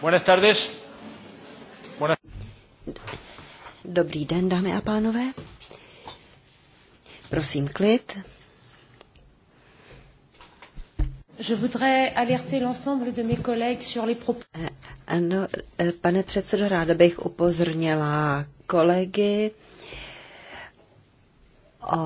Buenas tardes. Buenas... Dobrý den, dámy a pánové. Prosím, klid. Je voudrais alerter l'ensemble de mes collègues sur les propos. Eh, ano, eh, pane předsedo, ráda bych upozornila kolegy o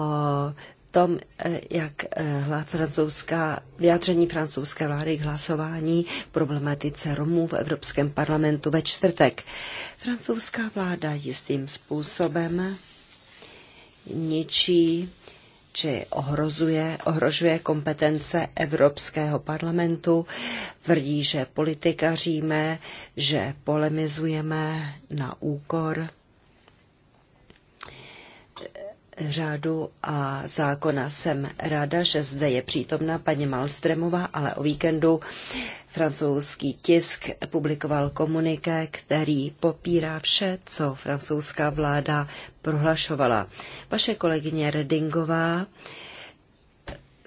tom, eh, jak eh, francouzská, vyjádření francouzské vlády k hlasování v problematice Romů v Evropském parlamentu ve čtvrtek. Francouzská vláda jistým způsobem ničí či ohrozuje, ohrožuje kompetence Evropského parlamentu, tvrdí, že politikaříme, že polemizujeme na úkor řádu a zákona. Jsem ráda, že zde je přítomna paní Malstremová, ale o víkendu francouzský tisk publikoval komuniké, který popírá vše, co francouzská vláda prohlašovala. Vaše kolegyně Redingová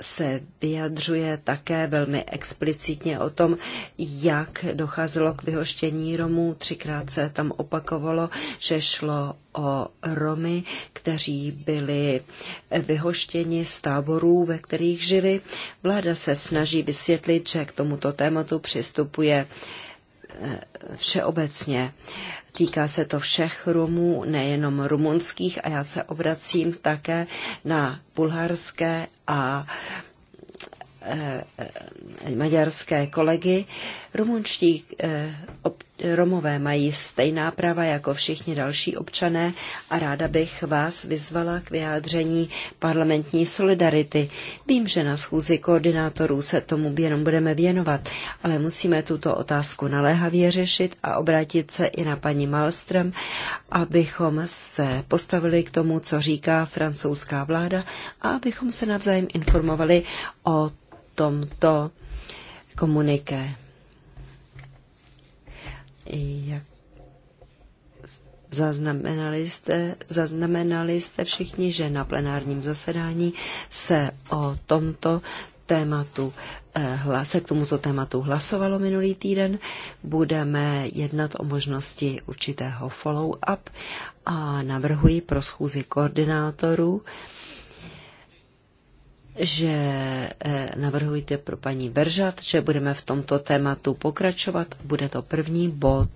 se vyjadřuje také velmi explicitně o tom, jak docházelo k vyhoštění Romů. Třikrát se tam opakovalo, že šlo o Romy, kteří byli vyhoštěni z táborů, ve kterých žili. Vláda se snaží vysvětlit, že k tomuto tématu přistupuje eh, všeobecně. Týká se to všech Rumů, nejenom rumunských, a já se obracím také na bulharské a eh, eh, maďarské kolegy, Rumunští eh, Romové mají stejná práva jako všichni další občané a ráda bych vás vyzvala k vyjádření parlamentní solidarity. Vím, že na schůzi koordinátorů se tomu jenom budeme věnovat, ale musíme tuto otázku naléhavě řešit a obrátit se i na paní Malström, abychom se postavili k tomu, co říká francouzská vláda a abychom se navzájem informovali o tomto komuniké. Jak Zaznamenali jste, zaznamenali jste všichni, že na plenárním zasedání se o tomto tématu eh, se k tomuto tématu hlasovalo minulý týden. Budeme jednat o možnosti určitého follow-up a navrhuji pro schůzi koordinátorů, že eh, navrhujete pro paní Beržat, že budeme v tomto tématu pokračovat. Bude to první bod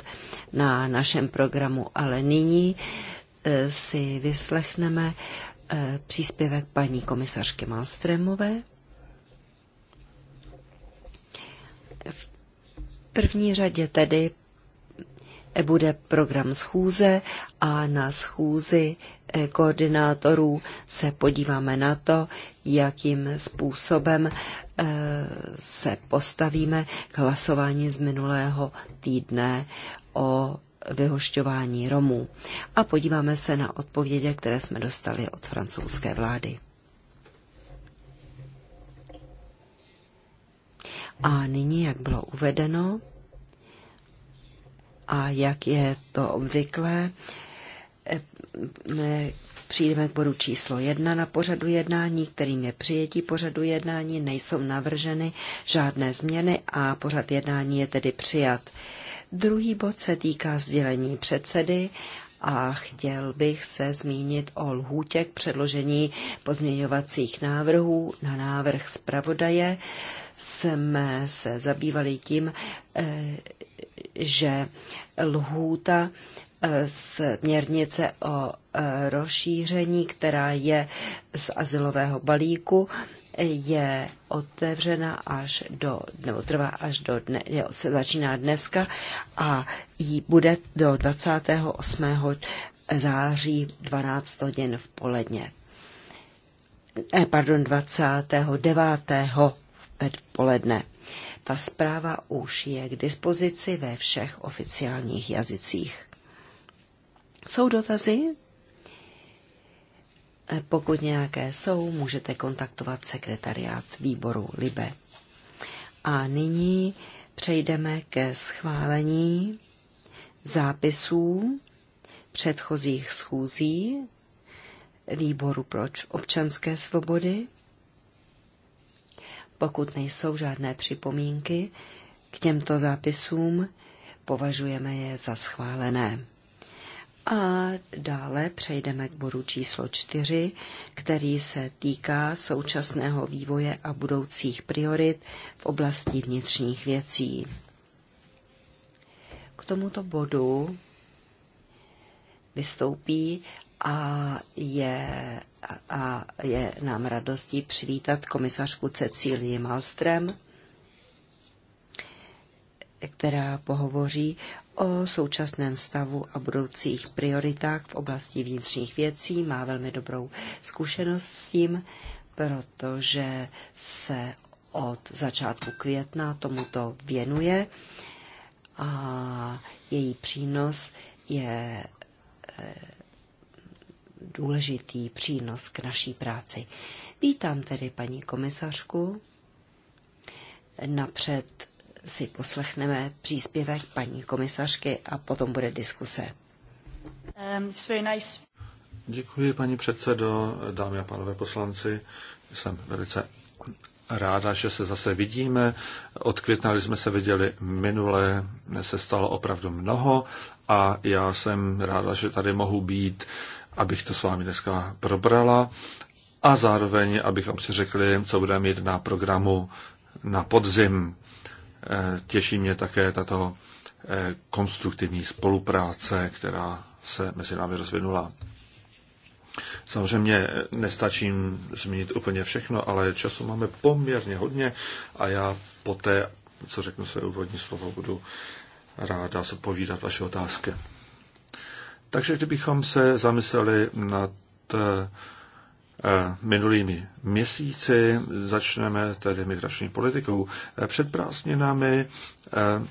na našem programu, ale nyní eh, si vyslechneme eh, příspěvek paní komisařky Malstrémové. V první řadě tedy bude program schůze a na schůzi Eh, koordinátorů se podíváme na to, jakým způsobem eh, se postavíme k hlasování z minulého týdne o vyhošťování Romů. A podíváme se na odpovědi, které jsme dostali od francouzské vlády. A nyní, jak bylo uvedeno, a jak je to obvyklé, přijdeme k bodu číslo jedna na pořadu jednání, kterým je přijetí pořadu jednání, nejsou navrženy žádné změny a pořad jednání je tedy přijat. Druhý bod se týká sdělení předsedy a chtěl bych se zmínit o lhůtě k předložení pozměňovacích návrhů na návrh zpravodaje. Jsme se zabývali tím, eh, že lhůta směrnice o e, rozšíření, která je z asilového balíku, je otevřena až do, nebo trvá až do dne, je, se začíná dneska a jí bude do 28. září 12 hodin v poledně. Eh, pardon, 29. v poledne. Ta zpráva už je k dispozici ve všech oficiálních jazycích. Jsou dotazy? Eh, pokud nějaké jsou, můžete kontaktovat sekretariát výboru LIBE. A nyní přejdeme ke schválení zápisů předchozích schůzí výboru pro občanské svobody. Pokud nejsou žádné připomínky k těmto zápisům, považujeme je za schválené. A dále přejdeme k bodu číslo čtyři, který se týká současného vývoje a budoucích priorit v oblasti vnitřních věcí. K tomuto bodu vystoupí a je, a je nám radostí přivítat komisařku Cecílii Malstrem, která pohovoří o současném stavu a budoucích prioritách v oblasti vnitřních věcí. Má velmi dobrou zkušenost s tím, protože se od začátku května tomuto věnuje a její přínos je eh, důležitý přínos k naší práci. Vítám tedy paní komisařku. Napřed si poslechneme příspěvek paní komisařky a potom bude diskuse. Um, Děkuji, paní předsedo, dámy a pánové poslanci. Jsem velice ráda, že se zase vidíme. Od května, když jsme se viděli minule, se stalo opravdu mnoho a já jsem ráda, že tady mohu být, abych to s vámi dneska probrala a zároveň, abychom si řekli, co budeme mít na programu na podzim. Eh, těší mě také tato eh, konstruktivní spolupráce, která se mezi námi rozvinula. Samozřejmě eh, nestačím zmínit úplně všechno, ale času máme poměrně hodně a já poté, co řeknu své úvodní slovo, budu ráda zodpovídat vaše otázky. Takže kdybychom se zamysleli nad Eh, minulými měsíci. Začneme tedy migrační politikou. Eh, před prázdninami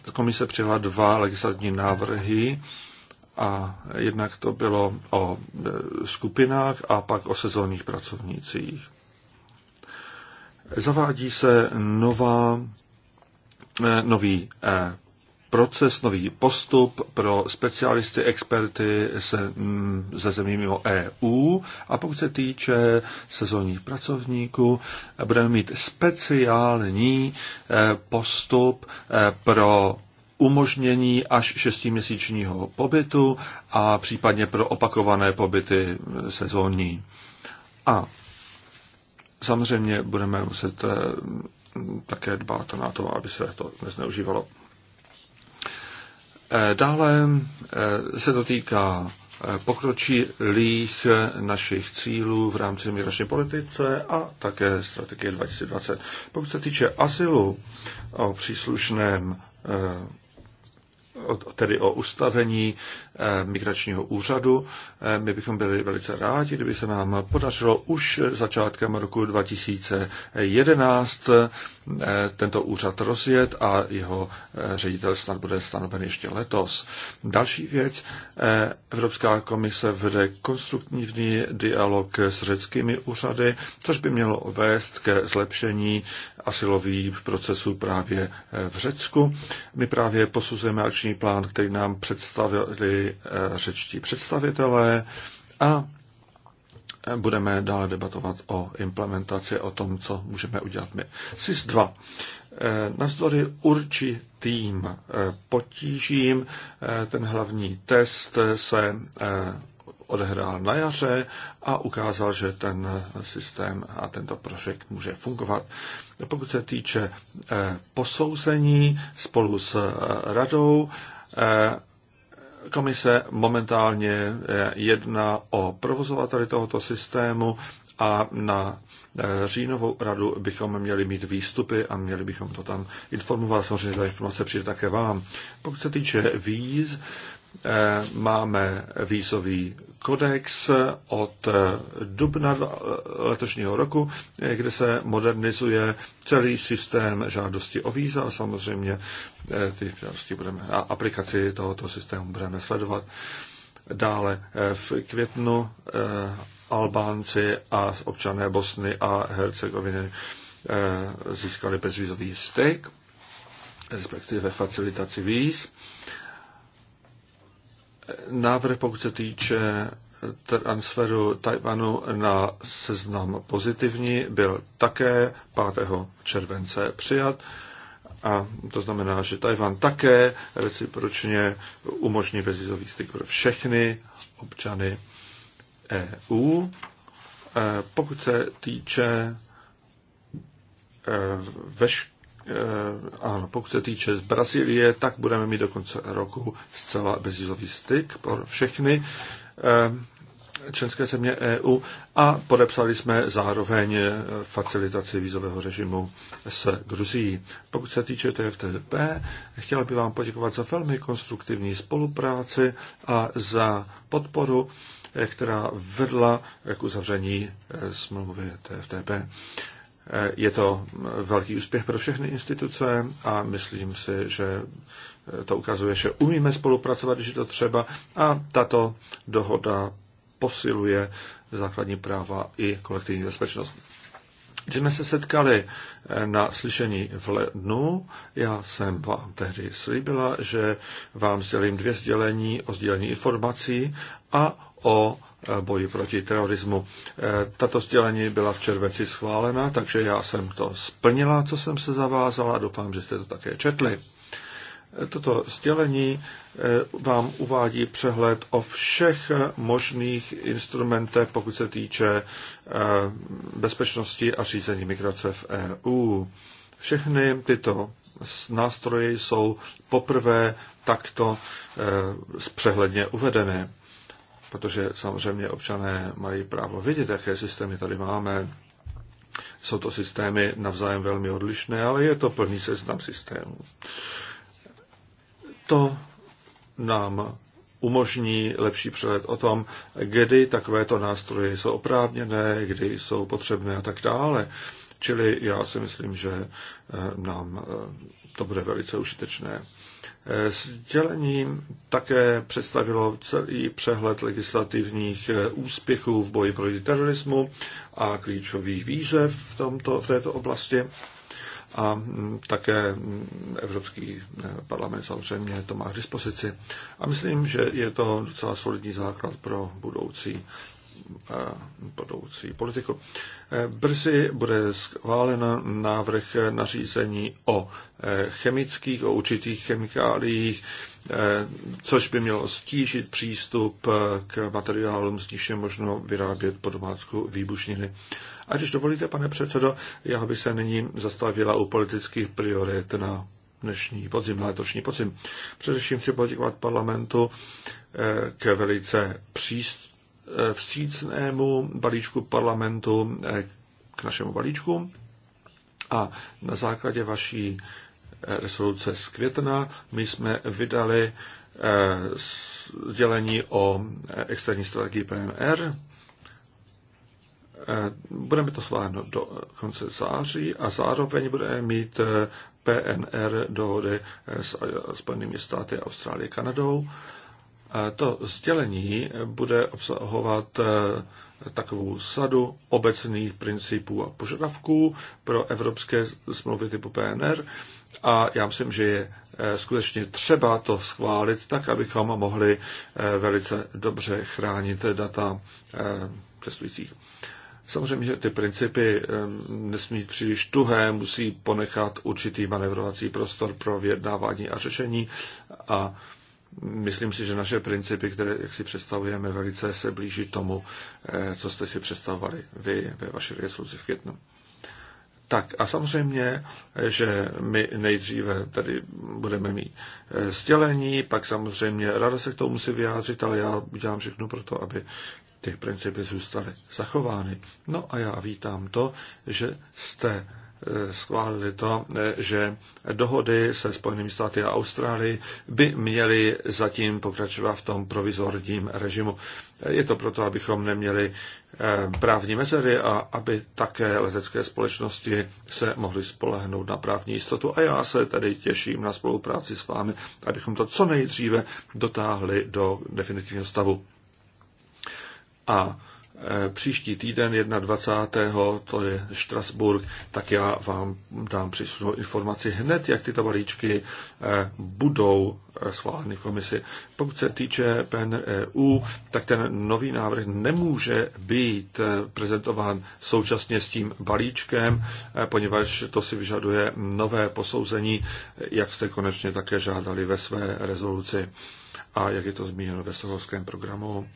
eh, komise přijela dva legislativní návrhy a jednak to bylo o skupinách a pak o sezónních pracovnících. Zavádí se nová, nový proces, nový postup pro specialisty, experty se, mm, ze zemí mimo EU. A pokud se týče sezónních pracovníků, budeme mít speciální eh, postup eh, pro umožnění až šestiměsíčního pobytu a případně pro opakované pobyty eh, sezónní. A samozřejmě budeme muset také dbát na to, aby se to nezneužívalo. Eh, dále eh, se to týká eh, pokročilých našich cílů v rámci migrační politice a také strategie 2020. Pokud se týče asilu o příslušném, tedy o ustavení Eh, migračního úřadu. Eh, my bychom byli velice rádi, kdyby se nám podařilo už začátkem roku 2011 eh, tento úřad rozjet a jeho ředitel snad bude stanoven ještě letos. Další věc, Evropská komise vede konstruktivní dialog s řeckými úřady, což by mělo vést ke zlepšení asilových procesů právě v Řecku. My právě posuzujeme akční plán, který nám představili řečtí představitelé a budeme dále debatovat o implementaci, o tom, co můžeme udělat my. SIS 2. Navzdory určitým eh, potížím, eh, ten hlavní test eh, se odehrál na jaře a ukázal, že ten systém a tento projekt může fungovat. Pokud se týče posouzení spolu s radou, Komise momentálně eh, jedná o provozovateli tohoto systému a na eh, říjnovou radu bychom měli mít výstupy a měli bychom to tam informovat. Samozřejmě ta informace přijde také vám. Pokud se týče víz, Eh, máme výzový kodex od dubna eh, letošního roku, eh, kde se modernizuje celý systém žádosti o víza a samozřejmě ty žádosti budeme, a aplikaci tohoto systému budeme sledovat. Dále v květnu Albánci a občané Bosny a Hercegoviny získali bezvízový styk, respektive facilitaci víz návrh, pokud se týče transferu Tajvanu na seznam pozitivní, byl také 5. července přijat. A to znamená, že Tajvan také recipročně umožní bezvizový styk pro všechny občany EU. E, pokud se týče e, veškerých Eh, ano, pokud se týče z Brazílie, tak budeme mít do konce roku zcela bezvízový styk pro všechny eh, členské země EU a podepsali jsme zároveň facilitaci vízového režimu s Gruzií. Pokud se týče TFTP, chtěl bych vám poděkovat za velmi konstruktivní spolupráci a za podporu, eh, která vedla k uzavření smlouvy TFTP. Je to velký úspěch pro všechny instituce a myslím si, že to ukazuje, že umíme spolupracovat, když je to třeba a tato dohoda posiluje základní práva i kolektivní bezpečnost. Když jsme se setkali na slyšení v lednu, já jsem vám tehdy slíbila, že vám sdělím dvě sdělení o sdělení informací a o boji proti terorismu. Eh, tato sdělení byla v červenci schválena, takže já jsem to splnila, co jsem se zavázala a doufám, že jste to také četli. Eh, toto sdělení eh, vám uvádí přehled o všech možných instrumentech, pokud se týče bezpečnosti a řízení migrace v EU. Všechny tyto nástroje jsou poprvé takto zpřehledně uvedené protože samozřejmě občané mají právo vidět, jaké systémy tady máme. Jsou to systémy navzájem velmi odlišné, ale je to plný seznam systémů. To nám umožní lepší přehled o tom, kdy takovéto nástroje jsou oprávněné, kdy jsou potřebné a tak dále. Čili já si myslím, že eh, nám eh, to bude velice užitečné. Eh, sdělení také představilo celý přehled legislativních eh, úspěchů v boji proti terorismu a klíčových výzev v, tomto, v této oblasti. A mm, také mm, Evropský eh, parlament samozřejmě to má k dispozici. A myslím, že je to docela solidní základ pro budoucí budoucí politiku. Eh, brzy bude schválen návrh nařízení o eh, chemických, o určitých chemikáliích, eh, což by mělo stížit přístup k materiálům, z nichž je možno vyrábět po domácku výbušniny. A když dovolíte, pane předsedo, já bych se nyní zastavila u politických priorit na dnešní podzim, na letošní podzim. Především chci poděkovat parlamentu k velice příst, Eh, vstřícnému balíčku parlamentu eh, k našemu balíčku a na základě vaší eh, resoluce z května my jsme vydali sdělení o externí strategii PNR. Budeme to schváleno do konce září a zároveň budeme mít PNR dohody s Spojenými státy, Austrálií, Kanadou to sdělení bude obsahovat eh, takovou sadu obecných principů a požadavků pro evropské smlouvy typu PNR a já myslím, že je eh, skutečně třeba to schválit tak, abychom mohli eh, velice dobře chránit data cestujících. Samozřejmě, že ty principy nesmí příliš tuhé, musí ponechat určitý manevrovací prostor pro vyjednávání a řešení a myslím si, že naše principy, které jak si představujeme, velice se blíží tomu, eh, co jste si představovali vy ve vaší resoluci v květnu. Tak a samozřejmě, že my nejdříve tady budeme mít eh, sdělení, pak samozřejmě rada se k tomu musí vyjádřit, ale já udělám všechno pro to, aby ty principy zůstaly zachovány. No a já vítám to, že jste Eh, schválili to, eh, že dohody se Spojenými státy a Austrálií by měly zatím pokračovat v tom provizorním režimu. Eh, je to proto, abychom neměli právní mezery a aby také letecké společnosti se mohly spolehnout na právní jistotu. A já se tedy těším na spolupráci s vámi, abychom to co nejdříve dotáhli do definitivního stavu. A Eh, příští týden 21. to je Štrasburg, tak já vám dám příslušnou informaci hned, jak tyto balíčky eh, budou eh, schváleny v komisi. Pokud se týče PNEU, tak ten nový návrh nemůže být prezentován současně s tím balíčkem, poněvadž to si vyžaduje nové posouzení, jak jste konečně také žádali ve své rezoluci a jak je to zmíněno ve stavovském programu.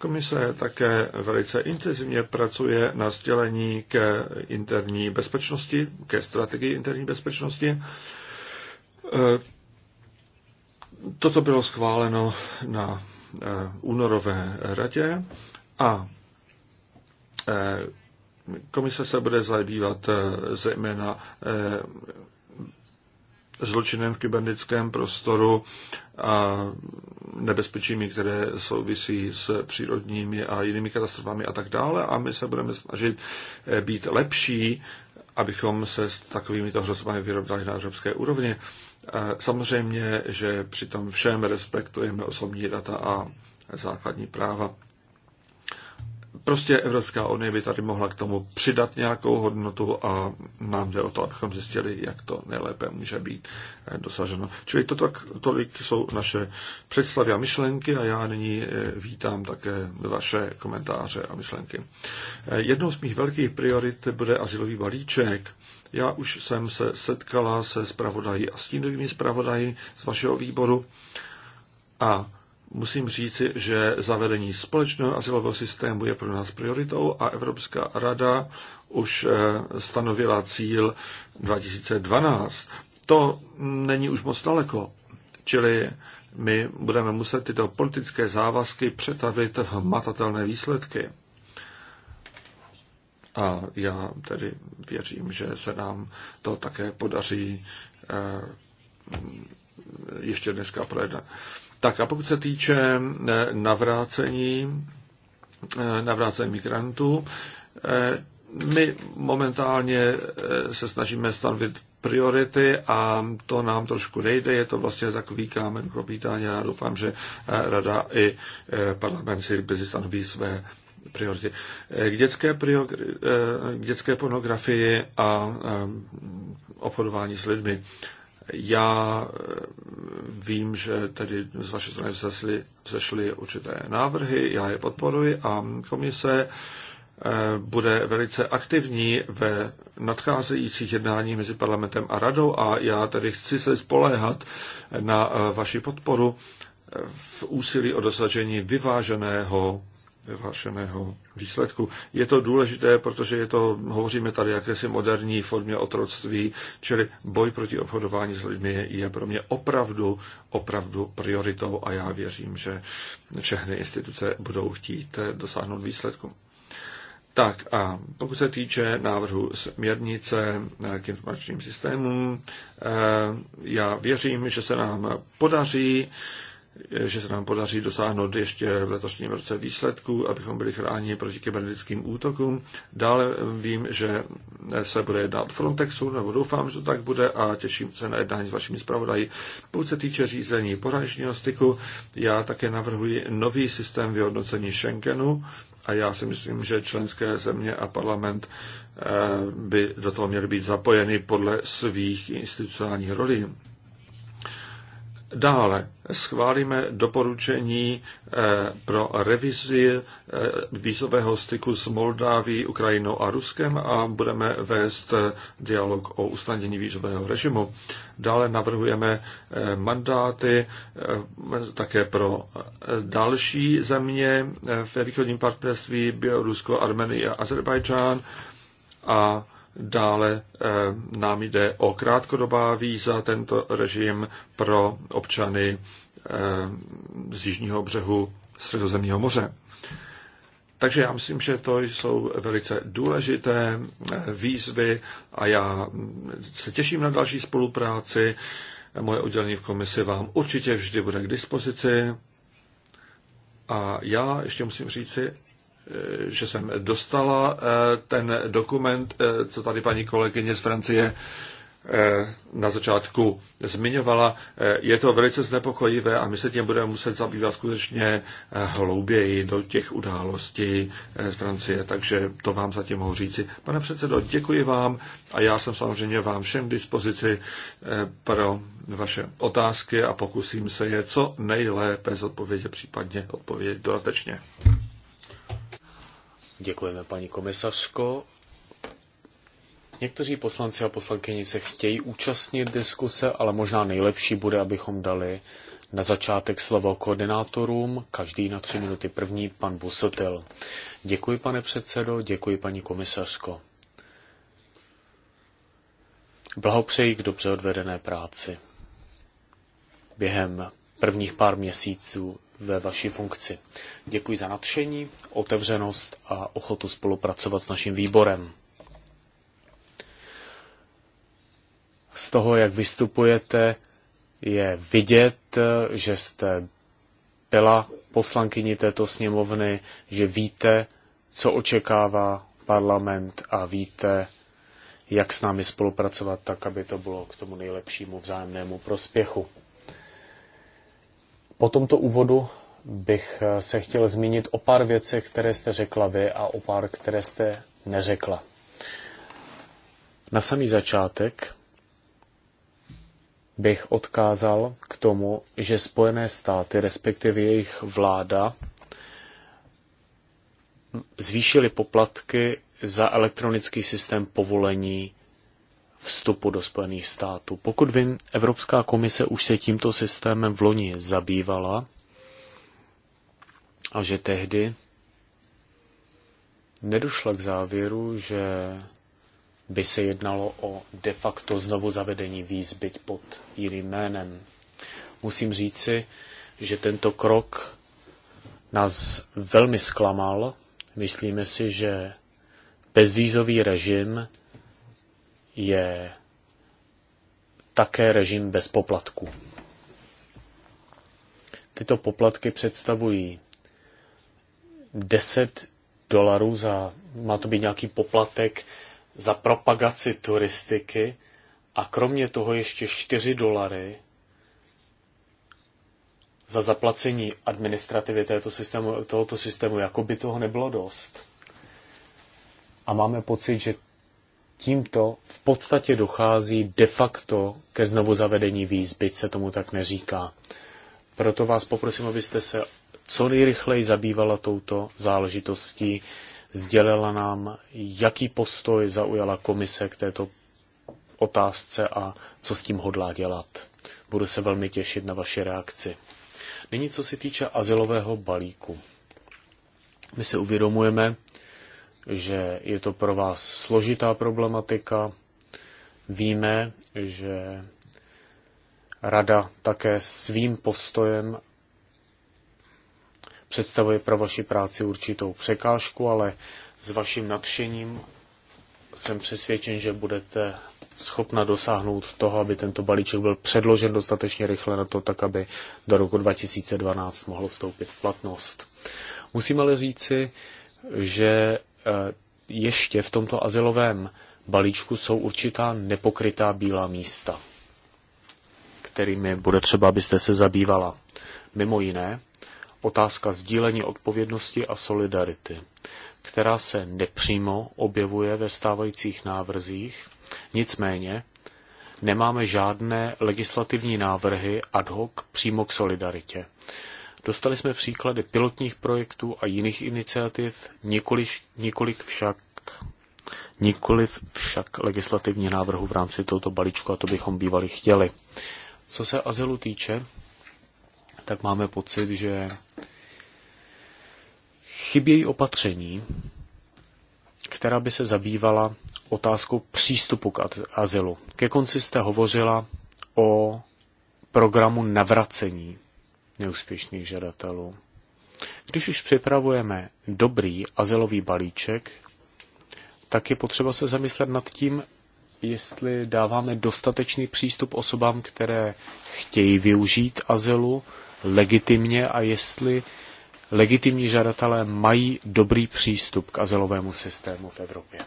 Komise také velice intenzivně pracuje na sdělení ke interní bezpečnosti, ke strategii interní bezpečnosti. E, toto bylo schváleno na e, únorové radě a e, komise se bude zabývat zejména zločinem v kybernetickém prostoru a nebezpečími, které souvisí s přírodními a jinými katastrofami a tak dále. A my se budeme snažit eh, být lepší, abychom se s takovými to hrozbami vyrovnali na evropské úrovni. Eh, samozřejmě, že při tom všem respektujeme osobní data a základní práva. Prostě Evropská unie by tady mohla k tomu přidat nějakou hodnotu a nám jde o to, abychom zjistili, jak to nejlépe může být eh, dosaženo. Čili to tak, tolik jsou naše představy a myšlenky a já nyní eh, vítám také vaše komentáře a myšlenky. Eh, jednou z mých velkých priorit bude asilový balíček. Já už jsem se setkala se zpravodají a stínovými zpravodají z vašeho výboru a musím říci, že zavedení společného asilového systému je pro nás prioritou a Evropská rada už eh, stanovila cíl 2012. To není už moc daleko, čili my budeme muset tyto politické závazky přetavit v matatelné výsledky. A já tedy věřím, že se nám to také podaří eh, ještě dneska projednat. Tak a pokud se týče eh, navrácení, eh, navrácení migrantů, eh, my momentálně se snažíme stanovit priority a to nám trošku nejde. Je to vlastně takový kámen pro pítání. já doufám, že rada i parlament si brzy stanoví své priority. K dětské, priori, k dětské pornografii a obchodování s lidmi. Já eh, vím, že tedy z vaší strany vzešly, zešly určité návrhy, já je podporuji a komise eh, bude velice aktivní ve nadcházejících jednání mezi parlamentem a radou a já tedy chci se spoléhat na eh, vaši podporu v úsilí o dosažení vyváženého vyhlášeného výsledku. Je to důležité, protože je to, hovoříme tady jakési moderní formě otroctví, čili boj proti obchodování s lidmi je pro mě opravdu, opravdu prioritou a já věřím, že všechny instituce budou chtít dosáhnout výsledku. Tak a pokud se týče návrhu směrnice k informačním systémům, eh, já věřím, že se nám podaří že se nám podaří dosáhnout ještě v letošním roce výsledků, abychom byli chráněni proti kybernetickým útokům. Dále vím, že se bude jednat Frontexu, nebo doufám, že to tak bude a těším se na jednání s vašimi zpravodaji. Pokud se týče řízení pohraničního styku, já také navrhuji nový systém vyhodnocení Schengenu a já si myslím, že členské země a parlament eh, by do toho měly být zapojeny podle svých institucionálních rolí. Dále schválíme doporučení eh, pro revizi eh, vízového styku s Moldáví, Ukrajinou a Ruskem a budeme vést eh, dialog o ustanění vízového režimu. Dále navrhujeme mandáty také pro další země ve východním partnerství Bělorusko, Armenie a Azerbajdžán a Dále eh, nám jde o krátkodobá víza, tento režim pro občany eh, z jižního břehu Středozemního moře. Takže já myslím, že to jsou velice důležité eh, výzvy a já se těším na další spolupráci. Moje oddělení v komisi vám určitě vždy bude k dispozici. A já ještě musím říci, Eh, že jsem dostala eh, ten dokument, eh, co tady paní kolegyně z Francie na začátku zmiňovala. Je to velice znepokojivé a my se tím budeme muset zabývat skutečně hlouběji do těch událostí z Francie, takže to vám zatím mohu říci. Pane předsedo, děkuji vám a já jsem samozřejmě vám všem k dispozici pro vaše otázky a pokusím se je co nejlépe zodpovědět, případně odpovědět dodatečně. Děkujeme, paní komisařko. Někteří poslanci a poslankyni se chtějí účastnit diskuse, ale možná nejlepší bude, abychom dali na začátek slovo koordinátorům, každý na tři minuty. První pan Busotil. Děkuji, pane předsedo, děkuji, paní komisařko. Blahopřeji k dobře odvedené práci. Během prvních pár měsíců ve vaší funkci. Děkuji za nadšení, otevřenost a ochotu spolupracovat s naším výborem. Z toho, jak vystupujete, je vidět, že jste byla poslankyni této sněmovny, že víte, co očekává parlament a víte, jak s námi spolupracovat tak, aby to bylo k tomu nejlepšímu vzájemnému prospěchu. Po tomto úvodu bych eh, se chtěl zmínit o pár věcech, které jste řekla vy a o pár, které jste neřekla. Na samý začátek bych odkázal k tomu, že Spojené státy, respektive jejich vláda, zvýšily poplatky za elektronický systém povolení vstupu do Spojených států. Pokud vím, Evropská komise už se tímto systémem v loni zabývala a že tehdy nedošla k závěru, že by se jednalo o de facto znovu zavedení víz, byť pod jiným jménem. Musím říci, že tento krok nás velmi zklamal. Myslíme si, že bezvízový režim je také režim bez poplatku. Tyto poplatky představují 10 dolarů za, má to být nějaký poplatek za propagaci turistiky a kromě toho ještě 4 dolary za zaplacení administrativy této systému, tohoto systému, jako by toho nebylo dost. A máme pocit, že tímto v podstatě dochází de facto ke znovu zavedení víz, byť se tomu tak neříká. Proto vás poprosím, abyste se co nejrychleji zabývala touto záležitostí, sdělila nám, jaký postoj zaujala komise k této otázce a co s tím hodlá dělat. Budu se velmi těšit na vaši reakci. Nyní, co se týče asilového balíku. My se uvědomujeme, že je to pro vás složitá problematika. Víme, že rada také svým postojem představuje pro vaši práci určitou překážku, ale s vaším nadšením jsem přesvědčen, že budete schopna dosáhnout toho, aby tento balíček byl předložen dostatečně rychle na to, tak aby do roku 2012 mohl vstoupit v platnost. Musím ale říci, že Eh, ještě v tomto azylovém balíčku jsou určitá nepokrytá bílá místa, kterými bude třeba, abyste se zabývala. Mimo jiné, otázka sdílení odpovědnosti a solidarity, která se nepřímo objevuje ve stávajících návrzích, nicméně nemáme žádné legislativní návrhy ad hoc přímo k solidaritě. Dostali jsme příklady pilotních projektů a jiných iniciativ, několik, nikoliv však nikoliv však legislativní návrhu v rámci tohoto balíčku a to bychom bývali chtěli. Co se azylu týče, tak máme pocit, že chybějí opatření, která by se zabývala otázkou přístupu k azylu. Ke konci jste hovořila o programu navracení neúspěšných žadatelů. Když už připravujeme dobrý azylový balíček, tak je potřeba se zamyslet nad tím, jestli dáváme dostatečný přístup osobám, které chtějí využít azylu legitimně a jestli legitimní žadatelé mají dobrý přístup k azylovému systému v Evropě.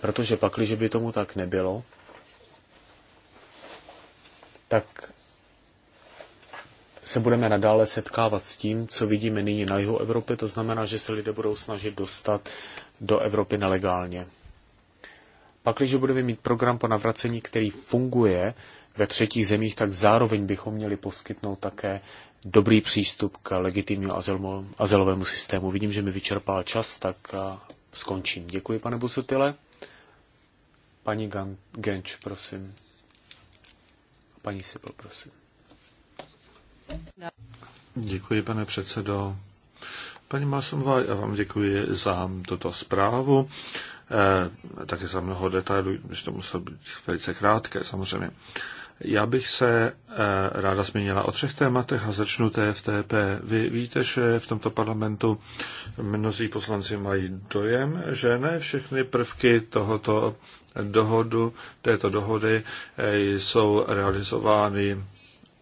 Protože pak, když by tomu tak nebylo, tak se budeme nadále setkávat s tím, co vidíme nyní na jihu Evropy, to znamená, že se lidé budou snažit dostat do Evropy nelegálně. Pak, když budeme mít program po navracení, který funguje ve třetích zemích, tak zároveň bychom měli poskytnout také dobrý přístup k legitimnímu azylovému systému. Vidím, že mi vyčerpá čas, tak skončím. Děkuji, pane Busutile. Paní Genč, prosím. Paní Sipl, prosím. Děkuji, pane předsedo. Paní Masomová, já vám děkuji za tuto zprávu, e, eh, také za mnoho detailů, když to muselo být velice krátké samozřejmě. Já bych se e, ráda zmínila o třech tématech a začnu TFTP. Vy víte, že v tomto parlamentu mnozí poslanci mají dojem, že ne všechny prvky tohoto dohodu, této dohody eh, jsou realizovány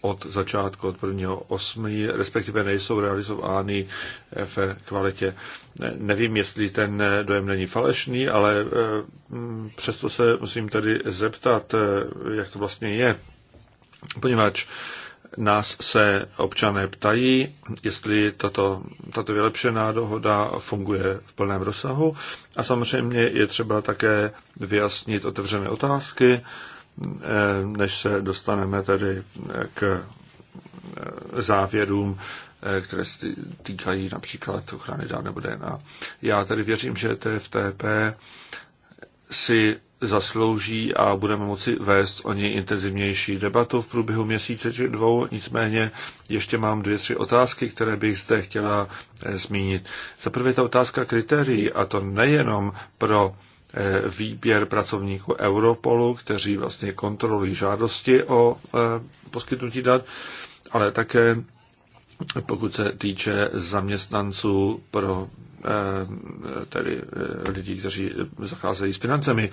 od začátku, od prvního osmi, respektive nejsou realizovány eh, v kvalitě. Nevím, jestli ten eh, dojem není falešný, ale mm, přesto se musím tedy zeptat, jak to vlastně je, poněvadž nás se občané ptají, jestli tato, tato vylepšená dohoda funguje v plném rozsahu. A samozřejmě je třeba také vyjasnit otevřené otázky, eh, než se dostaneme tedy eh, k eh, závěrům, které se týkají například ochrany dál nebo DNA. Já tedy věřím, že TFTP si zaslouží a budeme moci vést o něj intenzivnější debatu v průběhu měsíce či dvou. Nicméně ještě mám dvě, tři otázky, které bych zde chtěla eh, zmínit. Za prvé ta otázka kritérií, a to nejenom pro eh, výběr pracovníků Europolu, kteří vlastně kontrolují žádosti o eh, poskytnutí dat, ale také pokud se týče zaměstnanců pro Eh, tedy eh, lidí, kteří zacházejí s financemi.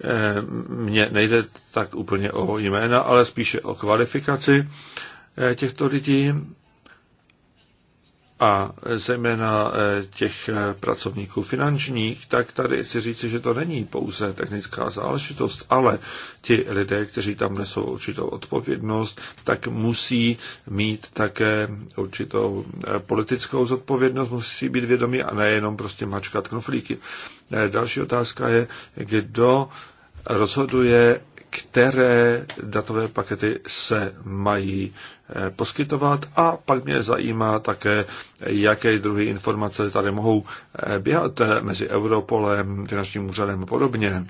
Eh, mně nejde tak úplně o jména, ale spíše o kvalifikaci těchto lidí a zejména eh, těch eh, pracovníků finančních, tak tady chci říci, že to není pouze technická záležitost, ale ti lidé, kteří tam nesou určitou odpovědnost, tak musí mít také určitou eh, politickou zodpovědnost, musí být vědomí a nejenom prostě mačkat knoflíky. Další otázka je, kdo rozhoduje které datové pakety se mají eh, poskytovat a pak mě zajímá také, jaké druhé informace tady mohou eh, běhat eh, mezi Europolem, finančním úřadem a podobně.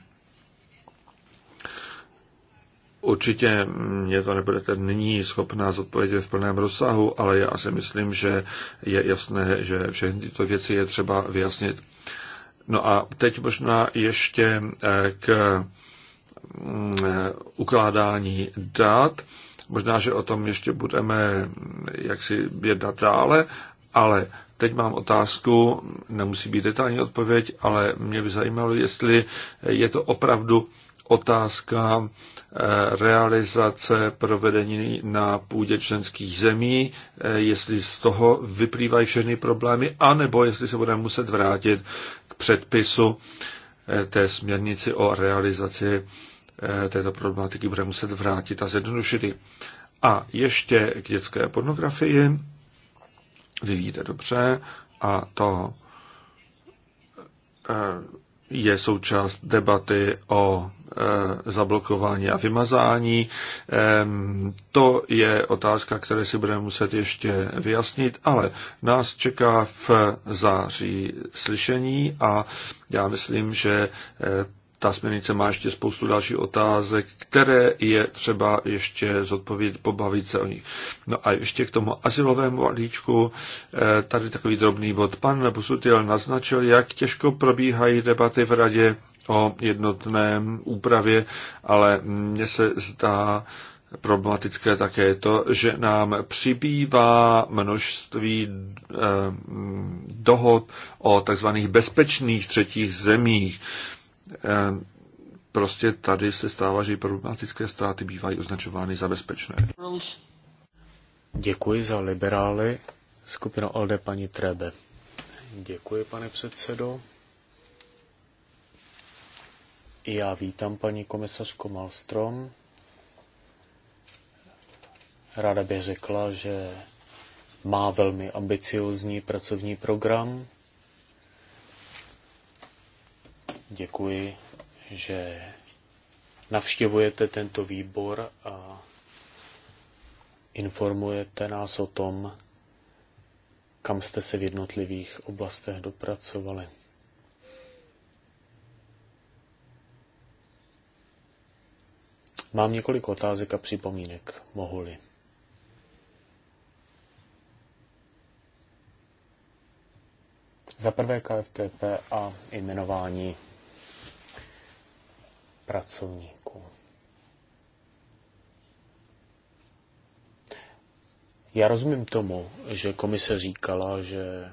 Určitě mě to nebudete nyní schopná zodpovědět v plném rozsahu, ale já si myslím, že je jasné, že všechny tyto věci je třeba vyjasnit. No a teď možná ještě k Mm, eh, ukládání dat. Možná, že o tom ještě budeme mm, jaksi jednat dále, ale teď mám otázku, nemusí být detailní odpověď, ale mě by zajímalo, jestli je to opravdu otázka eh, realizace provedení na půdě členských zemí, eh, jestli z toho vyplývají všechny problémy, anebo jestli se budeme muset vrátit k předpisu té směrnici o realizaci Eh, této problematiky bude muset vrátit a zjednodušit. A ještě k dětské pornografii. Vy víte dobře, a to eh, je součást debaty o eh, zablokování a vymazání. To je otázka, které si budeme muset ještě vyjasnit, ale nás čeká v září slyšení a já myslím, že ta směrnice má ještě spoustu dalších otázek, které je třeba ještě zodpovědět, pobavit se o nich. No a ještě k tomu asilovému líčku, eh, tady takový drobný bod. Pan Busutil naznačil, jak těžko probíhají debaty v radě o jednotném úpravě, ale mně se zdá, problematické také to, že nám přibývá množství eh, dohod o takzvaných bezpečných třetích zemích. Eh, prostě tady se stává, že problematické státy bývají označovány za bezpečné. Děkuji za liberály. Skupina Olde paní Trebe. Děkuji, pane předsedo. Já vítám paní komisařku Malstrom. Ráda bych řekla, že má velmi ambiciozní pracovní program, Děkuji, že navštěvujete tento výbor a informujete nás o tom, kam jste se v jednotlivých oblastech dopracovali. Mám několik otázek a připomínek, mohu-li. Za prvé KFTP a jmenování pracovníků. Já rozumím tomu, že komise říkala, že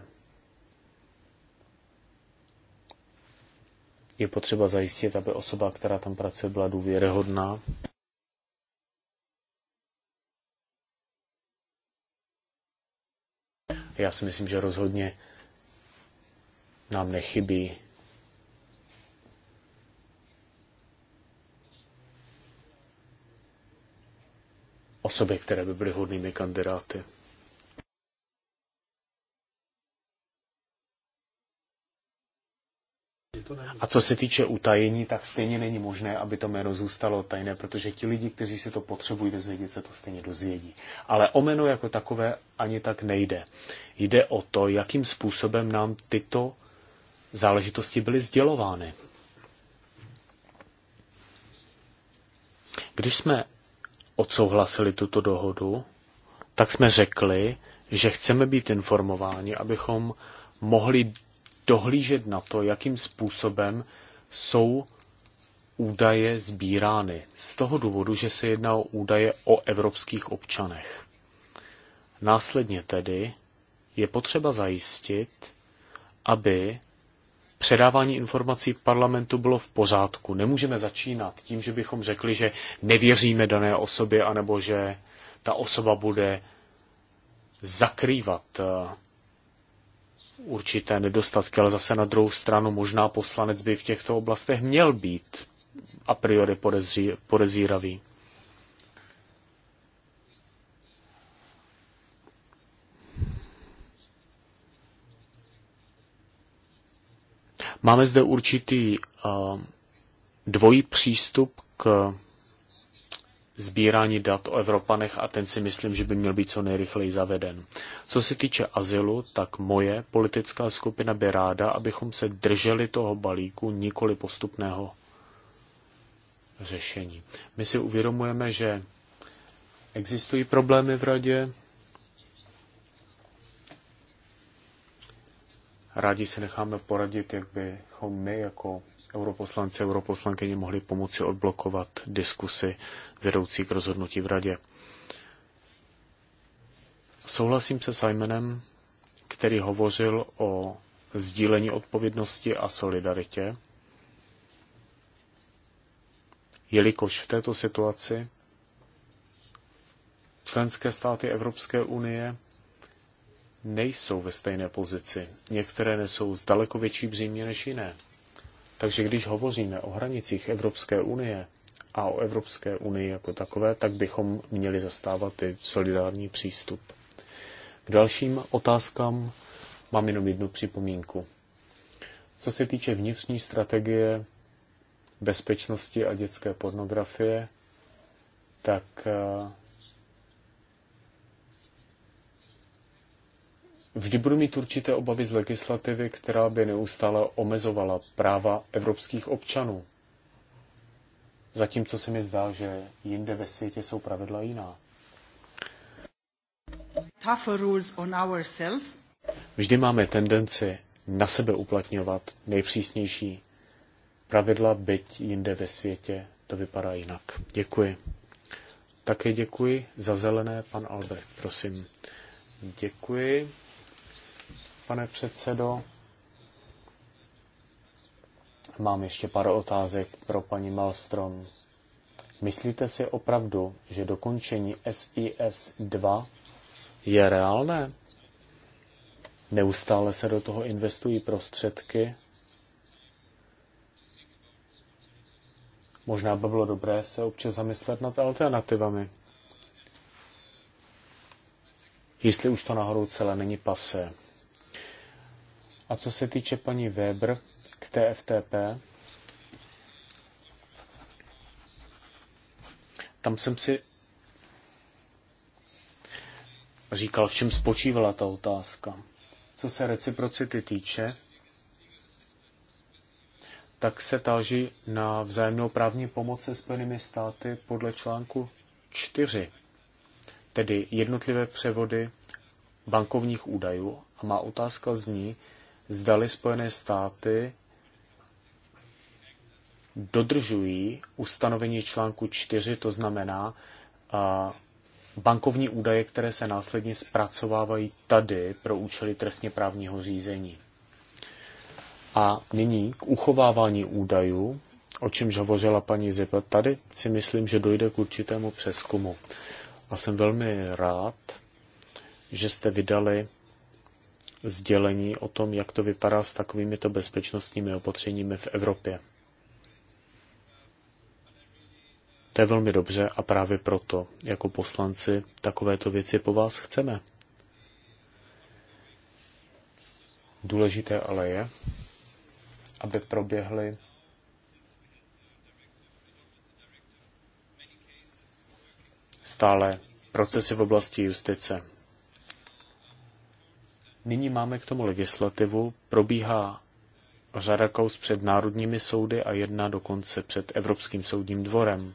je potřeba zajistit, aby osoba, která tam pracuje, byla důvěryhodná. Já si myslím, že rozhodně nám nechybí osoby, které by byly hodnými kandidáty. A co se týče utajení, tak stejně není možné, aby to jméno zůstalo tajné, protože ti lidi, kteří si to potřebují dozvědět, se to stejně dozvědí. Ale o jméno jako takové ani tak nejde. Jde o to, jakým způsobem nám tyto záležitosti byly sdělovány. Když jsme odsouhlasili tuto dohodu, tak jsme řekli, že chceme být informováni, abychom mohli dohlížet na to, jakým způsobem jsou údaje sbírány. Z toho důvodu, že se jedná o údaje o evropských občanech. Následně tedy je potřeba zajistit, aby předávání informací parlamentu bylo v pořádku. Nemůžeme začínat tím, že bychom řekli, že nevěříme dané osobě, anebo že ta osoba bude zakrývat eh, určité nedostatky, ale zase na druhou stranu možná poslanec by v těchto oblastech měl být a priori podezří, podezíravý. Máme zde určitý eh, dvojí přístup k sbírání dat o Evropanech a ten si myslím, že by měl být co nejrychleji zaveden. Co se týče azylu, tak moje politická skupina by ráda, abychom se drželi toho balíku nikoli postupného řešení. My si uvědomujeme, že existují problémy v radě, Rádi se necháme poradit, jak bychom my jako europoslanci a europoslankyně mohli pomoci odblokovat diskusy vedoucí k rozhodnutí v radě. Souhlasím se Simonem, který hovořil o sdílení odpovědnosti a solidaritě, jelikož v této situaci členské státy Evropské unie nejsou ve stejné pozici. Některé nesou zdaleko větší břímě než jiné. Takže když hovoříme o hranicích Evropské unie a o Evropské unii jako takové, tak bychom měli zastávat i solidární přístup. K dalším otázkám mám jenom jednu připomínku. Co se týče vnitřní strategie bezpečnosti a dětské pornografie, tak eh, Vždy budu mít určité obavy z legislativy, která by neustále omezovala práva evropských občanů. Zatímco se mi zdá, že jinde ve světě jsou pravidla jiná. Vždy máme tendenci na sebe uplatňovat nejpřísnější pravidla, byť jinde ve světě to vypadá jinak. Děkuji. Také děkuji za zelené, pan Albert, prosím. Děkuji pane předsedo. Mám ještě pár otázek pro paní Malstrom. Myslíte si opravdu, že dokončení SIS 2 je reálné? Neustále se do toho investují prostředky. Možná by bylo dobré se občas zamyslet nad alternativami. Jestli už to nahoru celé není pasé. A co se týče paní Weber k TFTP, tam jsem si říkal, v čem spočívala ta otázka. Co se reciprocity týče, tak se táží na vzájemnou právní pomoc se Spojenými státy podle článku 4, tedy jednotlivé převody bankovních údajů. A má otázka zní, zdali Spojené státy dodržují ustanovení článku 4, to znamená a bankovní údaje, které se následně zpracovávají tady pro účely trestně právního řízení. A nyní k uchovávání údajů, o čemž hovořila paní Zipa, tady si myslím, že dojde k určitému přeskumu. A jsem velmi rád, že jste vydali sdělení o tom, jak to vypadá s takovými to bezpečnostními opatřeními v Evropě. To je velmi dobře a právě proto jako poslanci takovéto věci po vás chceme. Důležité ale je, aby proběhly stále procesy v oblasti justice. Nyní máme k tomu legislativu, probíhá řada kaus před národními soudy a jedna dokonce před Evropským soudním dvorem.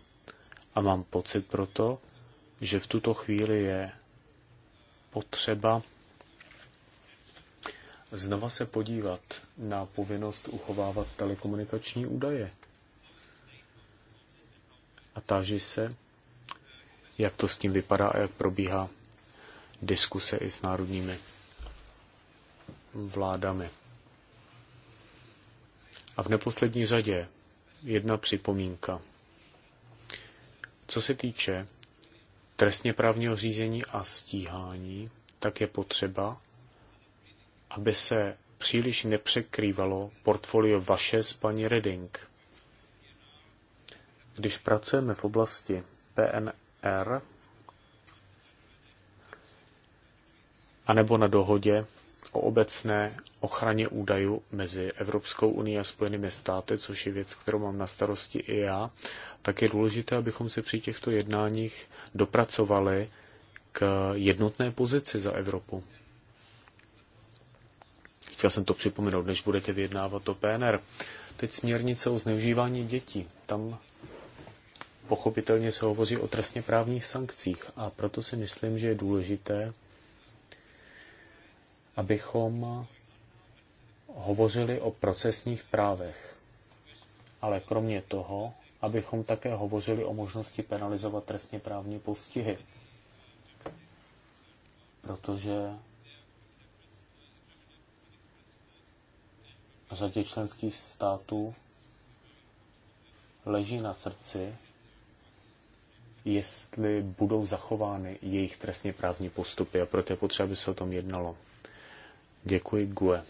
A mám pocit proto, že v tuto chvíli je potřeba znova se podívat na povinnost uchovávat telekomunikační údaje. A táží se, jak to s tím vypadá a jak probíhá diskuse i s národními vládami. A v neposlední řadě jedna připomínka. Co se týče trestně právního řízení a stíhání, tak je potřeba, aby se příliš nepřekrývalo portfolio vaše s paní Reding. Když pracujeme v oblasti PNR, anebo na dohodě o obecné ochraně údajů mezi Evropskou unii a Spojenými státy, což je věc, kterou mám na starosti i já, tak je důležité, abychom se při těchto jednáních dopracovali k jednotné pozici za Evropu. Chtěl jsem to připomenout, než budete vyjednávat o PNR. Teď směrnice o zneužívání dětí. Tam pochopitelně se hovoří o trestně právních sankcích a proto si myslím, že je důležité, abychom hovořili o procesních právech, ale kromě toho, abychom také hovořili o možnosti penalizovat trestně právní postihy. Protože řadě členských států leží na srdci, jestli budou zachovány jejich trestně právní postupy a proto je potřeba, aby se o tom jednalo. Děkuji, Gue.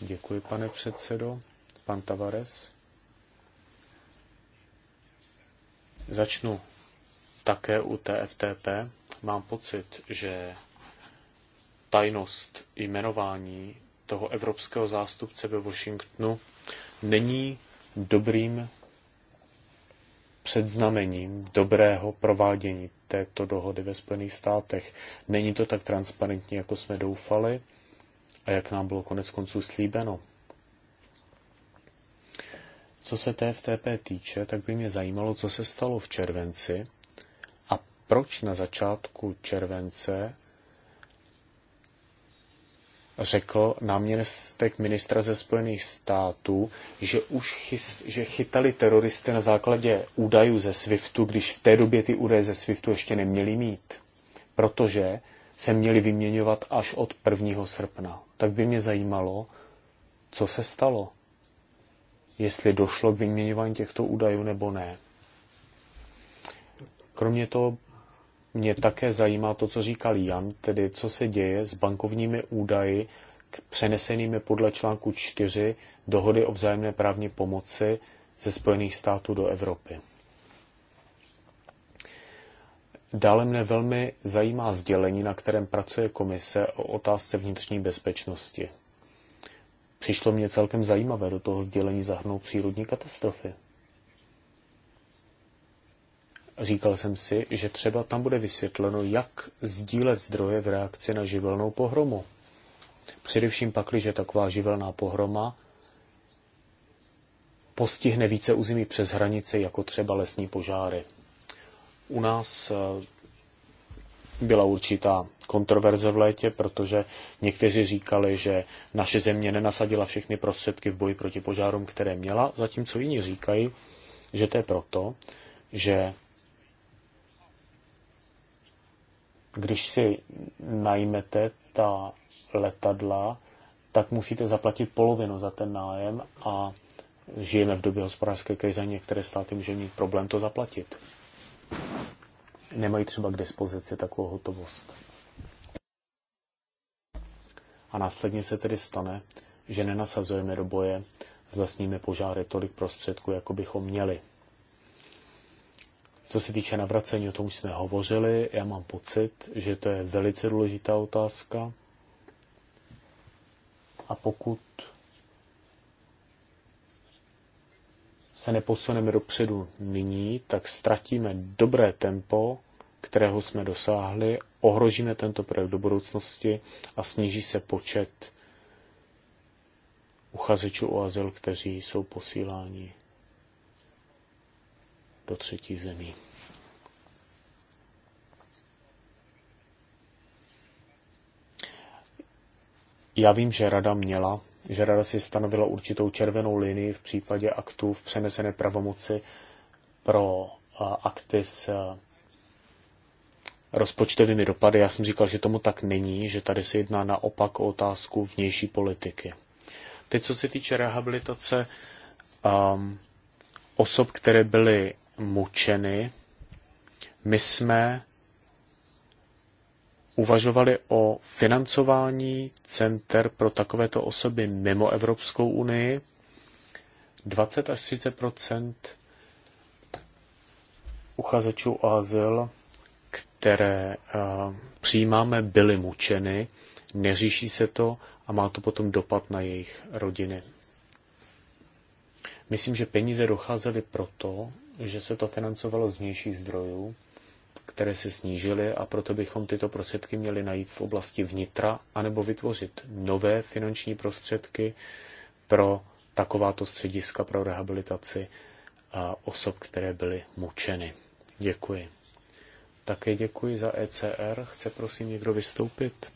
Děkuji, pane předsedo. Pan Tavares. Začnu také u TFTP. Mám pocit, že tajnost jmenování toho evropského zástupce ve Washingtonu není dobrým předznamením dobrého provádění této dohody ve Spojených státech. Není to tak transparentní, jako jsme doufali a jak nám bylo konec konců slíbeno. Co se TFTP týče, tak by mě zajímalo, co se stalo v červenci a proč na začátku července řekl náměstek ministra ze Spojených států, že už chys, že chytali teroristy na základě údajů ze SWIFTu, když v té době ty údaje ze SWIFTu ještě neměli mít, protože se měli vyměňovat až od 1. srpna. Tak by mě zajímalo, co se stalo, jestli došlo k vyměňování těchto údajů nebo ne. Kromě toho mě také zajímá to, co říkal Jan, tedy co se děje s bankovními údaji přenesenými podle článku 4 dohody o vzájemné právní pomoci ze Spojených států do Evropy. Dále mne velmi zajímá sdělení, na kterém pracuje komise o otázce vnitřní bezpečnosti. Přišlo mě celkem zajímavé do toho sdělení zahrnout přírodní katastrofy. Říkal jsem si, že třeba tam bude vysvětleno, jak sdílet zdroje v reakci na živelnou pohromu. Především pak, když taková živelná pohroma postihne více území přes hranice, jako třeba lesní požáry. U nás eh, byla určitá kontroverze v létě, protože někteří říkali, že naše země nenasadila všechny prostředky v boji proti požárům, které měla, zatímco jiní říkají, že to je proto, že když si najmete ta letadla, tak musíte zaplatit polovinu za ten nájem a žijeme v době hospodářské krize, některé státy může mít problém to zaplatit. Nemají třeba k dispozici takovou hotovost. A následně se tedy stane, že nenasazujeme do boje s lesními požáry tolik prostředků, jako bychom měli. Co se týče navracení, o tom jsme hovořili. Já mám pocit, že to je velice důležitá otázka. A pokud se neposuneme dopředu nyní, tak ztratíme dobré tempo, kterého jsme dosáhli, ohrožíme tento projekt do budoucnosti a sníží se počet uchazečů o azyl, kteří jsou posíláni po třetí zemí. Já vím, že rada měla, že rada si stanovila určitou červenou linii v případě aktů v přenesené pravomoci pro akty s rozpočtovými dopady. Já jsem říkal, že tomu tak není, že tady se jedná naopak o otázku vnější politiky. Teď, co se týče rehabilitace um, osob, které byly mučeny. My jsme uvažovali o financování center pro takovéto osoby mimo Evropskou unii. 20 až 30 uchazečů o azyl, které eh, přijímáme, byly mučeny, neříší se to a má to potom dopad na jejich rodiny. Myslím, že peníze docházely proto, že se to financovalo z vnějších zdrojů, které se snížily a proto bychom tyto prostředky měli najít v oblasti vnitra anebo vytvořit nové finanční prostředky pro takováto střediska pro rehabilitaci a osob, které byly mučeny. Děkuji. Také děkuji za ECR. Chce prosím někdo vystoupit?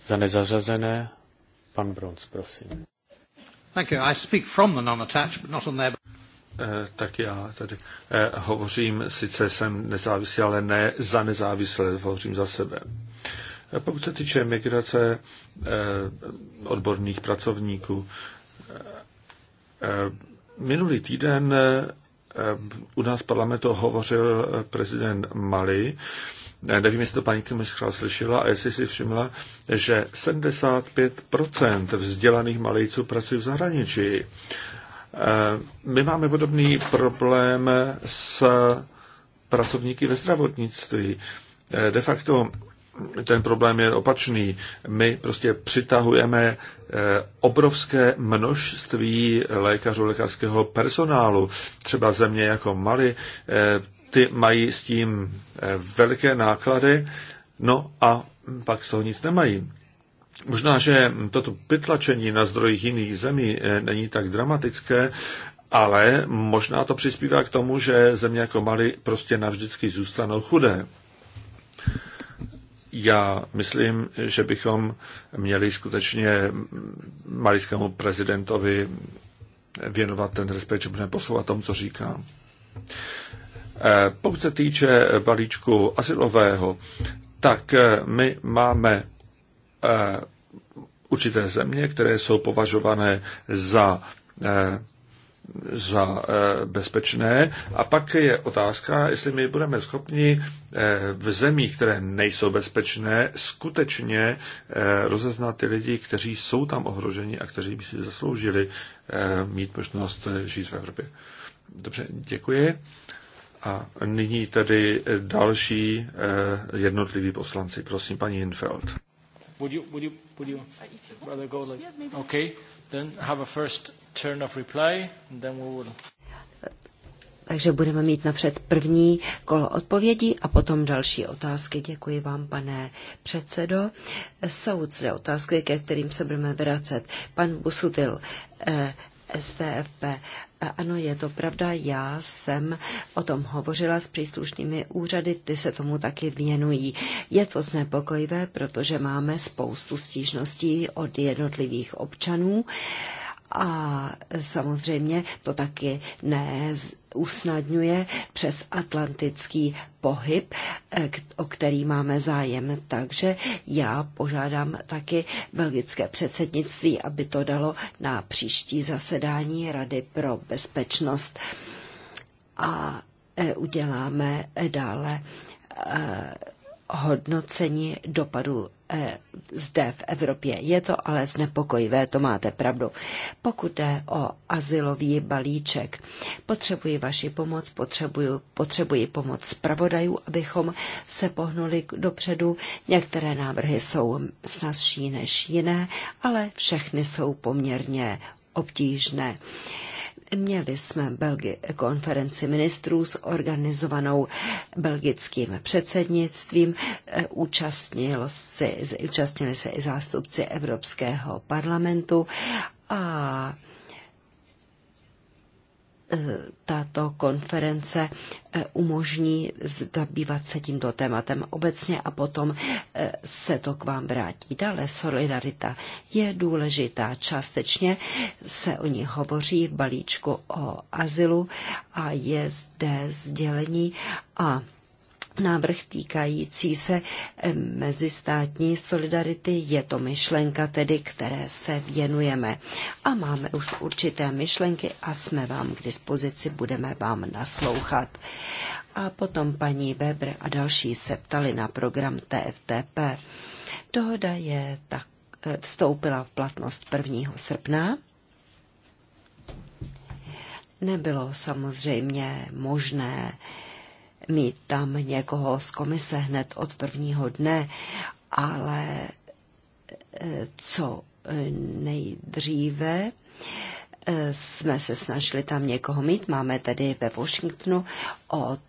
Za nezařazené, pan Bronz, prosím. Thank you. I speak from the non-attached, but not on their... Eh, tak já tady eh, hovořím, sice jsem nezávislý, ale ne za nezávislé, hovořím za sebe. Eh, pokud se týče migrace odborných pracovníků, minulý týden u nás v parlamentu hovořil prezident Mali, nevím, jestli to paní Kymischal slyšela a jestli si všimla, že 75% vzdělaných malejců pracují v zahraničí. Eh, my máme podobný problém s pracovníky ve zdravotnictví. Eh, de facto ten problém je opačný. My prostě přitahujeme eh, obrovské množství lékařů, lékařského personálu. Třeba země jako Mali ty mají s tím eh, veliké náklady, no a pak z toho nic nemají. Možná, že toto pytlačení na zdrojích jiných zemí eh, není tak dramatické, ale možná to přispívá k tomu, že země jako Mali prostě navždycky zůstanou chudé. Já myslím, že bychom měli skutečně malijskému prezidentovi věnovat ten respekt, že budeme poslouchat tomu, co říká. Eh, pokud se týče eh, balíčku asilového, tak eh, my máme určité země, které jsou považované za za bezpečné. A pak je otázka, jestli my budeme schopni v zemích, které nejsou bezpečné, skutečně rozeznat ty lidi, kteří jsou tam ohroženi a kteří by si zasloužili mít možnost žít v Evropě. Dobře, děkuji. A nyní tedy eh, další eh, jednotliví poslanci. Prosím, paní Infeld. Would you, would you, would you rather go like, okay, then have a first turn of reply, and then we will... Takže budeme mít napřed první kolo odpovědí a potom další otázky. Děkuji vám, pane předsedo. Jsou zde otázky, ke kterým se budeme vracet. Pan Busutil, eh, STFP ano, je to pravda, já jsem o tom hovořila s příslušnými úřady, ty se tomu taky věnují. Je to znepokojivé, protože máme spoustu stížností od jednotlivých občanů a samozřejmě to taky ne, usnadňuje přes atlantický pohyb, eh, o který máme zájem. Takže já požádám taky belgické předsednictví, aby to dalo na příští zasedání Rady pro bezpečnost. A eh, uděláme eh, dále hodnocení dopadu E, zde v Evropě. Je to ale znepokojivé, to máte pravdu. Pokud jde o asilový balíček, potřebuji vaši pomoc, potřebuji, potřebuji pomoc zpravodajů, abychom se pohnuli dopředu. Některé návrhy jsou snazší než jiné, ale všechny jsou poměrně obtížné. Uh, Měli jsme Belgi- konferenci ministrů organizovanou belgickým předsednictvím. E, účastnili se účastnili se i zástupci Evropského parlamentu a Eh, tato konference eh, umožní zabývat se tímto tématem obecně a potom eh, se to k vám vrátí. Dále solidarita je důležitá. Částečně se o ní hovoří v balíčku o azylu a je zde sdělení a návrh týkající se mezistátní solidarity. Je to myšlenka tedy, které se věnujeme. A máme už určité myšlenky a jsme vám k dispozici, budeme vám naslouchat. A potom paní Weber a další se ptali na program TFTP. Dohoda je tak, e, vstoupila v platnost 1. srpna nebylo samozřejmě možné mít tam někoho z komise hned od prvního dne, ale eh, co eh, nejdříve eh, jsme se snažili tam někoho mít. Máme tedy ve Washingtonu od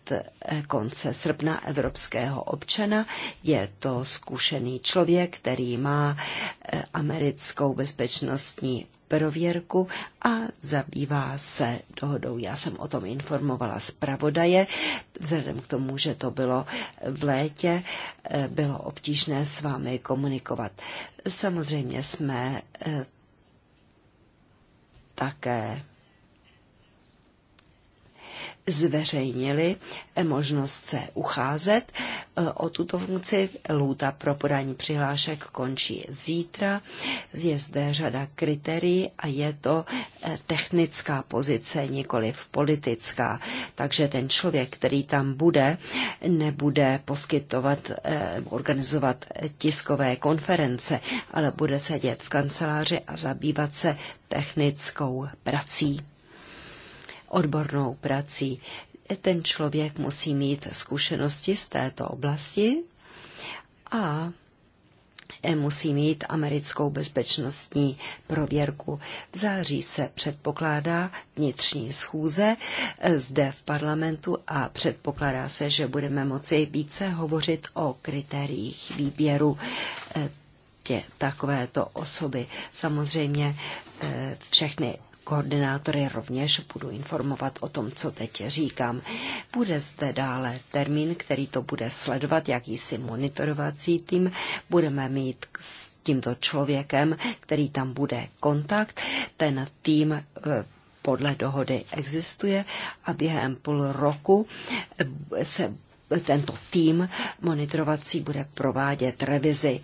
konce srpna evropského občana. Je to zkušený člověk, který má americkou bezpečnostní prověrku a zabývá se dohodou. Já jsem o tom informovala zpravodaje, vzhledem k tomu, že to bylo v létě, eh, bylo obtížné s vámi komunikovat. Samozřejmě jsme eh, také zveřejnili eh, možnost se ucházet eh, o tuto funkci. Lůta pro podání přihlášek končí zítra. Je zde řada kritérií a je to eh, technická pozice, nikoli politická. Takže ten člověk, který tam bude, nebude poskytovat, organizovat tiskové konference, ale bude sedět v kanceláři a zabývat se technickou prací odbornou prací. Ten člověk musí mít zkušenosti z této oblasti a musí mít americkou bezpečnostní prověrku. V září se předpokládá vnitřní schůze eh, zde v parlamentu a předpokládá se, že budeme moci více hovořit o kritériích výběru eh, tě, takovéto osoby. Samozřejmě eh, všechny koordinátory rovněž budu informovat o tom, co teď říkám. Bude zde dále termín, který to bude sledovat, jakýsi monitorovací tým. Budeme mít s tímto člověkem, který tam bude kontakt. Ten tým eh, podle dohody existuje a během půl roku eh, se tento tým monitorovací bude provádět revizi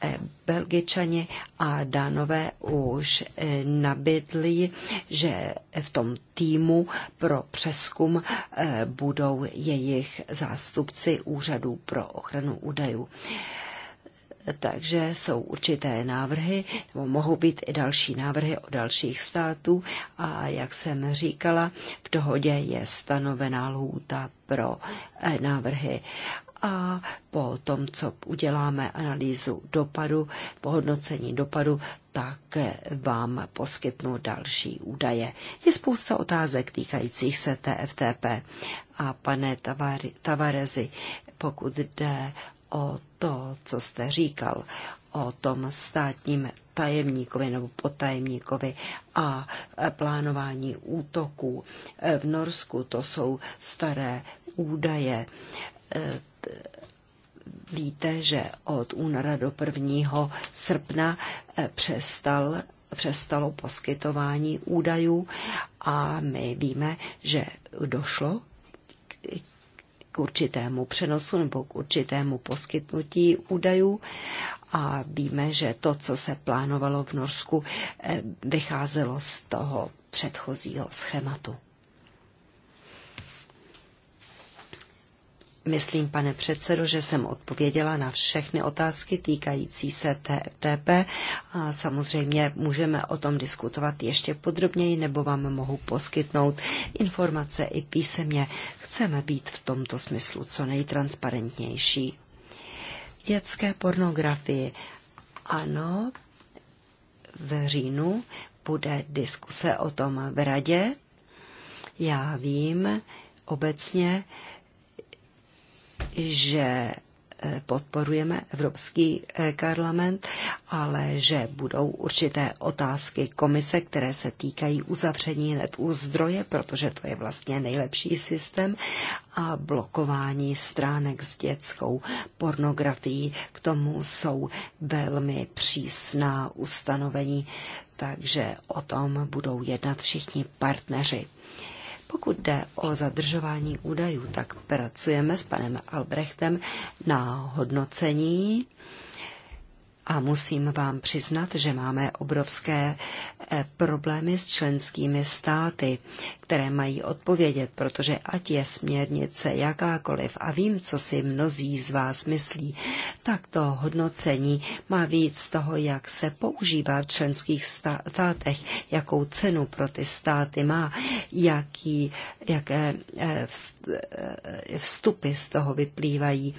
Eh, Belgičani a Dánové už eh, nabídli, že v tom týmu pro přeskum eh, budou jejich zástupci úřadů pro ochranu údajů. Takže jsou určité návrhy, nebo mohou být i další návrhy od dalších států a jak jsem říkala, v dohodě je stanovená lhůta pro návrhy a po tom, co uděláme analýzu dopadu, pohodnocení dopadu, tak vám poskytnu další údaje. Je spousta otázek týkajících se TFTP. A pane Tavarezi, pokud jde o to, co jste říkal, o tom státním tajemníkovi nebo potajemníkovi a plánování útoků v Norsku. To jsou staré údaje víte, že od února do 1. srpna eh, přestal přestalo poskytování údajů a my víme, že došlo k určitému přenosu nebo k určitému poskytnutí údajů a víme, že to, co se plánovalo v Norsku, eh, vycházelo z toho předchozího schématu. Myslím, pane předsedo, že jsem odpověděla na všechny otázky týkající se TTP a samozřejmě můžeme o tom diskutovat ještě podrobněji nebo vám mohu poskytnout informace i písemně. Chceme být v tomto smyslu co nejtransparentnější. Dětské pornografii. Ano, v říjnu bude diskuse o tom v radě. Já vím obecně, že eh, podporujeme Evropský eh, parlament, ale že budou určité otázky komise, které se týkají uzavření hned u zdroje, protože to je vlastně nejlepší systém, a blokování stránek s dětskou pornografií. K tomu jsou velmi přísná ustanovení, takže o tom budou jednat všichni partneři. Pokud jde o zadržování údajů, tak pracujeme s panem Albrechtem na hodnocení a musím vám přiznat, že máme obrovské eh, problémy s členskými státy, které mají odpovědět, protože ať je směrnice jakákoliv a vím, co si mnozí z vás myslí, tak to hodnocení má víc toho, jak se používá v členských státech, jakou cenu pro ty státy má, jaký, jaké eh, eh, vstupy z toho vyplývají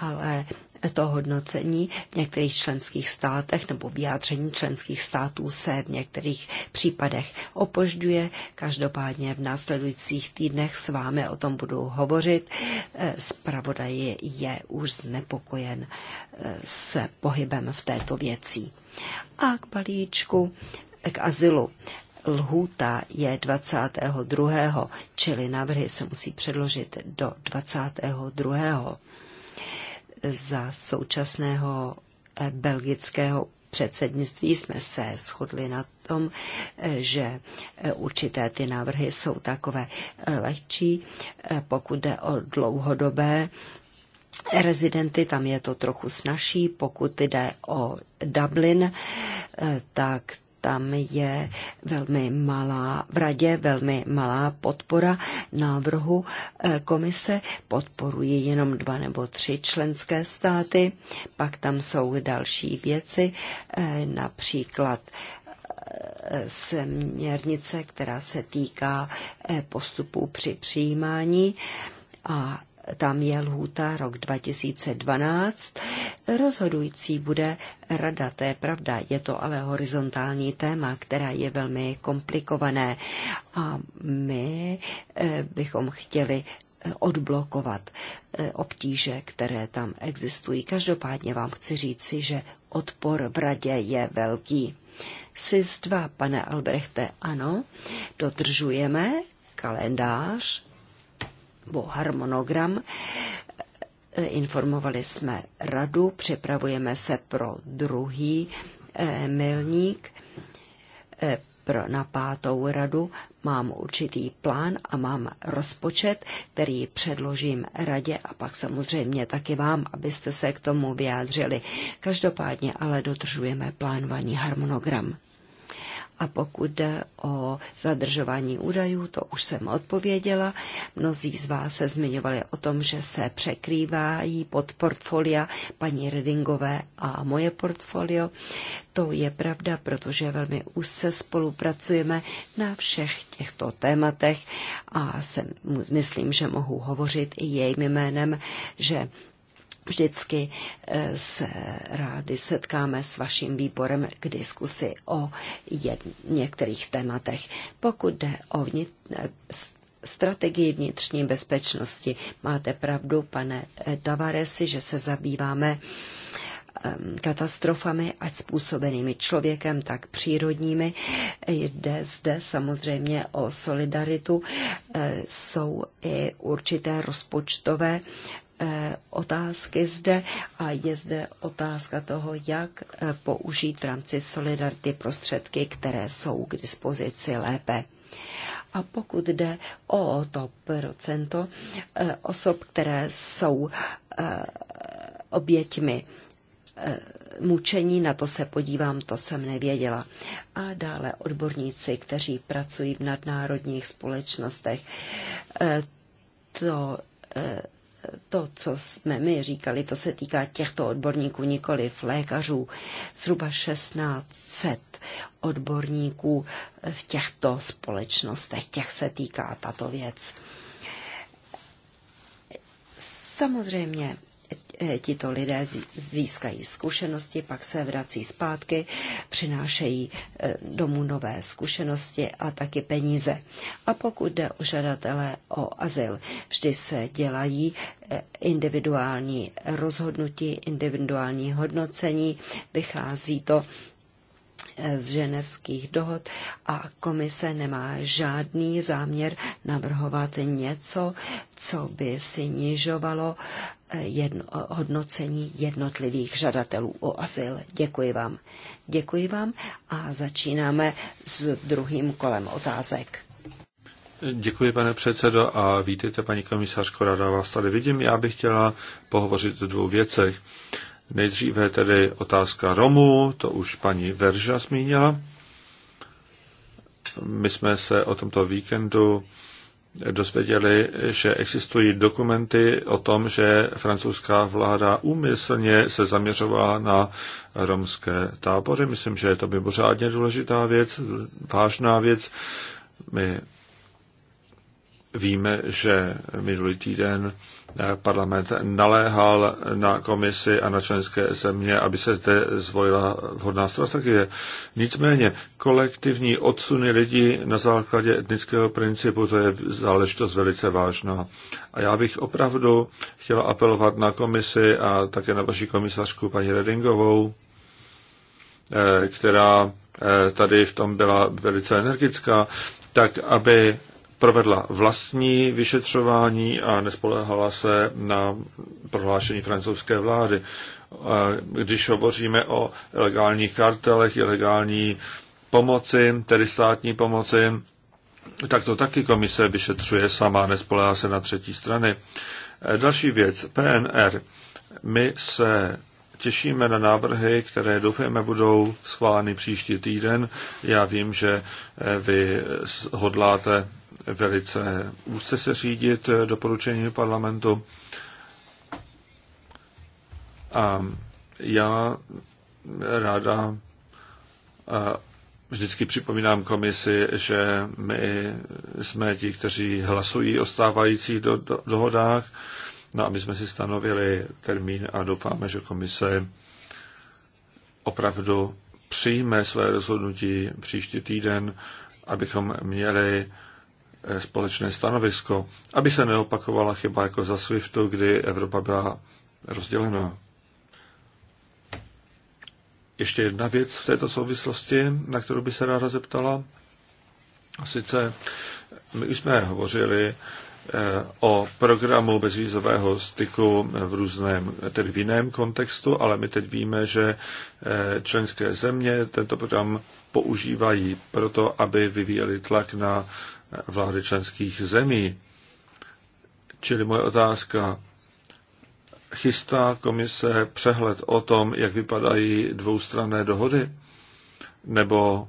ale to hodnocení v některých členských státech nebo vyjádření členských států se v některých případech opožďuje. Každopádně v následujících týdnech s vámi o tom budu hovořit. Spravodaj eh, je už znepokojen eh, s pohybem v této věci. A k balíčku eh, k azylu. Lhůta je 22. čili návrhy se musí předložit do 22 za současného eh, belgického předsednictví jsme se shodli na tom, eh, že eh, určité ty návrhy jsou takové lehčí, pokud jde o dlouhodobé rezidenty, tam je to trochu snažší, pokud jde o Dublin, tak tam je velmi malá, v radě velmi malá podpora návrhu eh, komise, podporují jenom dva nebo tři členské státy, pak tam jsou další věci, eh, například eh, směrnice, která se týká postupů při přijímání a tam je lhůta rok 2012. Rozhodující bude rada, to je pravda, je to ale horizontální téma, která je velmi komplikované a my eh, bychom chtěli eh, odblokovat eh, obtíže, které tam existují. Každopádně vám chci říci, že odpor v radě je velký. SIS 2, pane Albrechte, ano, dodržujeme kalendář, nebo harmonogram. Informovali jsme radu, připravujeme se pro druhý eh, milník eh, pro na pátou radu mám určitý plán a mám rozpočet, který předložím radě a pak samozřejmě taky vám, abyste se k tomu vyjádřili. Každopádně ale dodržujeme plánovaný harmonogram. A pokud jde o zadržování údajů, to už jsem odpověděla. Mnozí z vás se zmiňovali o tom, že se překrývají pod portfolia paní Redingové a moje portfolio. To je pravda, protože velmi úzce spolupracujeme na všech těchto tématech a jsem, myslím, že mohu hovořit i jejím jménem, že vždycky eh, se rádi setkáme s vaším výborem k diskusi o jed, některých tématech. Pokud jde o vnit, eh, strategii vnitřní bezpečnosti, máte pravdu, pane eh, Tavaresi, že se zabýváme ehm, katastrofami, ať způsobenými člověkem, tak přírodními. Jde zde samozřejmě o solidaritu. Jsou i určité rozpočtové Eh, otázky zde a je zde otázka toho, jak eh, použít v rámci solidarity prostředky, které jsou k dispozici lépe. A pokud jde o to procento eh, osob, které jsou oběťmi mučení, na to se podívám, to jsem nevěděla. A dále odborníci, kteří pracují v nadnárodních společnostech. To to, co jsme my říkali, to se týká těchto odborníků, nikoli lékařů. Zhruba 1600 odborníků v těchto společnostech, těch se týká tato věc. Samozřejmě Eh, tito lidé získají zkušenosti, pak se vrací zpátky, přinášejí eh, domů nové zkušenosti a taky peníze. A pokud jde o žadatele o azyl, vždy se dělají eh, individuální rozhodnutí, individuální hodnocení, vychází to z ženevských dohod a komise nemá žádný záměr navrhovat něco, co by snižovalo eh, jedno, hodnocení jednotlivých žadatelů o azyl. Děkuji vám. Děkuji vám a začínáme s druhým kolem otázek. Děkuji, pane předsedo, a vítejte, paní komisařko, ráda vás tady vidím. Já bych chtěla pohovořit o dvou věcech. Nejdříve tedy otázka Romů, to už paní Verža zmínila. My jsme se o tomto víkendu dozvěděli, že existují dokumenty o tom, že francouzská vláda úmyslně se zaměřovala na romské tábory. Myslím, že je to mimořádně důležitá věc, vážná věc. My víme, že minulý týden Eh, parlament naléhal na komisi a na členské země, aby se zde zvolila vhodná strategie. Nicméně kolektivní odsuny lidí na základě etnického principu, to je záležitost velice vážná. A já bych opravdu chtěla apelovat na komisi a také na vaši komisařku paní Redingovou, eh, která eh, tady v tom byla velice energická, tak aby provedla vlastní vyšetřování a nespoléhala se na prohlášení francouzské vlády. Když hovoříme o ilegálních kartelech, ilegální pomoci, tedy státní pomoci, tak to taky komise vyšetřuje sama, nespoléhá se na třetí strany. E, další věc, PNR. My se těšíme na návrhy, které doufáme budou schváleny příští týden. Já vím, že e, vy hodláte velice úzce se řídit doporučení parlamentu. A já ráda vždycky připomínám komisi, že my jsme ti, kteří hlasují o stávajících do, do, dohodách, no a my jsme si stanovili termín a doufáme, že komise opravdu přijme své rozhodnutí příští týden, abychom měli společné stanovisko, aby se neopakovala chyba jako za SWIFTu, kdy Evropa byla rozdělená. Ještě jedna věc v této souvislosti, na kterou by se ráda zeptala. A sice my už jsme hovořili eh, o programu bezvízového styku v různém, tedy v jiném kontextu, ale my teď víme, že eh, členské země tento program používají proto, aby vyvíjeli tlak na vlády členských zemí. Čili moje otázka, chystá komise přehled o tom, jak vypadají dvoustranné dohody nebo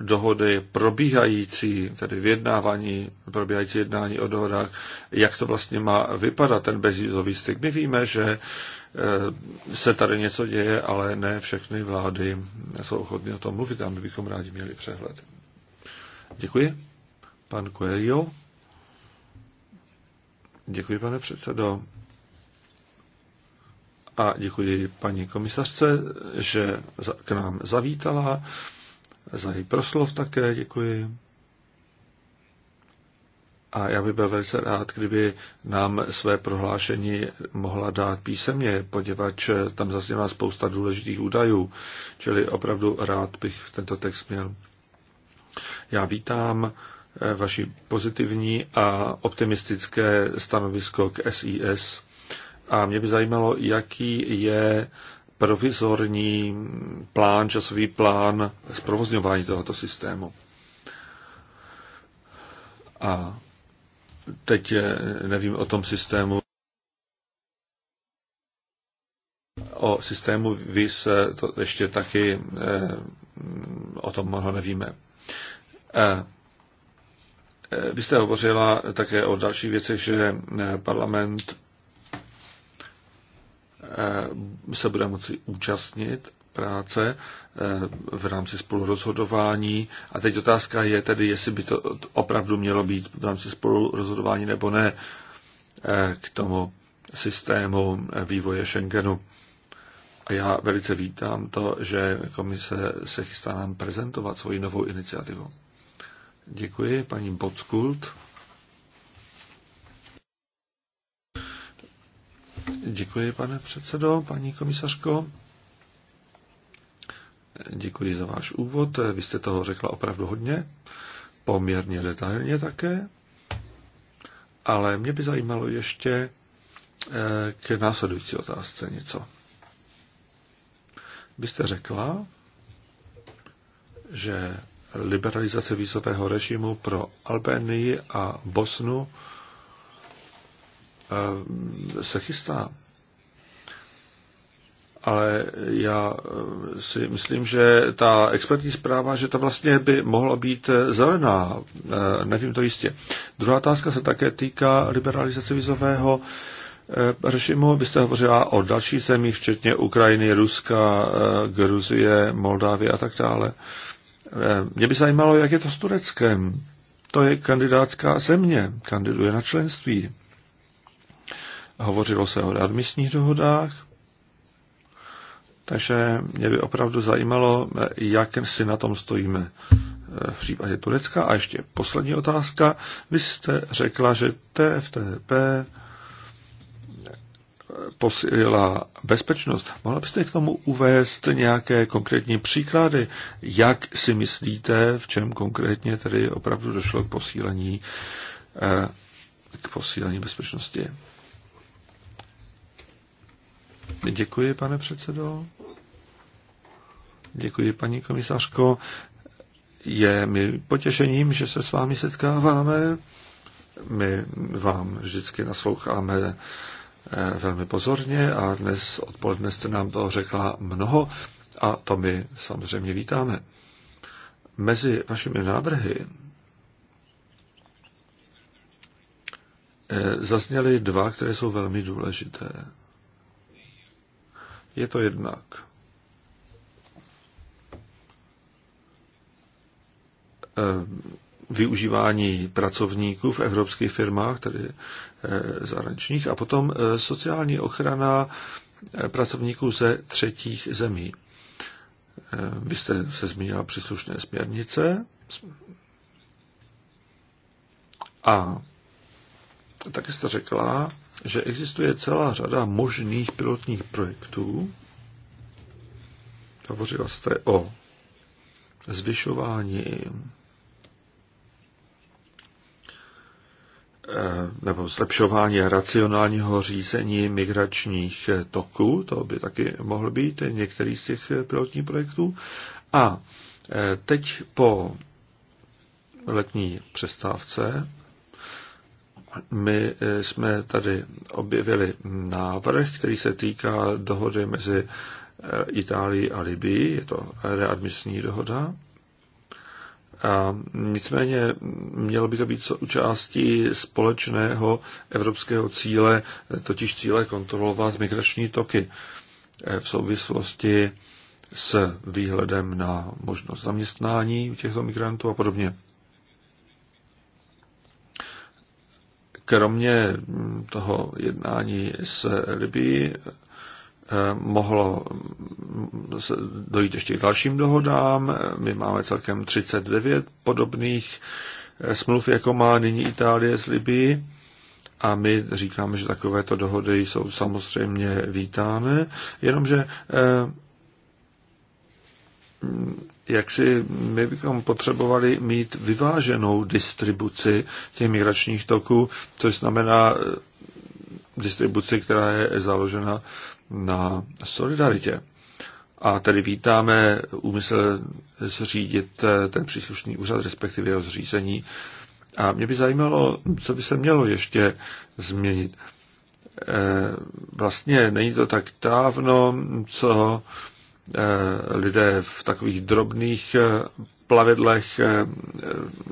dohody probíhající, tedy vyjednávání, probíhající jednání o dohodách, jak to vlastně má vypadat ten bezvízový styk. My víme, že eh, se tady něco děje, ale ne všechny vlády jsou ochotny o tom mluvit a my bychom rádi měli přehled. Děkuji. Pan Coelho. Děkuji, pane předsedo. A děkuji paní komisařce, že k nám zavítala. Za její proslov také děkuji. A já bych byl velice rád, kdyby nám své prohlášení mohla dát písemně, poněvadž tam zazněla spousta důležitých údajů, čili opravdu rád bych tento text měl. Já vítám Eh, vaši pozitivní a optimistické stanovisko k SIS. A mě by zajímalo, jaký je provizorní plán, časový plán zprovozňování tohoto systému. A teď eh, nevím o tom systému. O systému se eh, to ještě taky mm, o tom mnoho nevíme. Eh, vy jste hovořila také o další věci, že eh, parlament eh, se bude moci účastnit práce v rámci spolurozhodování. A teď otázka je tedy, jestli by to opravdu mělo být v rámci spolurozhodování nebo ne k tomu systému vývoje Schengenu. A já velice vítám to, že komise se chystá nám prezentovat svoji novou iniciativu. Děkuji, paní Bockult. Děkuji, pane předsedo, paní komisařko. Děkuji za váš úvod. Vy jste toho řekla opravdu hodně, poměrně detailně také. Ale mě by zajímalo ještě eh, k následující otázce něco. Vy jste řekla, že liberalizace vízového režimu pro Albánii a Bosnu eh, se chystá. Ale já eh, si myslím, že ta expertní zpráva, že ta vlastně by mohla být eh, zelená, nevím to jistě. Druhá otázka se také týká liberalizace vízového režimu. Vy jste hovořila o dalších zemích, včetně Ukrajiny, Ruska, Gruzie, Moldávie a tak dále. Eh, mě by zajímalo, jak je to s Tureckem. To je kandidátská země, kandiduje na členství. Hovořilo se o readmisních dohodách, takže mě by opravdu zajímalo, eh, jak si na tom stojíme eh, v případě Turecka. A ještě poslední otázka. Vy jste řekla, že TFTP posílila bezpečnost. Mohla byste k tomu uvést nějaké konkrétní příklady, jak si myslíte, v čem konkrétně tedy opravdu došlo k posílení, eh, k posílení bezpečnosti? Děkuji, pane předsedo. Děkuji, paní komisařko. Je mi potěšením, že se s vámi setkáváme. My vám vždycky nasloucháme Eh, velmi pozorně a dnes odpoledne jste nám toho řekla mnoho a to my samozřejmě vítáme. Mezi vašimi návrhy eh, zazněly dva, které jsou velmi důležité. Je to jednak eh, využívání pracovníků v evropských firmách, tedy Eh, zahraničních a potom eh, sociální ochrana eh, pracovníků ze třetích zemí. Vy jste se zmínila příslušné směrnice a taky jste řekla, že existuje celá řada možných pilotních projektů. Hovořila jste o zvyšování Eh, nebo zlepšování racionálního řízení migračních toků, to by taky mohl být některý z těch pilotních projektů. A eh, teď po letní přestávce my eh, jsme tady objevili návrh, který se týká dohody mezi Itálií a Libii, je to readmisní dohoda. A nicméně mělo by to být součástí společného evropského cíle, totiž cíle kontrolovat migrační toky eh, v souvislosti s výhledem na možnost zaměstnání těchto migrantů a podobně. Kromě toho jednání s Libií Eh, mohlo dojít ještě k dalším dohodám. My máme celkem 39 podobných eh, smluv, jako má nyní Itálie s Libií. A my říkáme, že takovéto dohody jsou samozřejmě vítány, jenomže eh, jak si my bychom potřebovali mít vyváženou distribuci těch migračních toků, což znamená distribuci, která je založena na solidaritě. A tedy vítáme úmysl zřídit eh, ten příslušný úřad, respektive jeho zřízení. A mě by zajímalo, co by se mělo ještě změnit. Eh, vlastně není to tak dávno, co eh, lidé v takových drobných plavidlech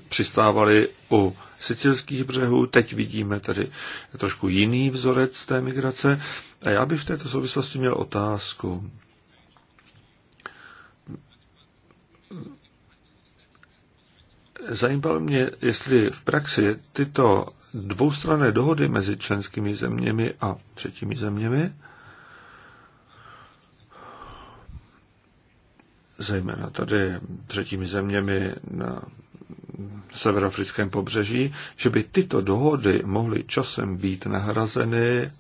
přistávali u sicilských břehů. Teď vidíme tedy trošku jiný vzorec té migrace. A já bych v této souvislosti měl otázku. Zajímalo mě, jestli v praxi tyto dvoustranné dohody mezi členskými zeměmi a třetími zeměmi, zejména tady třetími zeměmi na severoafrickém pobřeží, že by tyto dohody mohly časem být nahrazeny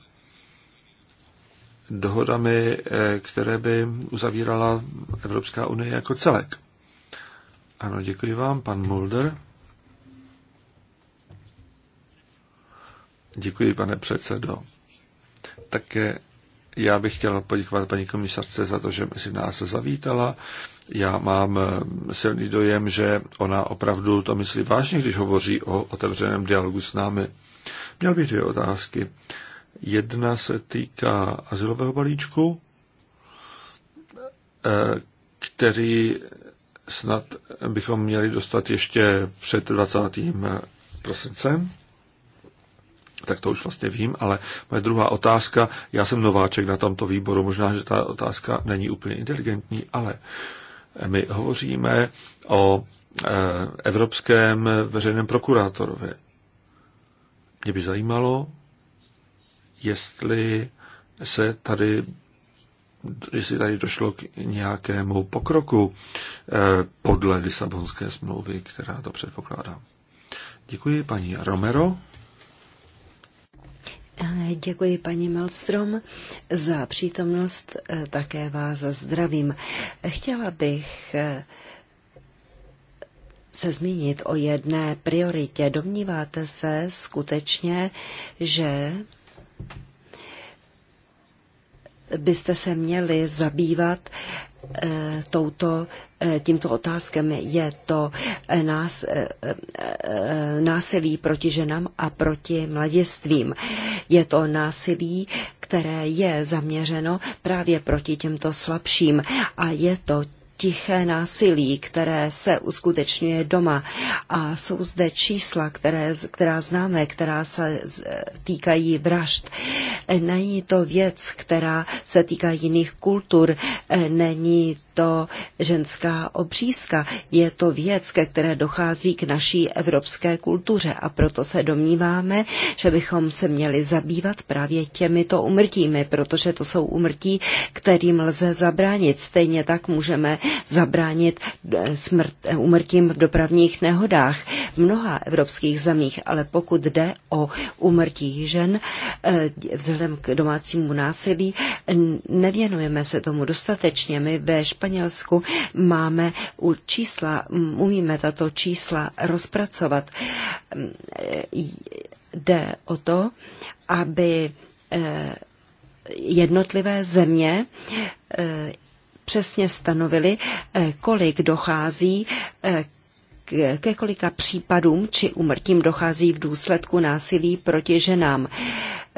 dohodami, eh, které by uzavírala Evropská unie jako celek. Ano, děkuji vám, pan Mulder. Děkuji, pane předsedo. Také já bych chtěl poděkovat paní komisarce za to, že si nás zavítala. Já mám eh, silný dojem, že ona opravdu to myslí vážně, když hovoří o otevřeném dialogu s námi. Měl bych dvě otázky. Jedna se týká asilového balíčku, eh, který snad bychom měli dostat ještě před 20. prosincem. Tak to už vlastně vím, ale moje druhá otázka, já jsem nováček na tomto výboru, možná, že ta otázka není úplně inteligentní, ale my hovoříme o eh, evropském veřejném prokurátorovi. Mě by zajímalo, jestli se tady jestli tady došlo k nějakému pokroku eh, podle Lisabonské smlouvy, která to předpokládá. Děkuji paní Romero. Eh, děkuji paní Malstrom za přítomnost, eh, také vás zdravím. Chtěla bych se zmínit o jedné prioritě. Domníváte se skutečně, že byste se měli zabývat eh, touto, eh, tímto otázkem je to eh, nás, násilí proti ženám a proti mladistvím. Je to násilí, které je zaměřeno právě proti těmto slabším a je to tiché násilí, které se uskutečňuje doma. A jsou zde čísla, které, která známe, která se týkají vražd. Není to věc, která se týká jiných kultur, není to ženská obřízka. Je to věc, ke které dochází k naší evropské kultuře a proto se domníváme, že bychom se měli zabývat právě těmito umrtími, protože to jsou umrtí, kterým lze zabránit. Stejně tak můžeme zabránit eh, smrt, umrtím eh, v dopravních nehodách. V mnoha evropských zemích, ale pokud jde o umrtí žen eh, vzhledem k domácímu násilí, nevěnujeme se tomu dostatečně. My ve Španělsku máme u čísla, umíme tato čísla rozpracovat. Jde o to, aby jednotlivé země přesně stanovili, eh, kolik dochází eh, ke kolika případům či umrtím dochází v důsledku násilí proti ženám.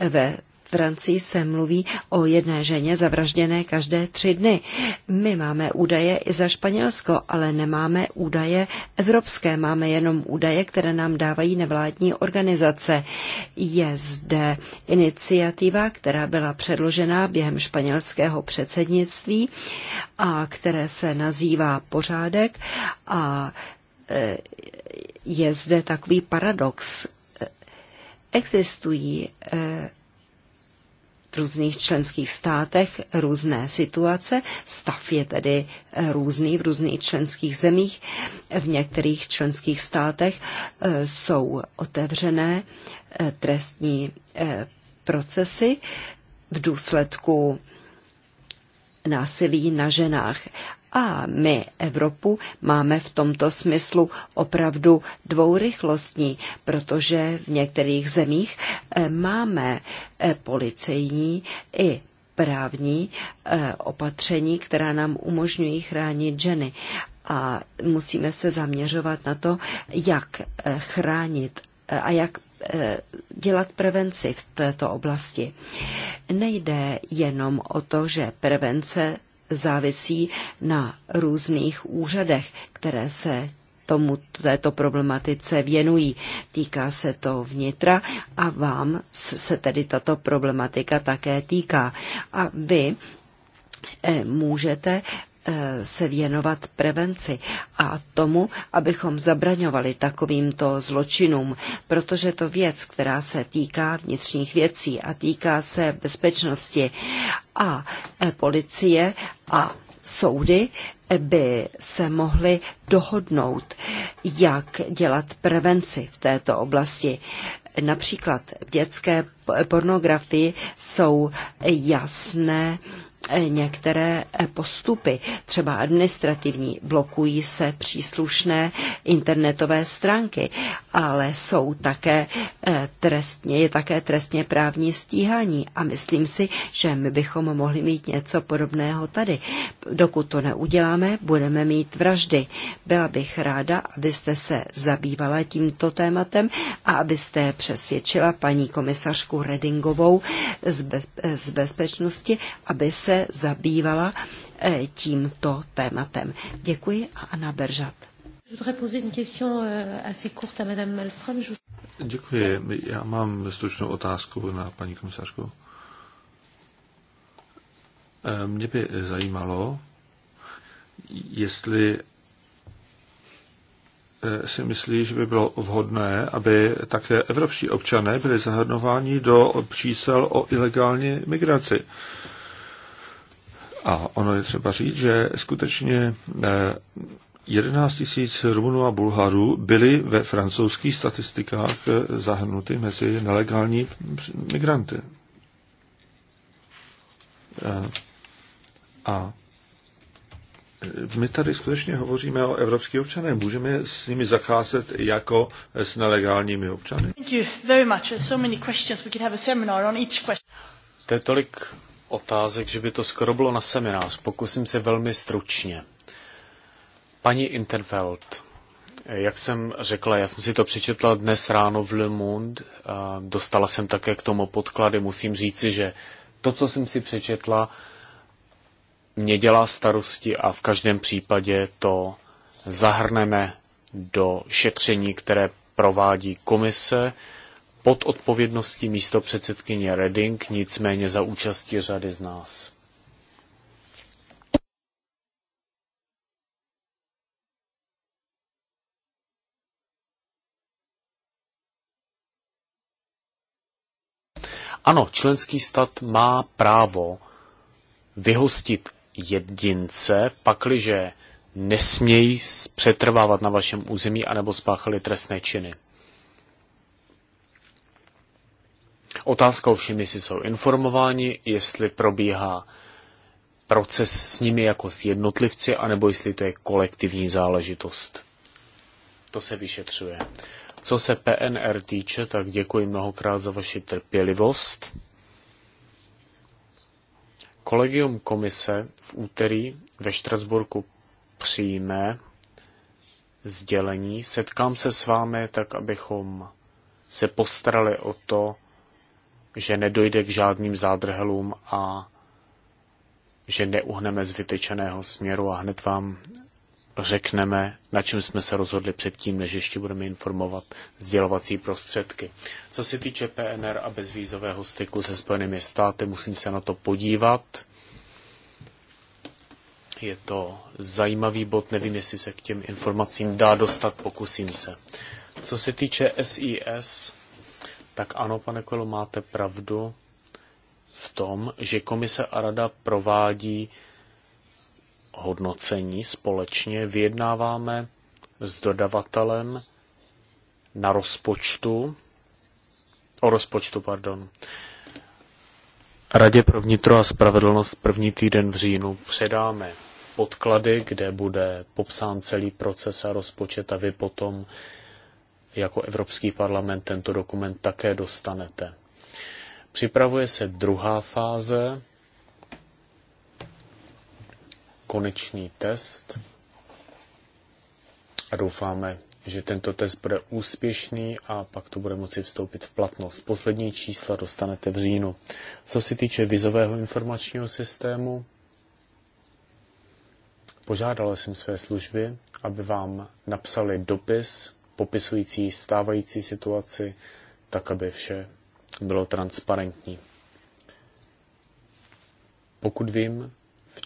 Ve Francii se mluví o jedné ženě zavražděné každé tři dny. My máme údaje i za Španělsko, ale nemáme údaje evropské, máme jenom údaje, které nám dávají nevládní organizace. Je zde iniciativa, která byla předložena během španělského předsednictví a které se nazývá pořádek a e, je zde takový paradox. E, existují e, v různých členských státech různé situace. Stav je tedy eh, různý v různých členských zemích. V některých členských státech eh, jsou otevřené eh, trestní procesy v důsledku násilí na ženách. A my Evropu máme v tomto smyslu opravdu dvourychlostní, protože v některých zemích eh, máme eh, policejní i právní eh, opatření, která nám umožňují chránit ženy. A musíme se zaměřovat na to, jak chránit a jak dělat prevenci v této oblasti. Nejde jenom o to, že prevence závisí na různých úřadech, které se tomu, této problematice věnují. Týká se to vnitra a vám se tedy tato problematika také týká. A vy eh, můžete Eh, se věnovat prevenci a tomu, abychom zabraňovali takovýmto zločinům, protože to věc, která se týká vnitřních věcí a týká se bezpečnosti a eh, policie a soudy eh, by se mohly dohodnout, jak dělat prevenci v této oblasti. Například v dětské pornografii jsou jasné některé postupy, třeba administrativní, blokují se příslušné internetové stránky ale jsou také eh, trestně, je také trestně právní stíhání a myslím si, že my bychom mohli mít něco podobného tady. Dokud to neuděláme, budeme mít vraždy. Byla bych ráda, abyste se zabývala tímto tématem a abyste přesvědčila paní komisařku Redingovou z, bez, z bezpečnosti, aby se zabývala eh, tímto tématem. Děkuji a Anna Beržat. Euh, Děkuji. Já mám stručnou otázku na paní komisařku. Eh, mě by zajímalo, jestli eh, si myslí, že by bylo vhodné, aby také evropští občané byli zahrnováni do čísel o ilegální migraci. A ono je třeba říct, že skutečně eh, 11 tisíc Rumunů a Bulharů byli ve francouzských statistikách eh, zahrnuty mezi nelegální migranty. Eh, a eh, my tady skutečně hovoříme o evropských občanech. Můžeme s nimi zacházet jako s nelegálními občany? To je tolik otázek, že by to skoro bylo na seminář. Pokusím se velmi stručně. Paní Intenfeld, jak jsem řekla, já jsem si to přečetla dnes ráno v Le Monde, dostala jsem také k tomu podklady, musím říci, že to, co jsem si přečetla, mě dělá starosti a v každém případě to zahrneme do šetření, které provádí komise pod odpovědností místo předsedkyně Reding, nicméně za účasti řady z nás. Ano, členský stát má právo vyhostit jedince, pakliže nesmějí přetrvávat na vašem území anebo spáchali trestné činy. Otázka ovšem, jestli jsou informováni, jestli probíhá proces s nimi jako s jednotlivci, anebo jestli to je kolektivní záležitost. To se vyšetřuje. Co se PNR týče, tak děkuji mnohokrát za vaši trpělivost. Kolegium komise v úterý ve Štrasburku přijme sdělení. Setkám se s vámi tak, abychom se postarali o to, že nedojde k žádným zádrhelům a že neuhneme z vytečeného směru a hned vám řekneme, na čem jsme se rozhodli předtím, než ještě budeme informovat sdělovací prostředky. Co se týče PNR a bezvýzového styku se Spojenými státy, musím se na to podívat. Je to zajímavý bod, nevím, jestli se k těm informacím dá dostat, pokusím se. Co se týče SIS, tak ano, pane Kolo, máte pravdu v tom, že komise a rada provádí hodnocení společně vyjednáváme s dodavatelem na rozpočtu, o rozpočtu, pardon, Radě pro vnitro a spravedlnost první týden v říjnu předáme podklady, kde bude popsán celý proces a rozpočet a vy potom jako Evropský parlament tento dokument také dostanete. Připravuje se druhá fáze konečný test a doufáme, že tento test bude úspěšný a pak to bude moci vstoupit v platnost. Poslední čísla dostanete v říjnu. Co se týče vizového informačního systému, požádala jsem své služby, aby vám napsali dopis popisující stávající situaci, tak aby vše bylo transparentní. Pokud vím,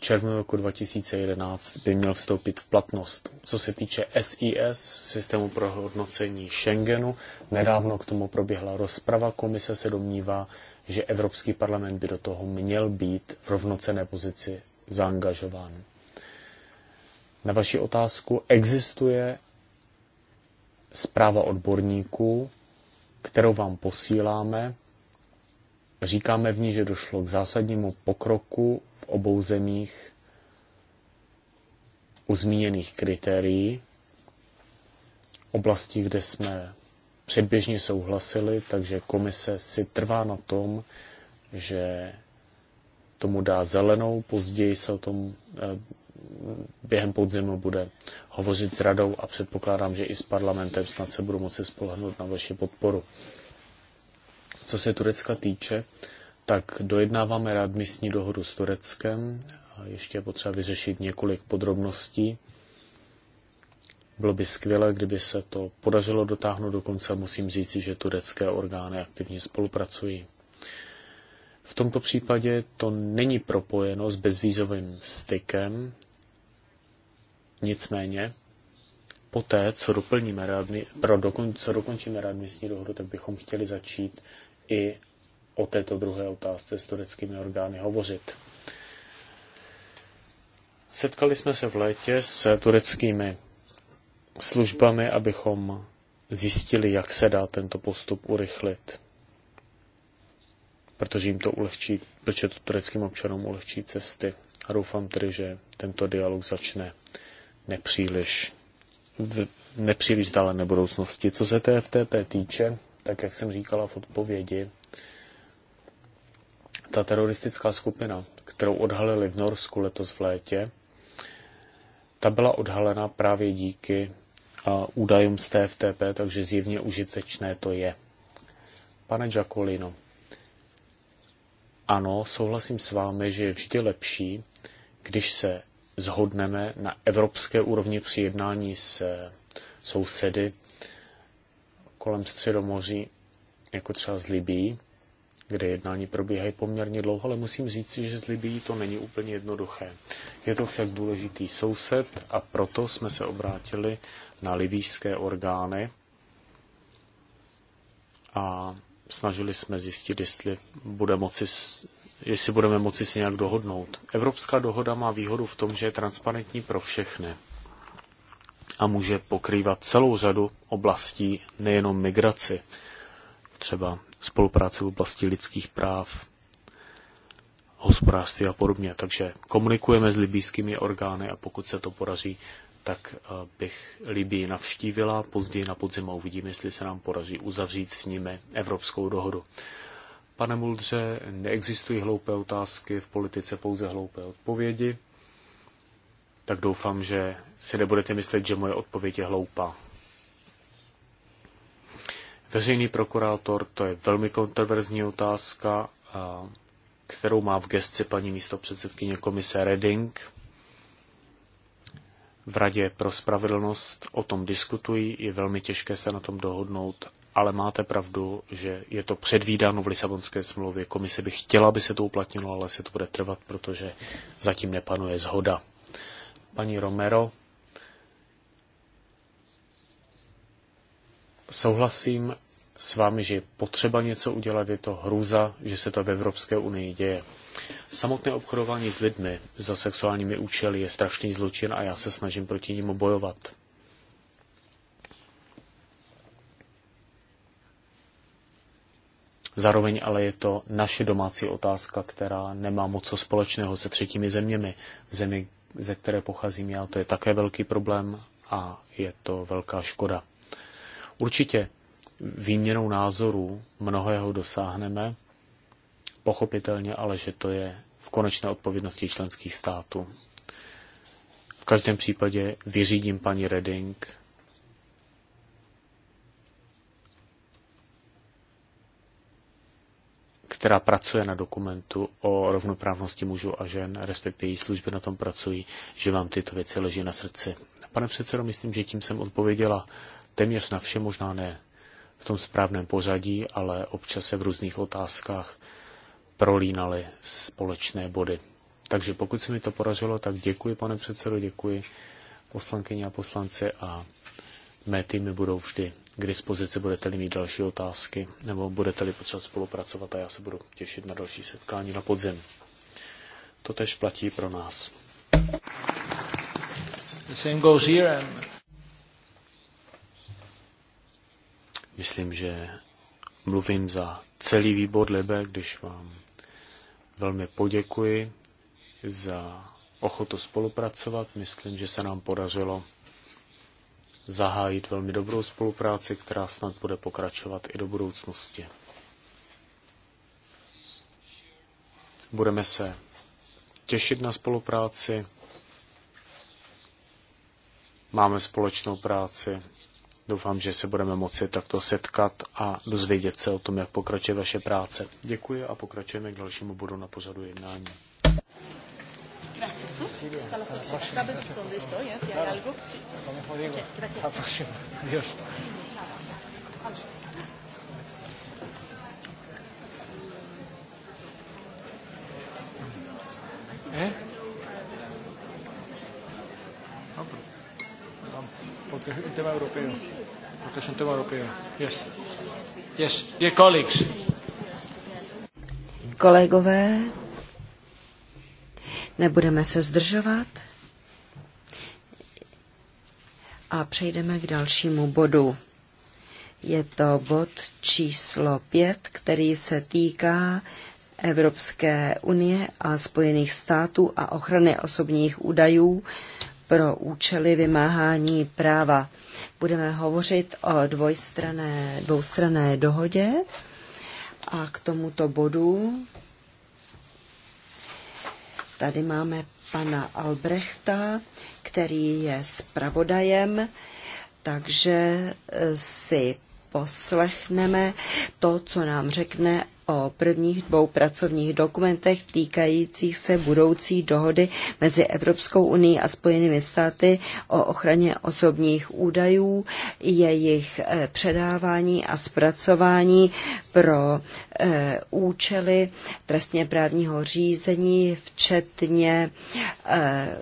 červnu roku 2011 by měl vstoupit v platnost. Co se týče SIS, systému pro hodnocení Schengenu, nedávno k tomu proběhla rozprava. Komise se domnívá, že Evropský parlament by do toho měl být v rovnocené pozici zaangažován. Na vaši otázku existuje zpráva odborníků, kterou vám posíláme. Říkáme v ní, že došlo k zásadnímu pokroku obou zemích u zmíněných kritérií, oblasti, kde jsme předběžně souhlasili, takže komise si trvá na tom, že tomu dá zelenou, později se o tom eh, během podzimu bude hovořit s radou a předpokládám, že i s parlamentem snad se budu moci spolehnout na vaši podporu. Co se Turecka týče, tak dojednáváme readmisní dohodu s Tureckem. A ještě je potřeba vyřešit několik podrobností. Bylo by skvělé, kdyby se to podařilo dotáhnout do konce. Musím říci, že turecké orgány aktivně spolupracují. V tomto případě to není propojeno s bezvízovým stykem, nicméně poté, co, doplníme readmi, pro dokon, co dokončíme readmisní dohodu, tak bychom chtěli začít i o této druhé otázce s tureckými orgány hovořit. Setkali jsme se v létě s tureckými službami, abychom zjistili, jak se dá tento postup urychlit. Protože jim to ulehčí, protože to tureckým občanům ulehčí cesty. A doufám tedy, že tento dialog začne nepříliš v nepříliš dále budoucnosti. Co se TFTP týče, tak jak jsem říkala v odpovědi, ta teroristická skupina, kterou odhalili v Norsku letos v létě, ta byla odhalena právě díky údajům z TFTP, takže zjevně užitečné to je. Pane Giacolino, ano, souhlasím s vámi, že je vždy lepší, když se zhodneme na evropské úrovni při jednání s sousedy kolem Středomoří, jako třeba z Libii, kde jednání probíhají poměrně dlouho, ale musím říct, že z Libií to není úplně jednoduché. Je to však důležitý soused a proto jsme se obrátili na libijské orgány a snažili jsme zjistit, jestli, bude moci, jestli budeme moci se nějak dohodnout. Evropská dohoda má výhodu v tom, že je transparentní pro všechny a může pokrývat celou řadu oblastí, nejenom migraci, třeba spolupráce v oblasti lidských práv, hospodářství a podobně. Takže komunikujeme s libýskými orgány a pokud se to podaří, tak eh, bych Libii navštívila. Později na podzim uvidím, jestli se nám podaří uzavřít s nimi evropskou dohodu. Pane Muldře, neexistují hloupé otázky, v politice pouze hloupé odpovědi. Tak doufám, že si nebudete myslet, že moje odpověď je hloupá. Veřejný prokurátor, to je velmi kontroverzní otázka, kterou má v gesci paní místo předsedkyně komise Reding. V Radě pro spravedlnost o tom diskutují, je velmi těžké se na tom dohodnout, ale máte pravdu, že je to předvídáno v Lisabonské smlouvě. Komise by chtěla, aby se to uplatnilo, ale se to bude trvat, protože zatím nepanuje zhoda. Paní Romero, souhlasím s vámi, že je potřeba něco udělat, je to hruza, že se to v Evropské unii děje. Samotné obchodování s lidmi za sexuálními účely je strašný zločin a já se snažím proti němu bojovat. Zároveň ale je to naše domácí otázka, která nemá moc co společného se třetími zeměmi. Zemi, ze které pocházím já, to je také velký problém a je to velká škoda. Určitě výměnou názorů mnohého dosáhneme, pochopitelně ale, že to je v konečné odpovědnosti členských států. V každém případě vyřídím paní Reding. která pracuje na dokumentu o rovnoprávnosti mužů a žen, respektive její služby na tom pracují, že vám tyto věci leží na srdci. Pane předsedo, myslím, že tím jsem odpověděla téměř na vše, možná ne v tom správném pořadí, ale občas se v různých otázkách prolínaly společné body. Takže pokud se mi to poražilo, tak děkuji, pane předsedo, děkuji poslankyně a poslanci a mé týmy budou vždy k dispozici, budete-li mít další otázky nebo budete-li potřebovat spolupracovat a já se budu těšit na další setkání na podzim. To tež platí pro nás. The same goes here and... Myslím, že mluvím za celý výbor Libe, když vám velmi poděkuji za ochotu spolupracovat. Myslím, že se nám podařilo zahájit velmi dobrou spolupráci, která snad bude pokračovat i do budoucnosti. Budeme se těšit na spolupráci. Máme společnou práci Doufám, že se budeme moci takto setkat a dozvědět se o tom, jak pokračuje vaše práce. Děkuji a pokračujeme k dalšímu bodu na pořadu jednání. ¿Eh? porque es un tema europeo. Porque es un tema europeo. Yes. Yes. Dear colleagues. Kolegové, nebudeme se zdržovat a přejdeme k dalšímu bodu. Je to bod číslo 5, který se týká Evropské unie a Spojených států a ochrany osobních údajů pro účely vymáhání práva. Budeme hovořit o dvojstrané, dvoustrané dohodě a k tomuto bodu tady máme pana Albrechta, který je zpravodajem, takže eh, si poslechneme to, co nám řekne o prvních dvou pracovních dokumentech týkajících se budoucí dohody mezi Evropskou unii a Spojenými státy o ochraně osobních údajů, jejich eh, předávání a zpracování pro Eh, účely trestně právního řízení, včetně, eh,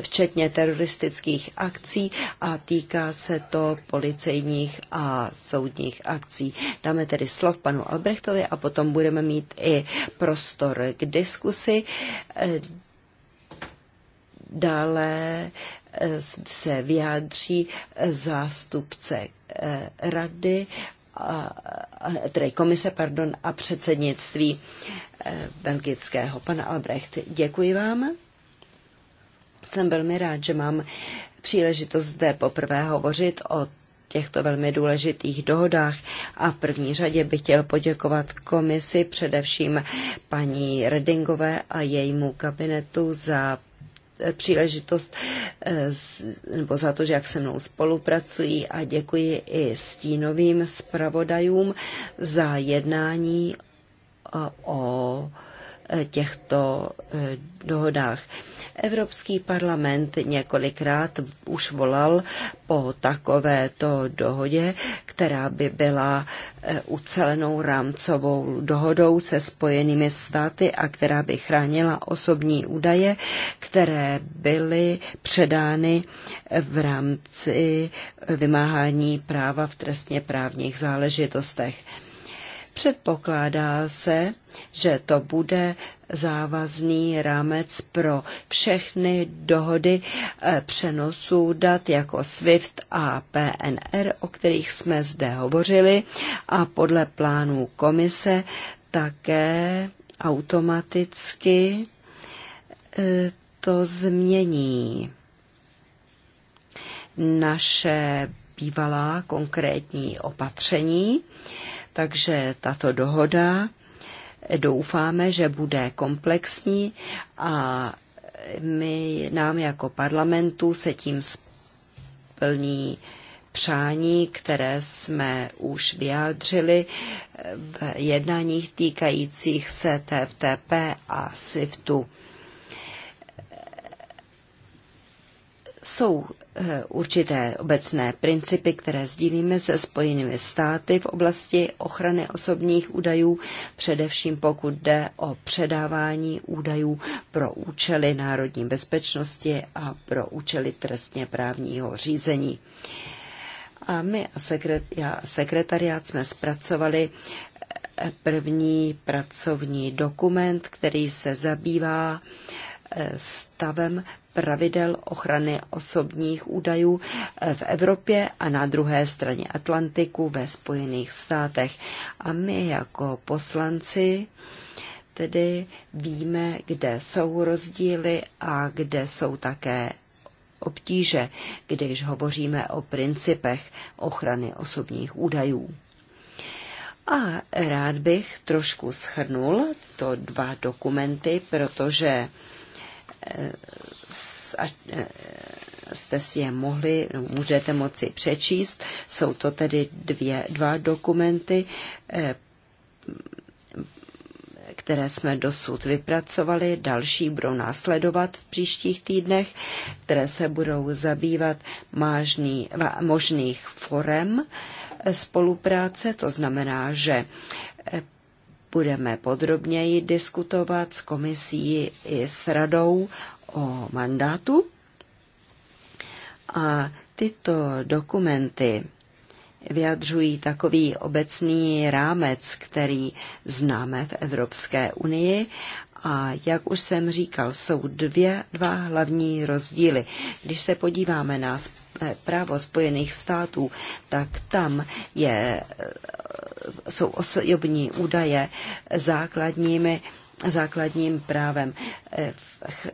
včetně teroristických akcí a týká se to policejních a soudních akcí. Dáme tedy slov panu Albrechtovi a potom budeme mít i prostor k diskusi. Eh, dále se vyjádří zástupce rady a, tedy komise pardon, a předsednictví eh, belgického. Pane Albrecht, děkuji vám. Jsem velmi rád, že mám příležitost zde poprvé hovořit o těchto velmi důležitých dohodách a v první řadě bych chtěl poděkovat komisi, především paní Redingové a jejímu kabinetu za příležitost eh, nebo za to, že jak se mnou spolupracují a děkuji i stínovým zpravodajům za jednání eh, o těchto eh, dohodách. Evropský parlament několikrát už volal po takovéto dohodě, která by byla eh, ucelenou rámcovou dohodou se spojenými státy a která by chránila osobní údaje, které byly předány v rámci vymáhání práva v trestně právních záležitostech. Předpokládá se, že to bude závazný rámec pro všechny dohody eh, přenosů dat jako SWIFT a PNR, o kterých jsme zde hovořili, a podle plánů komise také automaticky eh, to změní naše bývalá konkrétní opatření takže tato dohoda doufáme, že bude komplexní a my, nám jako parlamentu se tím splní přání, které jsme už vyjádřili v jednáních týkajících se TFTP a SIFTu. Jsou eh, určité obecné principy, které sdílíme se spojenými státy v oblasti ochrany osobních údajů, především pokud jde o předávání údajů pro účely národní bezpečnosti a pro účely trestně právního řízení. A my a sekret, já a sekretariát jsme zpracovali eh, první pracovní dokument, který se zabývá eh, stavem pravidel ochrany osobních údajů eh, v Evropě a na druhé straně Atlantiku ve Spojených státech. A my jako poslanci tedy víme, kde jsou rozdíly a kde jsou také obtíže, když hovoříme o principech ochrany osobních údajů. A rád bych trošku schrnul to dva dokumenty, protože eh, E, jste si je mohli, no, můžete moci přečíst. Jsou to tedy dvě, dva dokumenty, e, které jsme dosud vypracovali, další budou následovat v příštích týdnech, které se budou zabývat mážný, možných forem e, spolupráce, to znamená, že Budeme podrobněji diskutovat s komisí i s radou o mandátu. A tyto dokumenty vyjadřují takový obecný rámec, který známe v Evropské unii a jak už jsem říkal, jsou dvě, dva hlavní rozdíly. Když se podíváme na právo Spojených států, tak tam je, jsou osobní údaje základními základním právem. V,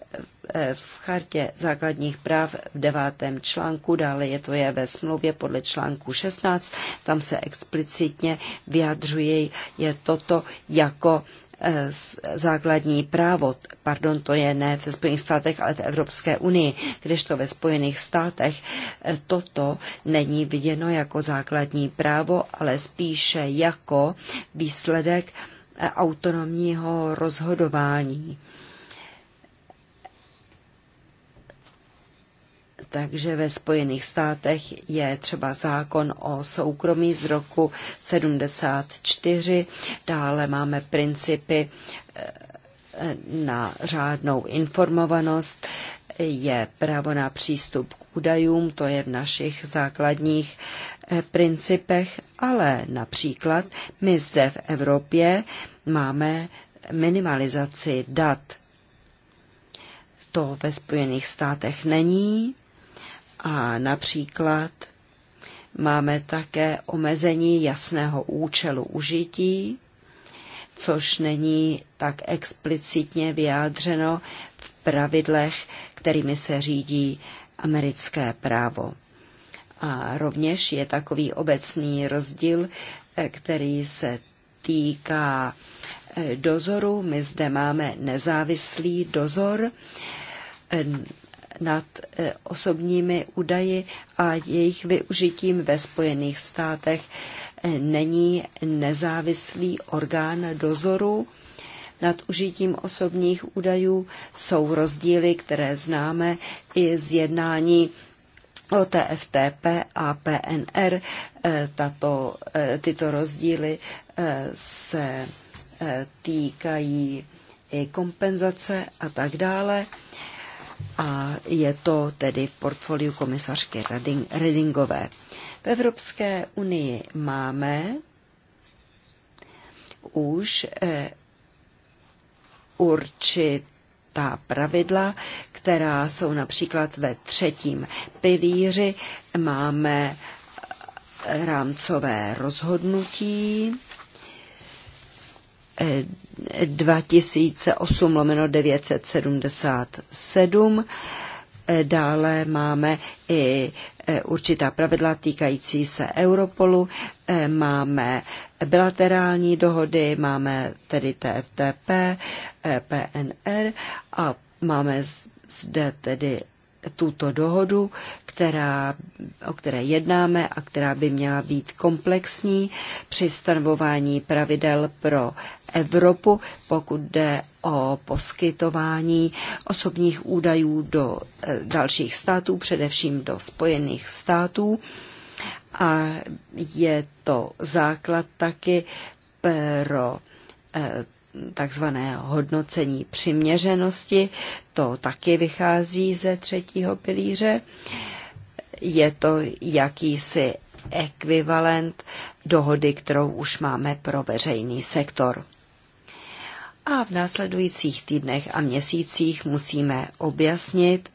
v chartě základních práv v devátém článku, dále je to je ve smlouvě podle článku 16, tam se explicitně vyjadřuje je toto jako Eh, základní právo, pardon, to je ne ve Spojených státech, ale v Evropské unii, kdežto ve Spojených státech eh, toto není viděno jako základní právo, ale spíše jako výsledek eh, autonomního rozhodování Takže ve Spojených státech je třeba zákon o soukromí z roku 74, dále máme principy eh, na řádnou informovanost, je právo na přístup k údajům, to je v našich základních eh, principech, ale například my zde v Evropě máme minimalizaci dat. To ve Spojených státech není a například máme také omezení jasného účelu užití, což není tak explicitně vyjádřeno v pravidlech, kterými se řídí americké právo. A rovněž je takový obecný rozdíl, eh, který se týká eh, dozoru. My zde máme nezávislý dozor eh, nad eh, osobními údaji a jejich využitím ve Spojených státech eh, není nezávislý orgán dozoru nad užitím osobních údajů. Jsou rozdíly, které známe i z jednání o TFTP a PNR. Eh, tato, tyto rozdíly se týkají i kompenzace a tak dále a je to tedy v portfoliu komisařky Redingové. V Evropské unii máme už eh, určitá pravidla, která jsou například ve třetím pilíři. Máme eh, rámcové rozhodnutí 2008 lomeno 977. Dále máme i e, určitá pravidla týkající se Europolu, e, máme bilaterální dohody, máme tedy TFTP, e, PNR a máme zde tedy tuto dohodu, která, o které jednáme a která by měla být komplexní při stanovování pravidel pro Evropu, pokud jde o poskytování osobních údajů do eh, dalších států, především do Spojených států. A je to základ taky pro eh, takzvané hodnocení přiměřenosti. To taky vychází ze třetího pilíře. Je to jakýsi ekvivalent dohody, kterou už máme pro veřejný sektor a v následujících týdnech a měsících musíme objasnit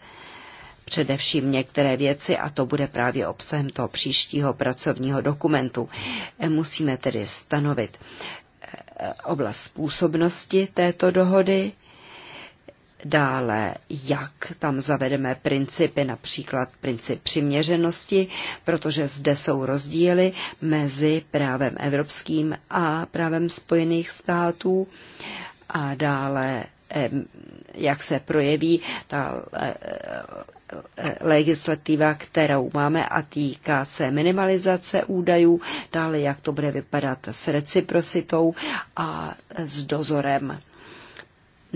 především některé věci a to bude právě obsahem toho příštího pracovního dokumentu. Musíme tedy stanovit eh, oblast působnosti této dohody, dále jak tam zavedeme principy, například princip přiměřenosti, protože zde jsou rozdíly mezi právem evropským a právem Spojených států a dále jak se projeví ta e, e, legislativa, kterou máme a týká se minimalizace údajů, dále jak to bude vypadat s reciprocitou a s dozorem.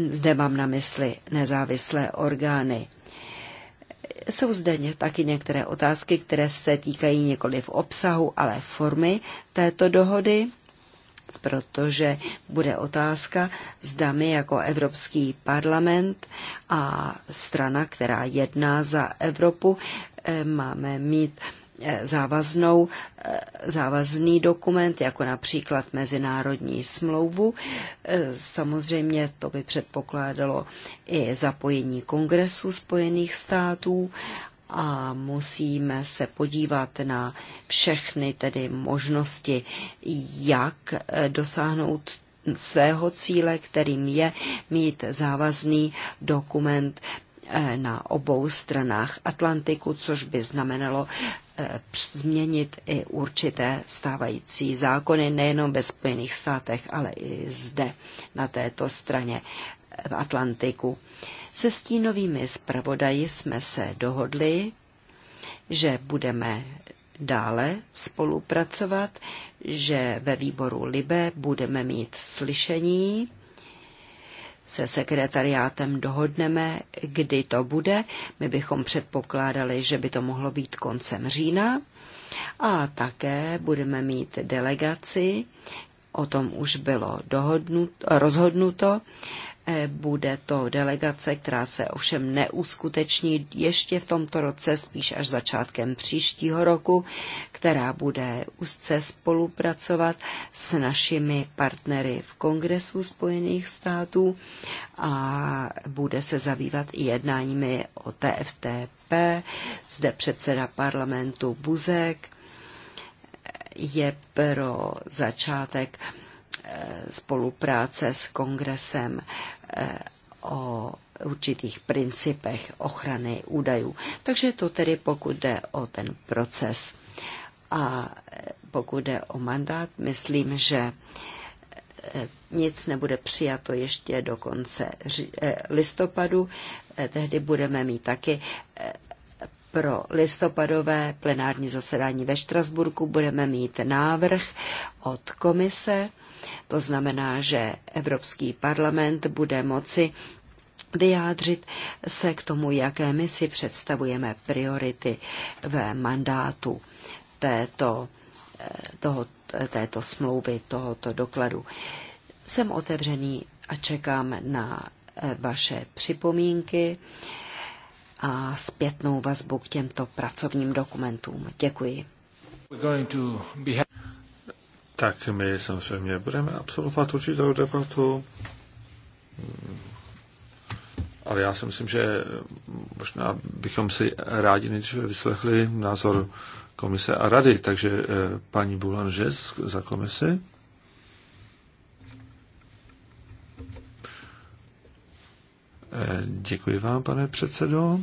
Zde mám na mysli nezávislé orgány. Jsou zde taky některé otázky, které se týkají nikoli v obsahu, ale formy této dohody protože bude otázka, zda my jako Evropský parlament a strana, která jedná za Evropu, eh, máme mít eh, závaznou, eh, závazný dokument, jako například mezinárodní smlouvu. Samozřejmě to by předpokládalo i zapojení Kongresu Spojených států a musíme se podívat na všechny tedy možnosti, jak eh, dosáhnout svého cíle, kterým je mít závazný dokument eh, na obou stranách Atlantiku, což by znamenalo eh, změnit i určité stávající zákony, nejenom ve Spojených státech, ale i zde, na této straně v Atlantiku. Se stínovými zpravodaji jsme se dohodli, že budeme dále spolupracovat, že ve výboru Libe budeme mít slyšení, se sekretariátem dohodneme, kdy to bude. My bychom předpokládali, že by to mohlo být koncem října. A také budeme mít delegaci, o tom už bylo dohodnut, rozhodnuto, E, bude to delegace, která se ovšem neuskuteční ještě v tomto roce, spíš až začátkem příštího roku, která bude úzce spolupracovat s našimi partnery v Kongresu Spojených států a bude se zabývat i jednáními o TFTP. Zde předseda parlamentu Buzek je pro začátek spolupráce s kongresem eh, o určitých principech ochrany údajů. Takže to tedy pokud jde o ten proces. A eh, pokud jde o mandát, myslím, že eh, nic nebude přijato ještě do konce listopadu. Tehdy budeme mít taky pro listopadové plenární zasedání ve Štrasburku budeme mít návrh od komise to znamená, že Evropský parlament bude moci vyjádřit se k tomu, jaké my si představujeme priority ve mandátu této, eh, toho, této smlouvy, tohoto dokladu. Jsem otevřený a čekám na eh, vaše připomínky a zpětnou vazbu k těmto pracovním dokumentům. Děkuji. Tak my samozřejmě budeme absolvovat určitou debatu, ale já si myslím, že možná bychom si rádi nejdříve vyslechli názor komise a rady. Takže eh, paní Boulanges za komisi. Eh, děkuji vám, pane předsedo.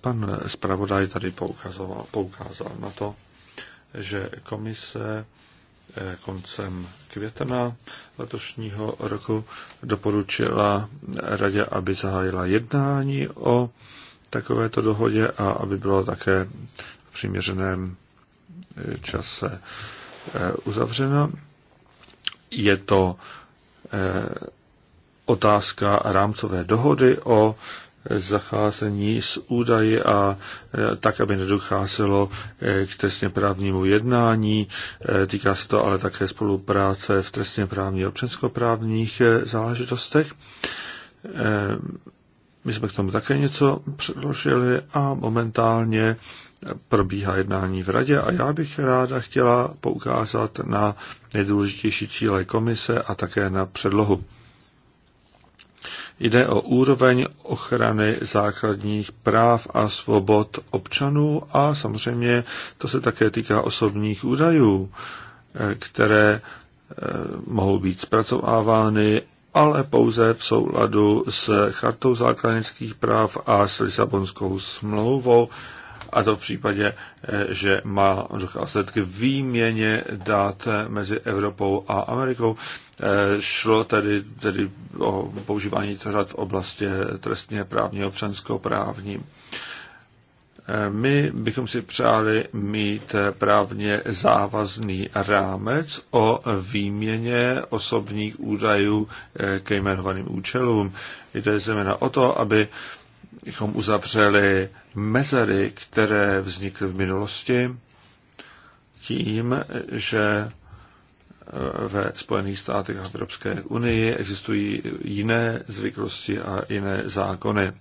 Pan zpravodaj tady poukazoval, poukázal na to, že komise eh, koncem května letošního roku doporučila radě, aby zahájila jednání o takovéto dohodě a aby bylo také v přiměřeném eh, čase eh, uzavřeno. Je to otázka rámcové dohody o zacházení s údaji a e, tak, aby nedocházelo e, k trestně právnímu jednání. E, týká se to ale také spolupráce v trestně právní a občanskoprávních záležitostech. My jsme k tomu také něco předložili a momentálně probíhá jednání v radě a já bych ráda chtěla poukázat na nejdůležitější cíle komise a také na předlohu. Jde o úroveň ochrany základních práv a svobod občanů a samozřejmě to se také týká osobních údajů, eh, které eh, mohou být zpracovávány, ale pouze v souladu s Chartou základních práv a s Lisabonskou smlouvou, a to v případě, eh, že má docházet k výměně dát eh, mezi Evropou a Amerikou. Eh, šlo tedy, tedy o používání toho v oblasti trestně právní, právní. My bychom si přáli mít právně závazný rámec o výměně osobních údajů ke jmenovaným účelům. Jde zejména o to, abychom uzavřeli mezery, které vznikly v minulosti tím, že e, ve Spojených státech a Evropské unii existují jiné zvyklosti a jiné zákony.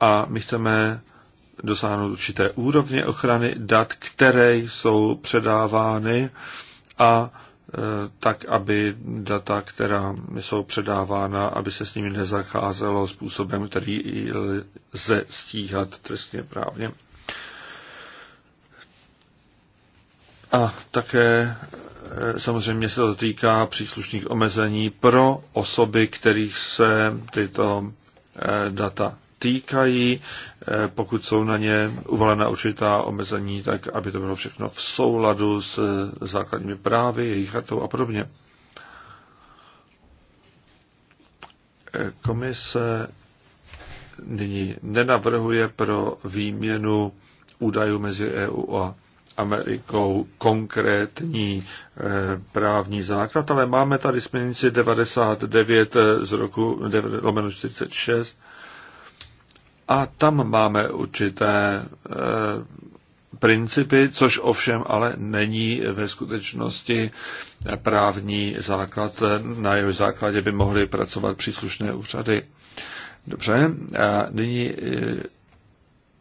A my chceme dosáhnout určité úrovně ochrany dat, které jsou předávány a Eh, tak aby data, která jsou předávána, aby se s nimi nezacházelo způsobem, který lze stíhat trestně právně. A také eh, samozřejmě se to týká příslušných omezení pro osoby, kterých se tyto eh, data týkají, eh, pokud jsou na ně uvalena určitá omezení, tak aby to bylo všechno v souladu s eh, základními právy, jejich chartou a podobně. Eh, komise nyní nenavrhuje pro výměnu údajů mezi EU a Amerikou konkrétní právní základ, ale máme tady směrnici 99 z roku 46 a tam máme určité eh, principy, což ovšem ale není ve skutečnosti právní základ, na jeho základě by mohly pracovat příslušné úřady. Dobře, a nyní eh,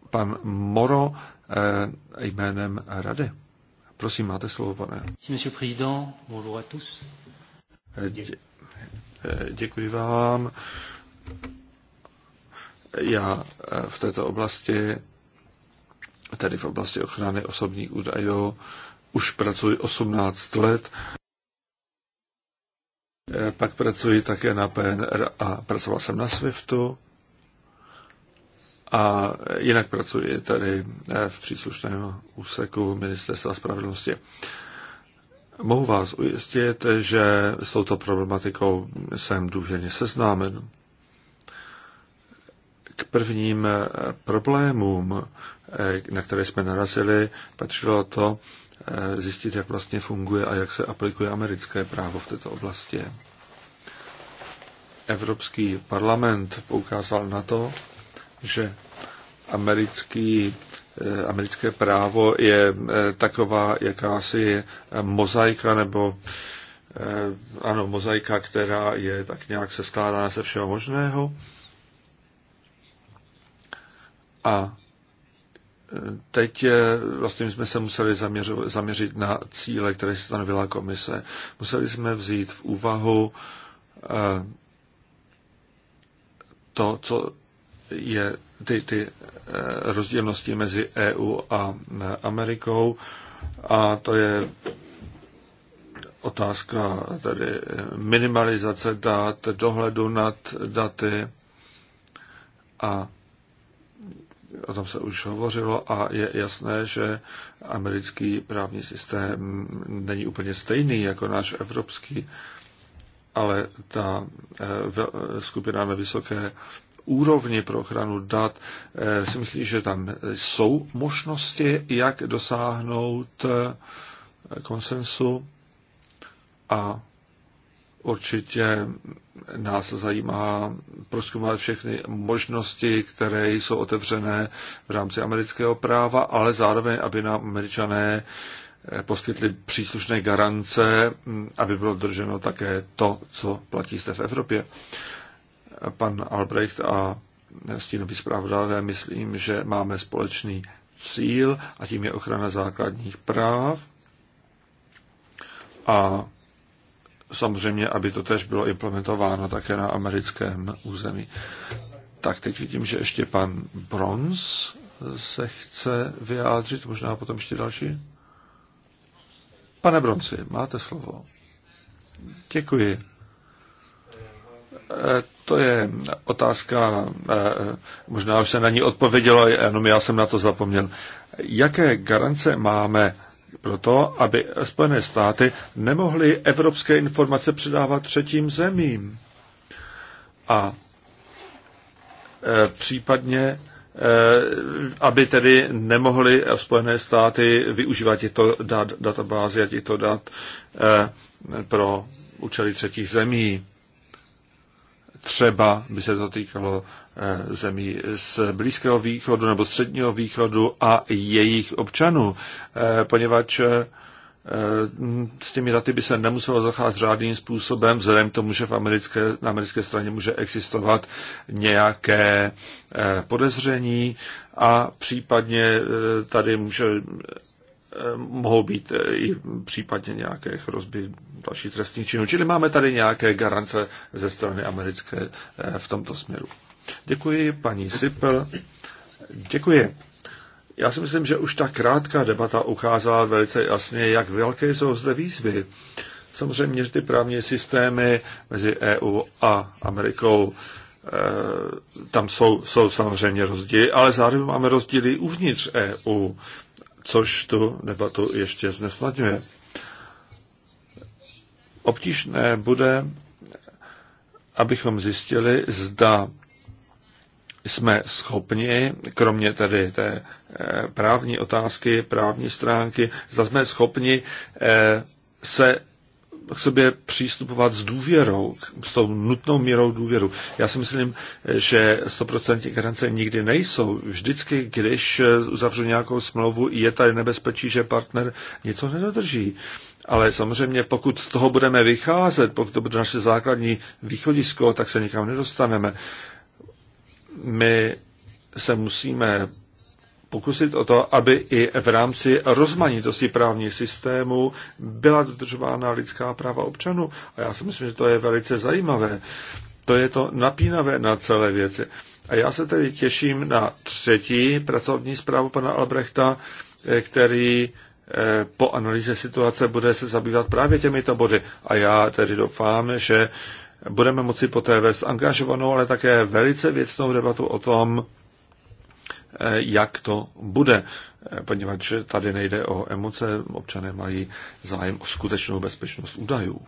pan Moro eh, jménem Rady. Prosím, máte slovo, pane. Monsieur président, bonjour à tous. Děkuji vám. Já eh, v této oblasti, tedy v oblasti ochrany osobních údajů, už pracuji 18 let. Eh, pak pracuji také na PNR a pracoval jsem na SWIFTu. A jinak pracuji tady eh, v příslušném úseku Ministerstva spravedlnosti. Mohu vás ujistit, že s touto problematikou jsem důvěrně seznámen. K prvním eh, problémům, eh, na které jsme narazili, patřilo to eh, zjistit, jak vlastně funguje a jak se aplikuje americké právo v této oblasti. Evropský parlament poukázal na to, že americký, americké právo je taková jakási mozaika nebo ano, mozaika, která je tak nějak se skládá ze všeho možného a e, teď je vlastně jsme se museli zaměřit, zaměřit na cíle, které si stanovila komise. Museli jsme vzít v úvahu e, to, co je ty, ty e, rozdílnosti mezi EU a Amerikou. A to je otázka tedy minimalizace dat, dohledu nad daty a o tom se už hovořilo a je jasné, že americký právní systém není úplně stejný jako náš evropský, ale ta eh, eh, skupina na vysoké úrovni pro ochranu dat eh, si myslí, že tam jsou možnosti, jak dosáhnout konsensu a Určitě nás zajímá proskoumat všechny možnosti, které jsou otevřené v rámci amerického práva, ale zároveň, aby nám američané eh, poskytli příslušné garance, hm, aby bylo drženo také to, co platí zde v Evropě. Pan Albrecht a stínový zpravodavé, myslím, že máme společný cíl a tím je ochrana základních práv a samozřejmě, aby to tež bylo implementováno také na americkém území. Tak teď vidím, že ještě pan Bronz se chce vyjádřit, možná potom ještě další. Pane Bronci, máte slovo. Děkuji. E, to je otázka, e, možná už se na ní odpovědělo, jenom já jsem na to zapomněl. Jaké garance máme proto, aby Spojené státy nemohly evropské informace předávat třetím zemím. A e, případně, e, aby tedy nemohly Spojené státy využívat těchto dat, databázy a těchto dat e, pro účely třetích zemí. Třeba by se to týkalo Eh, zemí z Blízkého východu nebo Středního východu a jejich občanů, eh, poněvadž eh, s těmi daty by se nemuselo zacházet žádným způsobem, vzhledem k tomu, že v americké, na americké straně může existovat nějaké podezření a případně tady může, mohou být i případně nějaké hrozby další trestní činů. Čili máme tady nějaké garance ze strany americké v tomto směru. Děkuji, paní Sipel. Děkuji. Já si myslím, že už ta krátká debata ukázala velice jasně, jak velké jsou zde výzvy. Samozřejmě, že ty právní systémy mezi EU a Amerikou, eh, tam jsou, jsou samozřejmě rozdíly, ale zároveň máme rozdíly uvnitř EU, což tu debatu ještě znesnadňuje. Obtížné bude, abychom zjistili, zda jsme schopni, kromě tedy té eh, právní otázky, právní stránky, zda jsme schopni eh, se k sobě přístupovat s důvěrou, s tou nutnou mírou důvěru. Já si myslím, že 100% garance nikdy nejsou. Vždycky, když eh, uzavřu nějakou smlouvu, je tady nebezpečí, že partner něco nedodrží. Ale samozřejmě, pokud z toho budeme vycházet, pokud to bude naše základní východisko, tak se nikam nedostaneme my se musíme pokusit o to, aby i v rámci rozmanitosti právních systémů byla dodržována lidská práva občanů. A já si myslím, že to je velice zajímavé. To je to napínavé na celé věci. A já se tedy těším na třetí pracovní zprávu pana Albrechta, eh, který eh, po analýze situace bude se zabývat právě těmito body. A já tedy doufám, že budeme moci poté vést angažovanou, ale také velice věcnou debatu o tom, eh, jak to bude, eh, poněvadž tady nejde o emoce, občané mají zájem o skutečnou bezpečnost údajů.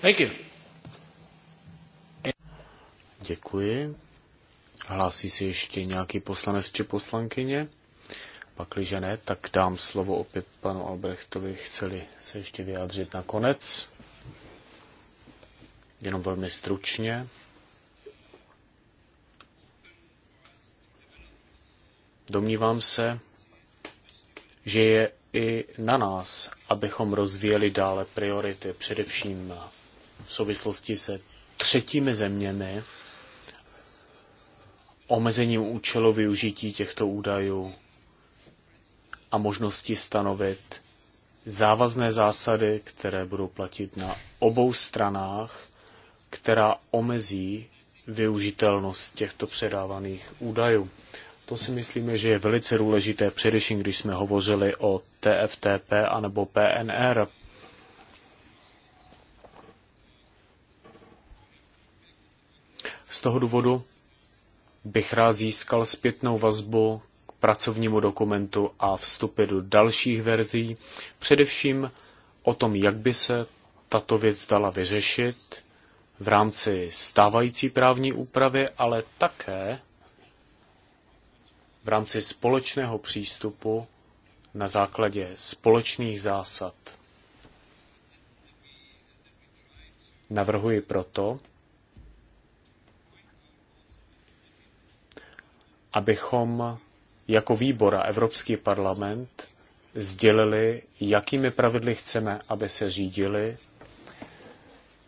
Thank you. Děkuji. Hlásí se ještě nějaký poslanec či poslankyně? Pakliže ne, tak dám slovo opět panu Albrechtovi, chceli se ještě vyjádřit nakonec. Jenom velmi stručně. Domnívám se, že je i na nás, abychom rozvíjeli dále priority, především v souvislosti se třetími zeměmi, omezením účelu využití těchto údajů a možnosti stanovit závazné zásady, které budou platit na obou stranách která omezí využitelnost těchto předávaných údajů. To si myslíme, že je velice důležité, především když jsme hovořili o TFTP anebo PNR. Z toho důvodu bych rád získal zpětnou vazbu k pracovnímu dokumentu a vstupy do dalších verzí, především o tom, jak by se tato věc dala vyřešit, v rámci stávající právní úpravy, ale také v rámci společného přístupu na základě společných zásad. Navrhuji proto, abychom jako výbor a Evropský parlament sdělili, jakými pravidly chceme, aby se řídili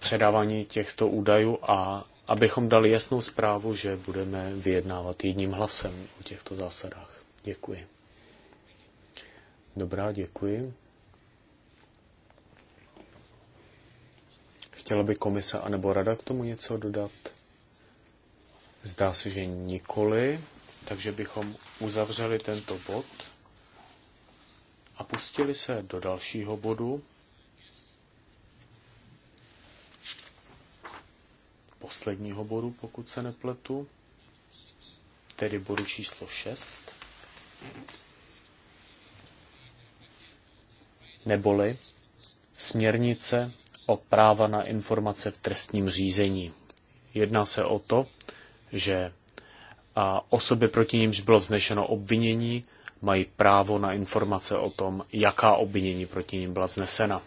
předávání těchto údajů a abychom dali jasnou zprávu, že budeme vyjednávat jedním hlasem o těchto zásadách. Děkuji. Dobrá, děkuji. Chtěla by komise anebo rada k tomu něco dodat? Zdá se, že nikoli, takže bychom uzavřeli tento bod a pustili se do dalšího bodu. posledního bodu, pokud se nepletu, tedy bodu číslo 6, neboli směrnice o práva na informace v trestním řízení. Jedná se o to, že osoby, proti nímž bylo vznešeno obvinění, mají právo na informace o tom, jaká obvinění proti ním byla vznesena.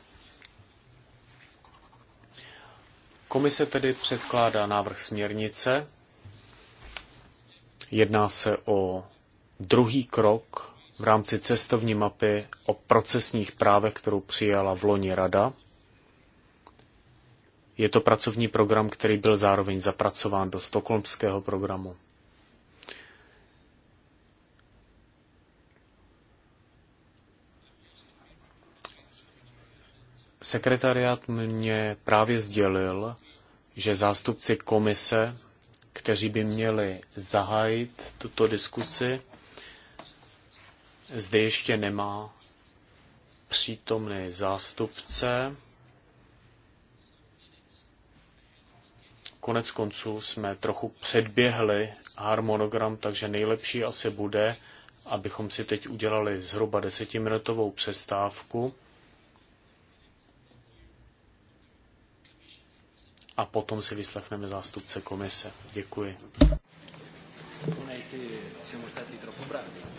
Komise tedy předkládá návrh směrnice. Jedná se o druhý krok v rámci cestovní mapy o procesních právech, kterou přijala v loni Rada. Je to pracovní program, který byl zároveň zapracován do stokholmského programu. Sekretariat mě právě sdělil, že zástupci komise, kteří by měli zahájit tuto diskusi, zde ještě nemá přítomný zástupce. Konec konců jsme trochu předběhli harmonogram, takže nejlepší asi bude, abychom si teď udělali zhruba desetiminutovou přestávku a potom si vyslechneme zástupce komise. Děkuji. Siamo stati troppo bravi.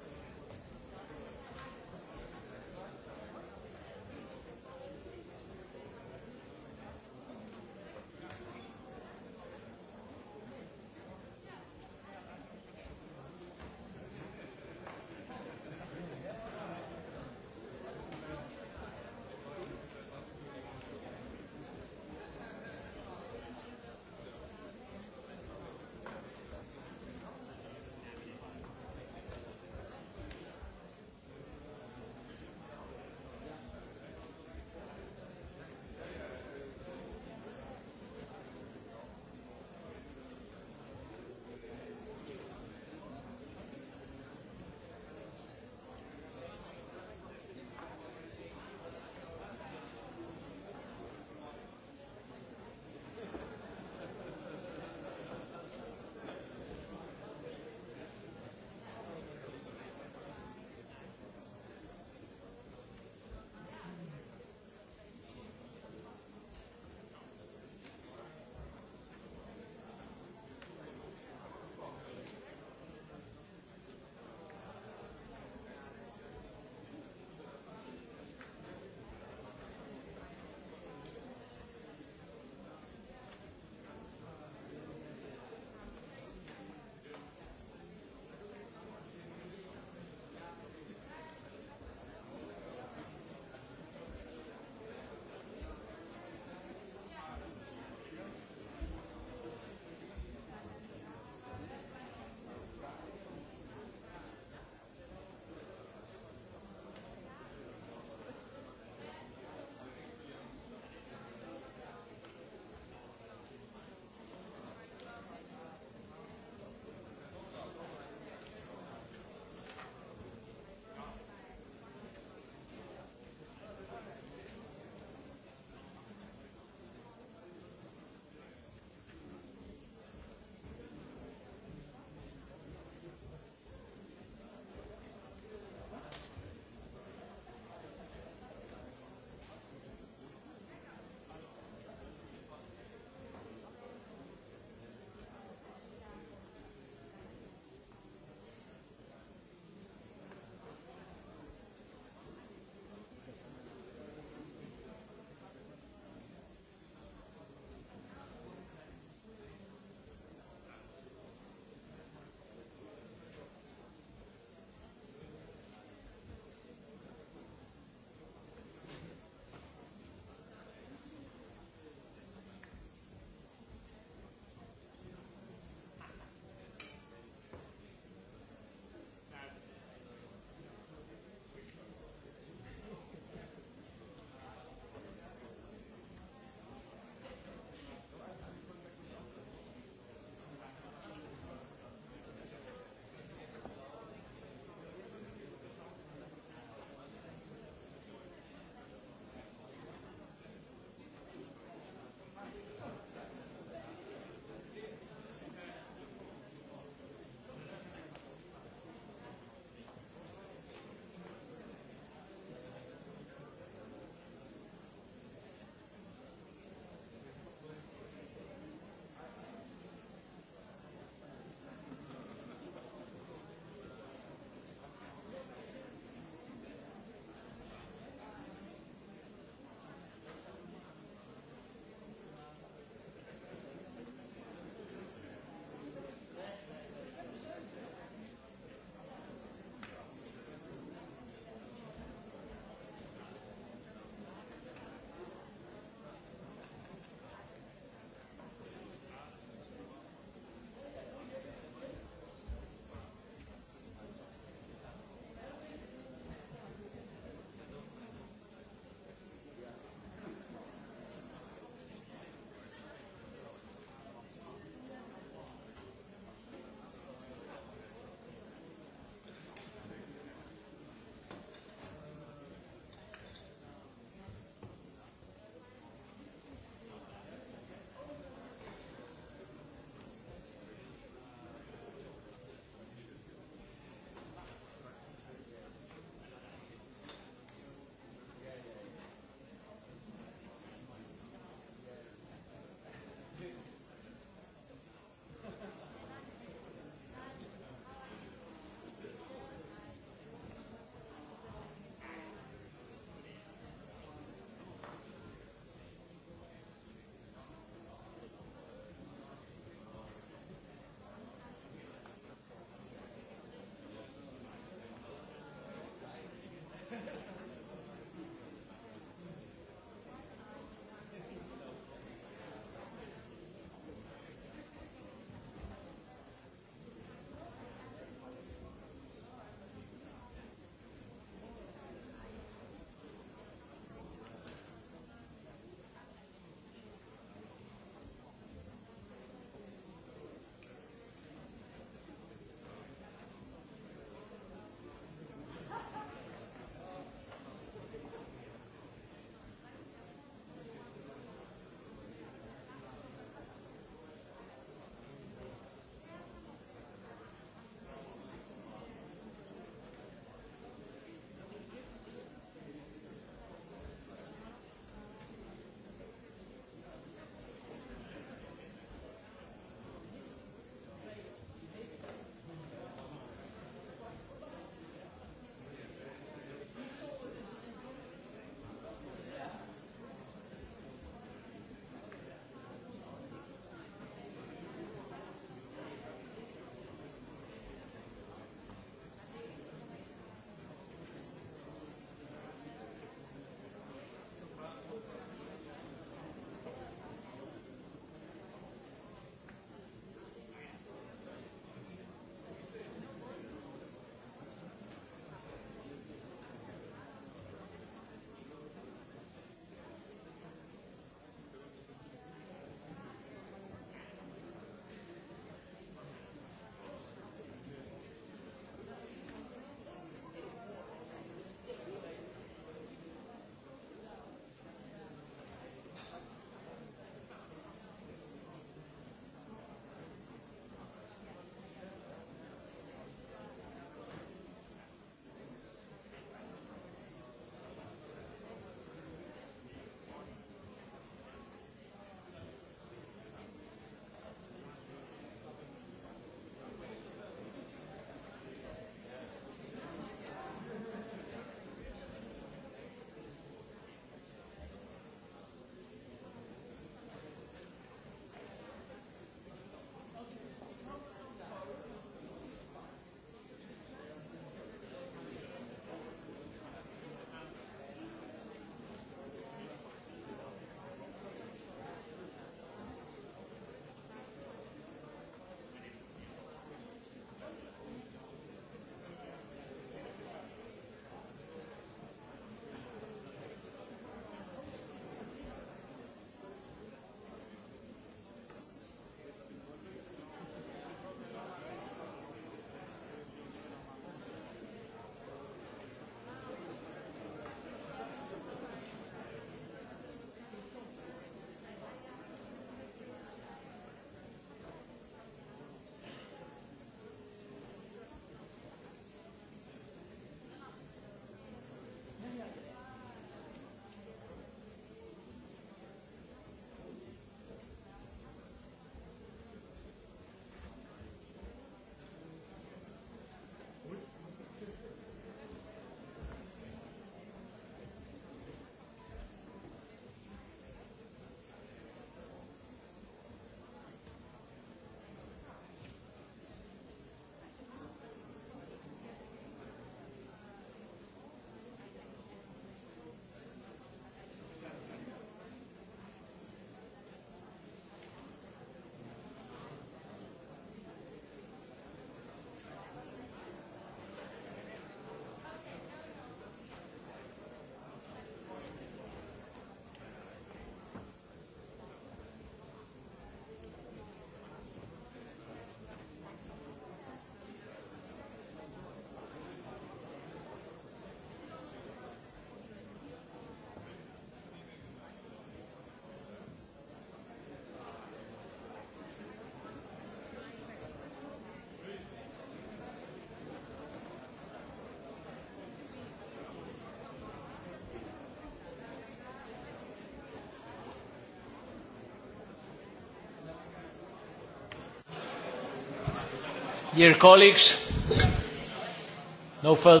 No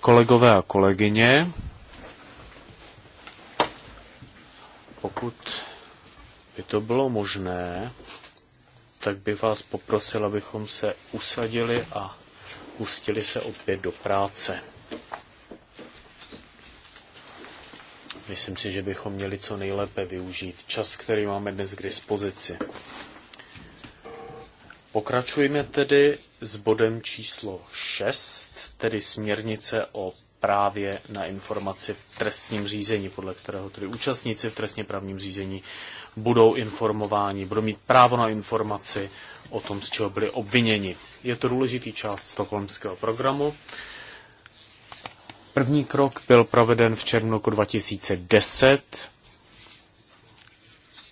Kolegové a kolegyně, pokud by to bylo možné, tak bych vás poprosil, abychom se usadili a pustili se opět do práce. Myslím si, že bychom měli co nejlépe využít čas, který máme dnes k dispozici. Pokračujeme tedy s bodem číslo 6, tedy směrnice o právě na informaci v trestním řízení, podle kterého tedy účastníci v trestně právním řízení budou informováni, budou mít právo na informaci o tom, z čeho byli obviněni. Je to důležitý část stokholmského programu. První krok byl proveden v červnu roku 2010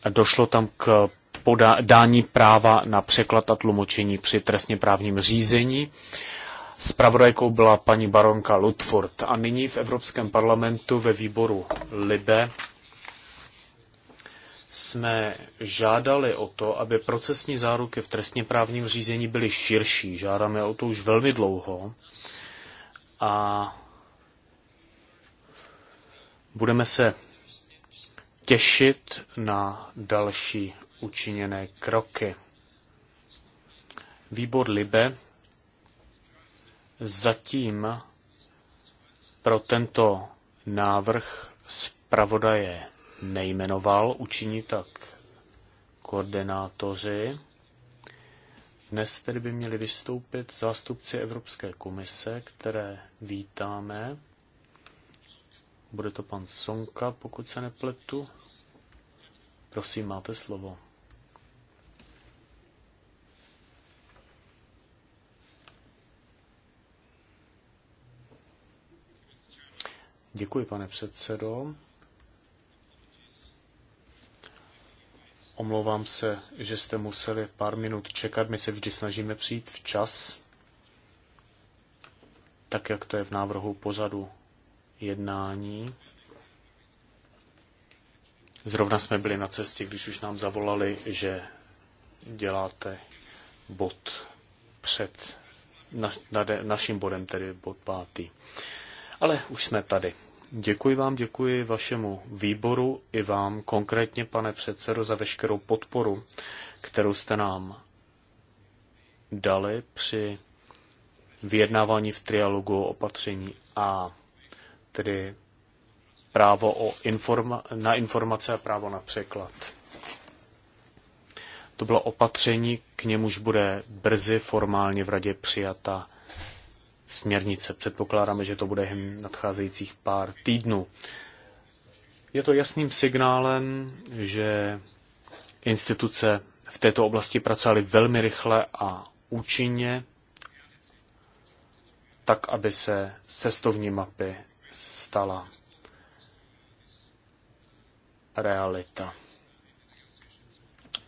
a došlo tam k podání práva na překlad a tlumočení při trestně právním řízení. Spravodajkou byla paní baronka Ludford a nyní v Evropském parlamentu ve výboru LIBE jsme žádali o to, aby procesní záruky v trestně právním řízení byly širší. Žádáme o to už velmi dlouho a budeme se těšit na další učiněné kroky. Výbor Libe zatím pro tento návrh zpravodaje nejmenoval, učiní tak koordinátoři. Dnes tedy by měli vystoupit zástupci Evropské komise, které vítáme. Bude to pan Sonka, pokud se nepletu. Prosím, máte slovo. Děkuji, pane předsedo. Omlouvám se, že jste museli pár minut čekat. My se vždy snažíme přijít včas, tak jak to je v návrhu pozadu jednání. Zrovna jsme byli na cestě, když už nám zavolali, že děláte bod před na, na, naším bodem, tedy bod pátý. Ale už jsme tady. Děkuji vám, děkuji vašemu výboru i vám konkrétně, pane předsedo, za veškerou podporu, kterou jste nám dali při vyjednávání v trialogu opatření a tedy právo o informa- na informace a právo na překlad. To bylo opatření, k němuž bude brzy formálně v radě přijata směrnice. Předpokládáme, že to bude jen nadcházejících pár týdnů. Je to jasným signálem, že instituce v této oblasti pracovaly velmi rychle a účinně, tak, aby se cestovní mapy stala realita.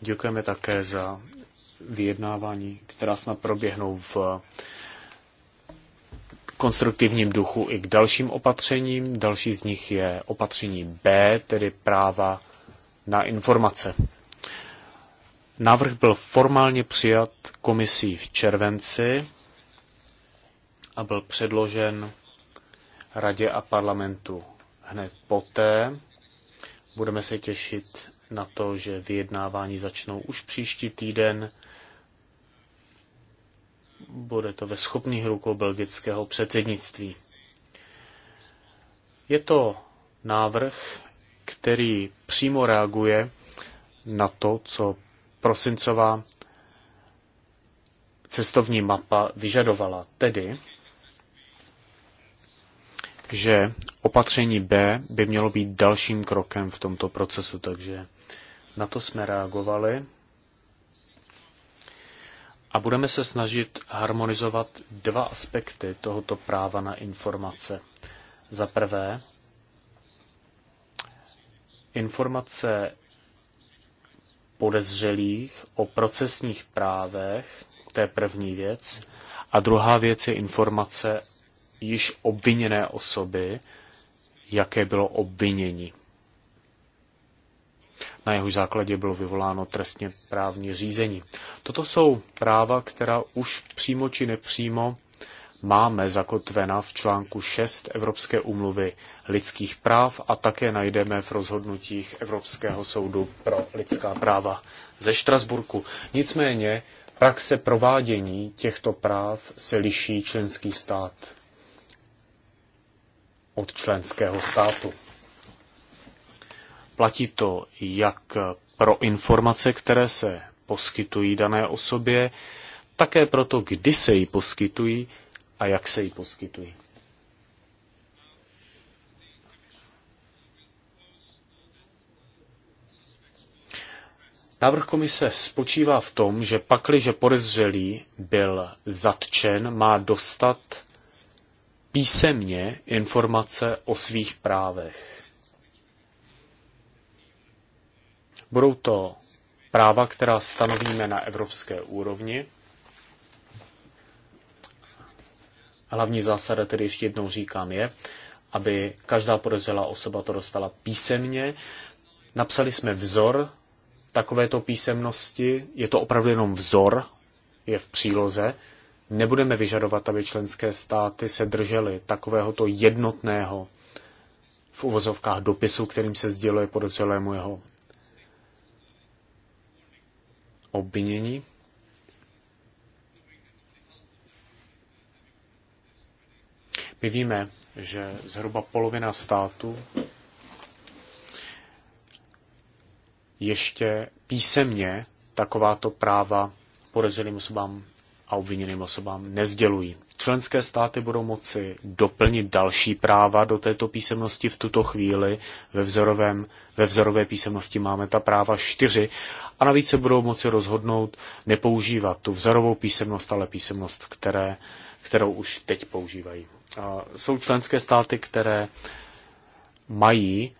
Děkujeme také za vyjednávání, která snad proběhnou v konstruktivním duchu i k dalším opatřením. Další z nich je opatření B, tedy práva na informace. Návrh byl formálně přijat komisí v červenci a byl předložen radě a parlamentu hned poté. Budeme se těšit na to, že vyjednávání začnou už příští týden bude to ve schopných rukou belgického předsednictví. Je to návrh, který přímo reaguje na to, co prosincová cestovní mapa vyžadovala, tedy, že opatření B by mělo být dalším krokem v tomto procesu, takže na to jsme reagovali a budeme se snažit harmonizovat dva aspekty tohoto práva na informace. Za prvé, informace podezřelých o procesních právech, to je první věc, a druhá věc je informace již obviněné osoby, jaké bylo obvinění na jeho základě bylo vyvoláno trestně právní řízení. Toto jsou práva, která už přímo či nepřímo máme zakotvena v článku 6 Evropské umluvy lidských práv a také najdeme v rozhodnutích Evropského soudu pro lidská práva ze Štrasburku. Nicméně praxe provádění těchto práv se liší členský stát od členského státu. Platí to jak pro informace, které se poskytují dané osobě, také pro to, kdy se jí poskytují a jak se jí poskytují. Návrh komise spočívá v tom, že pakliže podezřelý byl zatčen, má dostat písemně informace o svých právech. Budou to práva, která stanovíme na evropské úrovni. Hlavní zásada, tedy ještě jednou říkám, je, aby každá podezřelá osoba to dostala písemně. Napsali jsme vzor takovéto písemnosti, je to opravdu jenom vzor, je v příloze. Nebudeme vyžadovat, aby členské státy se držely takovéhoto jednotného v uvozovkách dopisu, kterým se sděluje podezřelému jeho obvinění. My víme, že zhruba polovina států ještě písemně takováto práva podezřelým osobám a obviněným osobám nezdělují. Členské státy budou moci doplnit další práva do této písemnosti v tuto chvíli. Ve, vzorovém, ve vzorové písemnosti máme ta práva čtyři a navíc se budou moci rozhodnout nepoužívat tu vzorovou písemnost, ale písemnost, které, kterou už teď používají. A jsou členské státy, které mají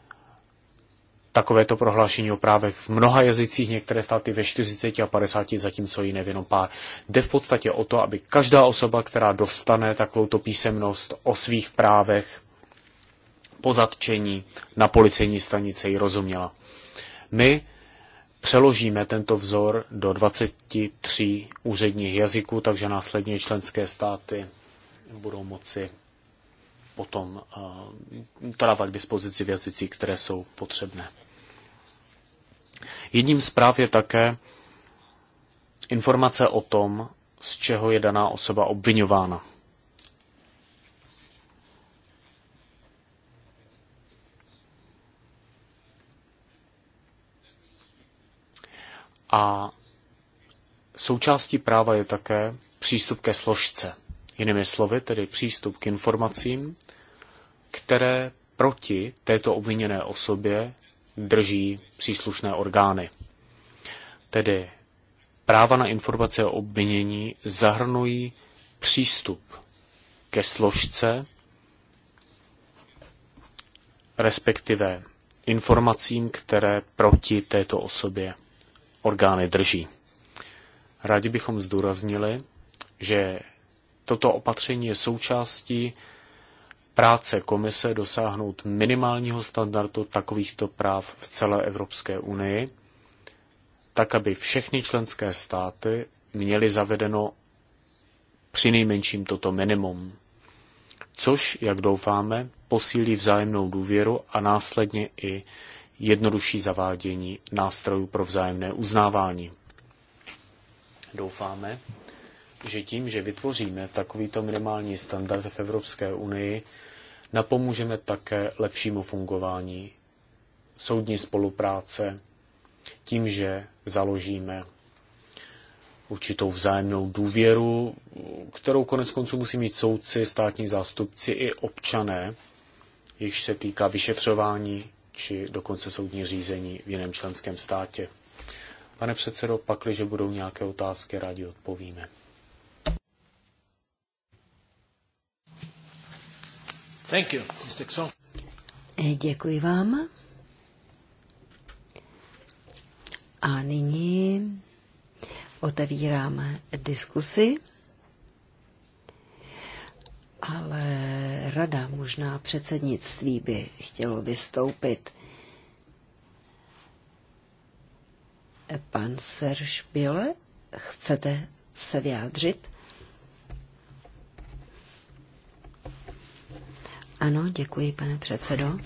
takovéto prohlášení o právech v mnoha jazycích, některé státy ve 40 a 50, zatímco jiné v jenom pár. Jde v podstatě o to, aby každá osoba, která dostane takovouto písemnost o svých právech po zatčení na policejní stanici, ji rozuměla. My přeložíme tento vzor do 23 úředních jazyků, takže následně členské státy budou moci potom to eh, dávat k dispozici v jazycích, které jsou potřebné. Jedním z práv je také informace o tom, z čeho je daná osoba obvinována. A součástí práva je také přístup ke složce. Jinými slovy, tedy přístup k informacím, které proti této obviněné osobě drží příslušné orgány. Tedy práva na informace o obvinění zahrnují přístup ke složce, respektive informacím, které proti této osobě orgány drží. Rádi bychom zdůraznili, že Toto opatření je součástí práce komise dosáhnout minimálního standardu takovýchto práv v celé Evropské unii, tak aby všechny členské státy měly zavedeno při nejmenším toto minimum, což, jak doufáme, posílí vzájemnou důvěru a následně i jednodušší zavádění nástrojů pro vzájemné uznávání. Doufáme, že tím, že vytvoříme takovýto minimální standard v Evropské unii, napomůžeme také lepšímu fungování soudní spolupráce tím, že založíme určitou vzájemnou důvěru, kterou konec konců musí mít soudci, státní zástupci i občané, jichž se týká vyšetřování či dokonce soudní řízení v jiném členském státě. Pane předsedo, pakliže budou nějaké otázky, rádi odpovíme. Thank you, Mr. Eh, děkuji vám. A nyní otevírám diskusy, ale rada, možná předsednictví by chtělo vystoupit. Pan Serž Bile, chcete se vyjádřit? Ano, děkuji, pane předsedo.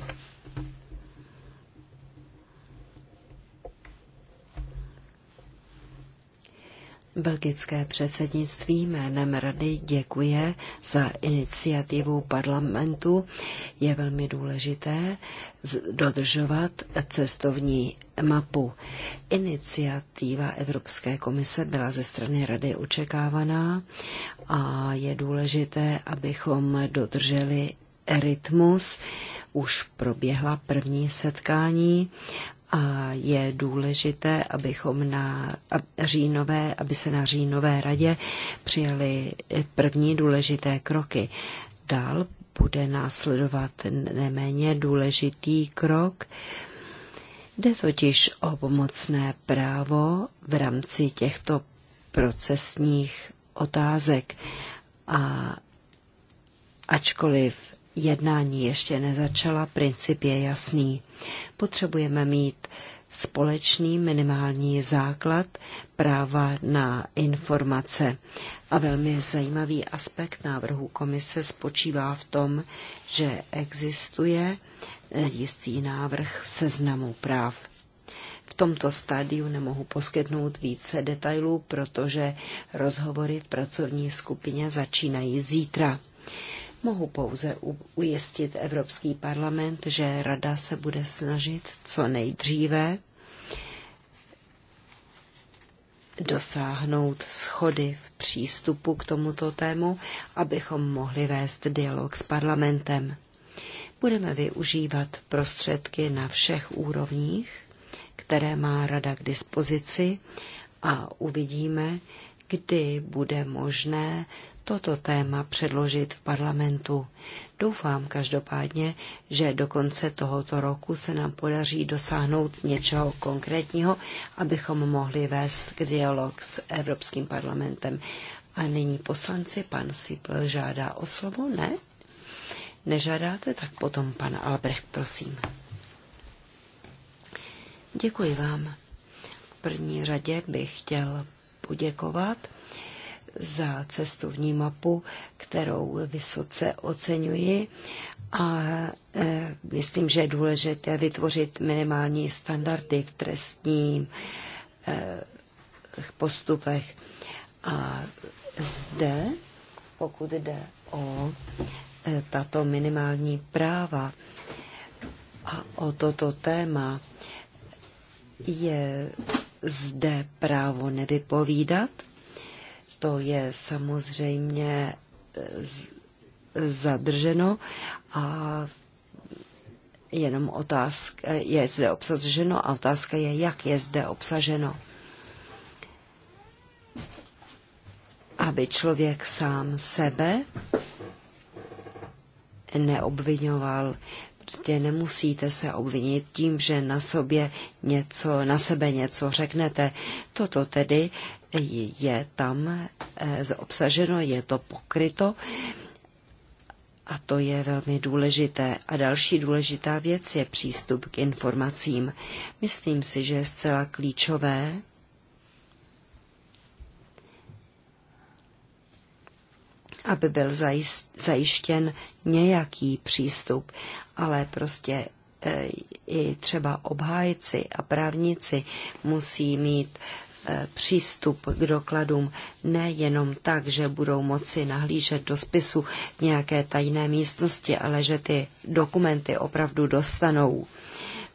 Belgické předsednictví jménem Rady děkuje za iniciativu parlamentu. Je velmi důležité dodržovat cestovní mapu. Iniciativa Evropské komise byla ze strany Rady očekávaná a je důležité, abychom dodrželi rytmus. Už proběhla první setkání a je důležité, abychom na říjnové, aby se na říjnové radě přijali první důležité kroky. Dál bude následovat neméně důležitý krok. Jde totiž o pomocné právo v rámci těchto procesních otázek. A ačkoliv jednání ještě nezačala, princip je jasný. Potřebujeme mít společný minimální základ práva na informace. A velmi zajímavý aspekt návrhu komise spočívá v tom, že existuje eh, jistý návrh seznamu práv. V tomto stádiu nemohu poskytnout více detailů, protože rozhovory v pracovní skupině začínají zítra. Mohu pouze ujistit Evropský parlament, že Rada se bude snažit co nejdříve dosáhnout schody v přístupu k tomuto tému, abychom mohli vést dialog s parlamentem. Budeme využívat prostředky na všech úrovních, které má Rada k dispozici a uvidíme, kdy bude možné toto téma předložit v parlamentu. Doufám každopádně, že do konce tohoto roku se nám podaří dosáhnout něčeho konkrétního, abychom mohli vést k dialog s Evropským parlamentem. A nyní poslanci, pan Sipl žádá o slovo, ne? Nežádáte, tak potom pan Albrecht, prosím. Děkuji vám. V první řadě bych chtěl poděkovat za cestovní mapu, kterou vysoce oceňuji a e, myslím, že je důležité vytvořit minimální standardy v trestním e, postupech. A zde, pokud jde o e, tato minimální práva a o toto téma, je zde právo nevypovídat, to je samozřejmě eh, zadrženo a jenom otázka eh, je zde obsaženo a otázka je, jak je zde obsaženo. Aby člověk sám sebe neobvinoval. Prostě nemusíte se obvinit tím, že na sobě něco, na sebe něco řeknete. Toto tedy je tam eh, obsaženo, je to pokryto a to je velmi důležité. A další důležitá věc je přístup k informacím. Myslím si, že je zcela klíčové, aby byl zajištěn nějaký přístup, ale prostě eh, i třeba obhájci a právníci musí mít E, přístup k dokladům nejenom tak, že budou moci nahlížet do spisu v nějaké tajné místnosti, ale že ty dokumenty opravdu dostanou.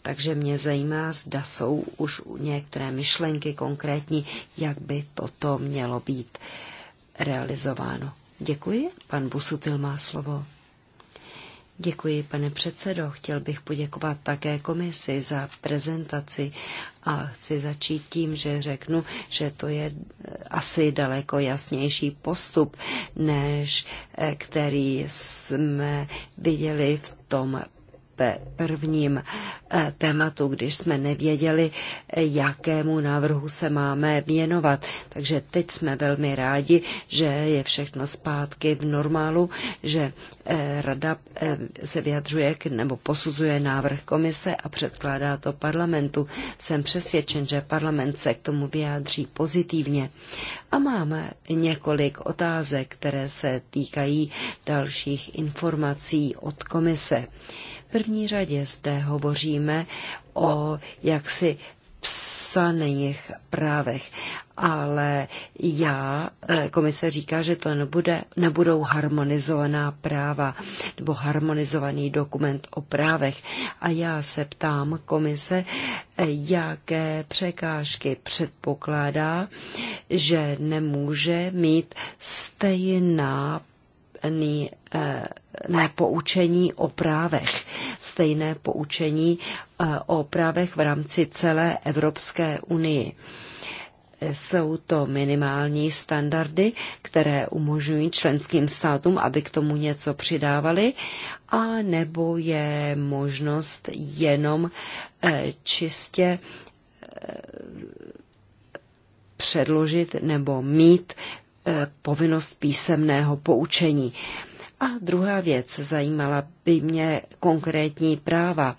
Takže mě zajímá, zda jsou už některé myšlenky konkrétní, jak by toto mělo být realizováno. Děkuji. Pan Busutil má slovo. Děkuji, pane předsedo. Chtěl bych poděkovat také komisi za prezentaci a chci začít tím, že řeknu, že to je eh, asi daleko jasnější postup, než eh, který jsme viděli v tom té prvním eh, tématu, když jsme nevěděli, eh, jakému návrhu se máme věnovat. Takže teď jsme velmi rádi, že je všechno zpátky v normálu, že eh, rada se vyjadřuje k, nebo posuzuje návrh komise a předkládá to parlamentu. Jsem přesvědčen, že parlament se k tomu vyjádří pozitivně. A máme několik otázek, které se týkají dalších informací od komise první řadě zde hovoříme o jaksi psaných právech, ale já, eh, komise říká, že to nebude, nebudou harmonizovaná práva nebo harmonizovaný dokument o právech. A já se ptám komise, eh, jaké překážky předpokládá, že nemůže mít stejná stejné eh, ne poučení o právech, stejné poučení eh, o právech v rámci celé Evropské unii. Jsou to minimální standardy, které umožňují členským státům, aby k tomu něco přidávali, a nebo je možnost jenom eh, čistě předložit nebo mít Eh, povinnost písemného poučení. A druhá věc, zajímala by mě konkrétní práva.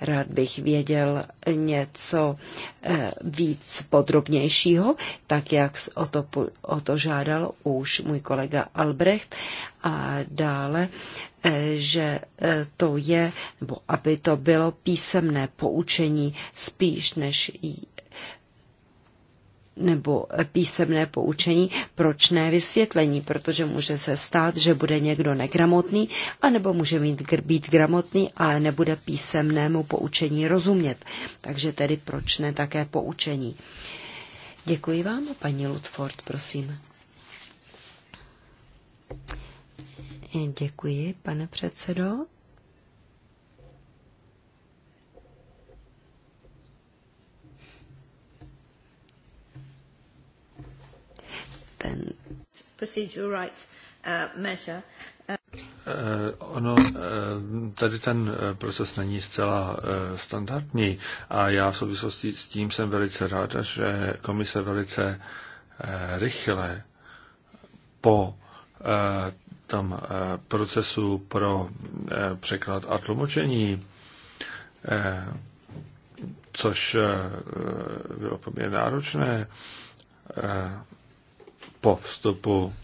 Rád bych věděl něco eh, víc podrobnějšího, tak jak o to, o to žádal už můj kolega Albrecht. A dále, eh, že to je, nebo aby to bylo písemné poučení spíš než nebo písemné poučení, proč ne vysvětlení, protože může se stát, že bude někdo negramotný, anebo může mít, být gramotný, ale nebude písemnému poučení rozumět. Takže tedy proč ne také poučení. Děkuji vám, paní Ludford, prosím. Děkuji, pane předsedo. ten... Uh, eh, ono, eh, tady ten eh, proces není zcela standardní a já v souvislosti s tím jsem velice ráda, že komise velice rychle po tom procesu pro překlad a tlumočení, což bylo poměrně náročné, po vstupu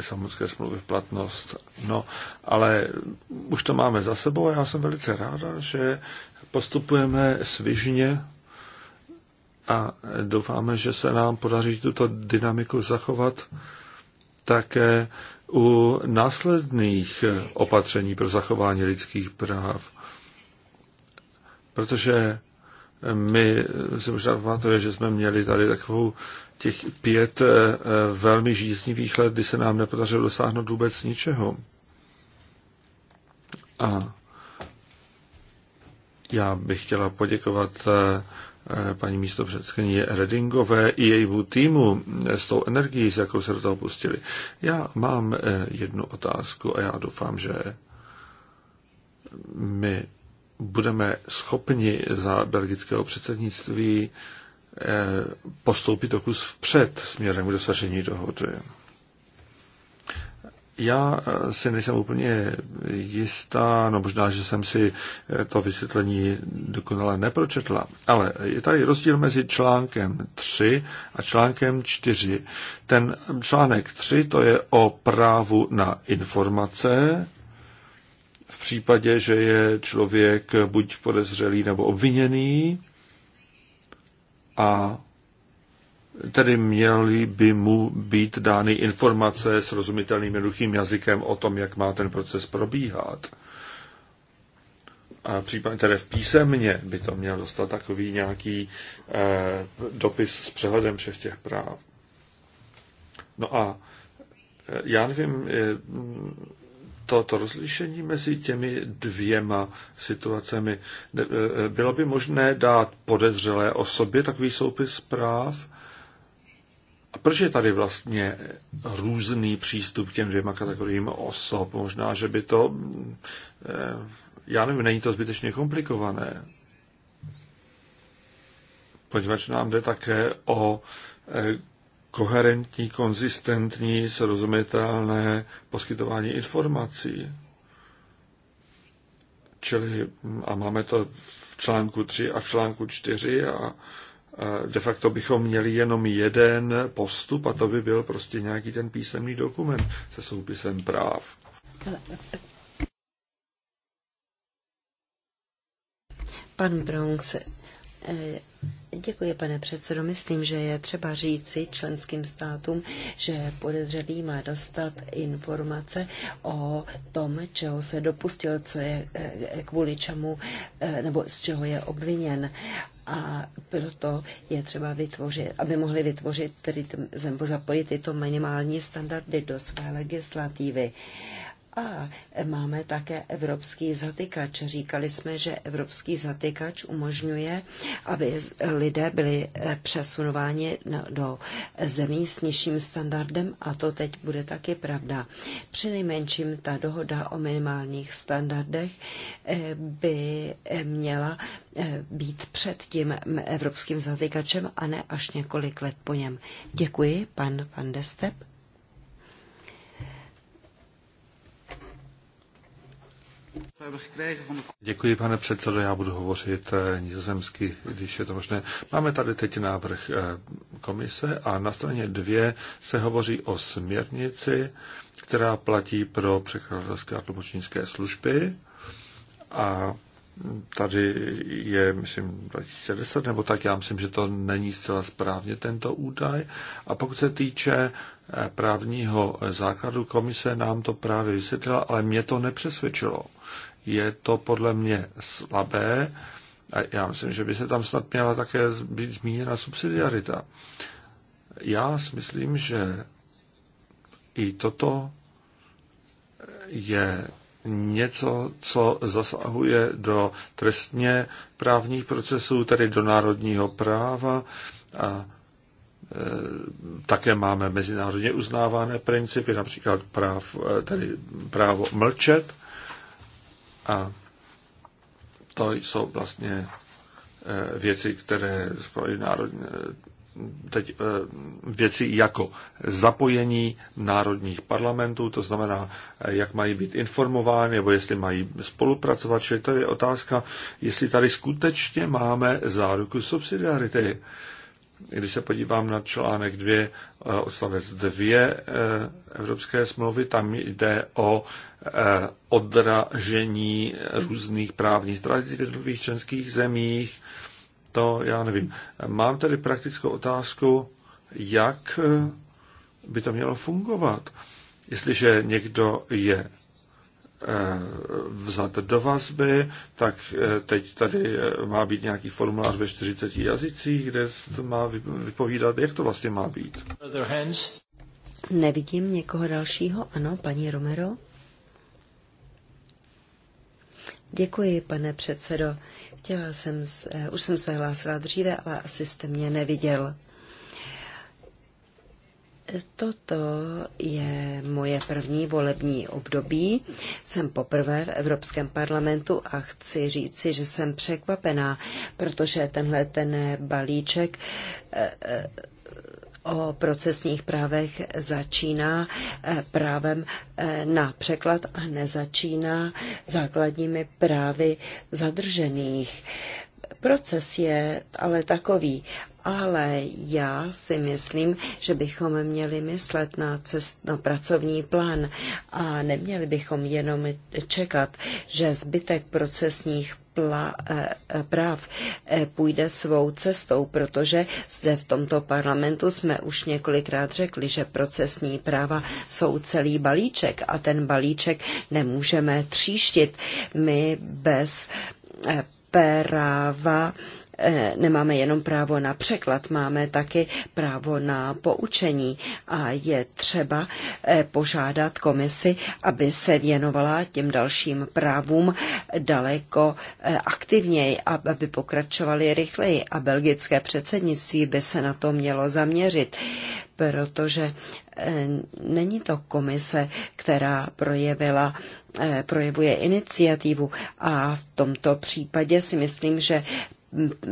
samozřejmě smlouvy v platnost. No, ale už to máme za sebou a já jsem velice ráda, že postupujeme svižně a doufáme, že se nám podaří tuto dynamiku zachovat také u následných opatření pro zachování lidských práv. Protože my si možná pamatuje, že jsme měli tady takovou těch pět eh, eh, velmi žíznivých let, kdy se nám nepodařilo dosáhnout vůbec ničeho. A já bych chtěla poděkovat eh, paní místo předsedkyni Redingové i jejímu týmu s tou energií, s jakou se do toho pustili. Já mám jednu otázku a já doufám, že my budeme schopni za belgického předsednictví postoupit o kus vpřed směrem k dosažení dohody. Já si nejsem úplně jistá, no možná, že jsem si to vysvětlení dokonale nepročetla, ale je tady rozdíl mezi článkem 3 a článkem 4. Ten článek 3 to je o právu na informace v případě, že je člověk buď podezřelý nebo obviněný a tedy měly by mu být dány informace s rozumitelným jednoduchým jazykem o tom, jak má ten proces probíhat. A případně tedy v písemně by to měl dostat takový nějaký eh, dopis s přehledem všech těch práv. No a eh, já nevím, eh, to rozlišení mezi těmi dvěma situacemi. E, e, bylo by možné dát podezřelé osobě takový soupis práv? A proč je tady vlastně různý přístup k těm dvěma kategoriím osob? Možná, že by to, e, já nevím, není to zbytečně komplikované. Poněvadž nám jde také o koherentní, konzistentní, srozumitelné poskytování informací. Čili, a máme to v článku 3 a v článku 4 a de facto bychom měli jenom jeden postup a to by byl prostě nějaký ten písemný dokument se soupisem práv. Pan se Eh, děkuji, pane předsedo. Myslím, že je třeba říci členským státům, že podezřelý má dostat informace o tom, čeho se dopustil, co je eh, kvůli čemu, eh, nebo z čeho je obviněn. A proto je třeba vytvořit, aby mohli vytvořit, tedy zapojit tyto minimální standardy do své legislativy. A máme také evropský zatykač. Říkali jsme, že evropský zatykač umožňuje, aby lidé byli eh, přesunováni do zemí s nižším standardem a to teď bude taky pravda. Přinejmenším ta dohoda o minimálních standardech eh, by eh, měla být před tím evropským zatykačem a ne až několik let po něm. Děkuji, pan Van Destep. Děkuji, pane předsedo, já budu hovořit eh, nizozemsky, když je to možné. Máme tady teď návrh eh, komise a na straně dvě se hovoří o směrnici, která platí pro překladatelské a tlumočnické služby. A tady je, myslím, 2010 nebo tak, já myslím, že to není zcela správně tento údaj. A pokud se týče právního základu. Komise nám to právě vysvětlila, ale mě to nepřesvědčilo. Je to podle mě slabé a já myslím, že by se tam snad měla také být zmíněna subsidiarita. Já si myslím, že i toto je něco, co zasahuje do trestně právních procesů, tedy do národního práva a také máme mezinárodně uznávané principy, například práv, eh, tedy právo mlčet. A to jsou vlastně eh, věci, které národně, eh, teď věci jako zapojení národních parlamentů, to znamená, jak mají být informovány, nebo jestli mají spolupracovat, čili to je otázka, jestli tady skutečně máme záruku subsidiarity. Když se podívám na článek 2, eh, odstavec 2 eh, Evropské smlouvy, tam jde o eh, odražení různých právních tradic v jednotlivých členských zemích. To já nevím. Mám tedy praktickou otázku, jak by to mělo fungovat. Jestliže někdo je Eh, vzat do vazby, tak eh, teď tady eh, má být nějaký formulář ve 40 jazycích, kde to má vypovídat, jak to vlastně má být. Nevidím někoho dalšího. Ano, paní Romero. Děkuji, pane předsedo. Chtěla jsem, z, už jsem se hlásila dříve, ale asi jste mě neviděl. Toto je moje první volební období. Jsem poprvé v Evropském parlamentu a chci říci, že jsem překvapená, protože tenhle ten balíček eh, eh, o procesních právech začíná eh, právem na překlad a nezačíná základními právy zadržených. Proces je ale takový, ale já si myslím, že bychom měli myslet na, cest, na pracovní plán a neměli bychom jenom čekat, že zbytek procesních pla, eh, eh, práv eh, půjde svou cestou, protože zde v tomto parlamentu jsme už několikrát řekli, že procesní práva jsou celý balíček a ten balíček nemůžeme tříštit. My bez práva Eh, nemáme jenom právo na překlad, máme taky právo na poučení a je třeba eh, požádat komisi, aby se věnovala těm dalším právům daleko eh, aktivněji, aby pokračovali rychleji a belgické předsednictví by se na to mělo zaměřit, protože není to komise, která projevila projevuje iniciativu a v tomto případě si myslím, že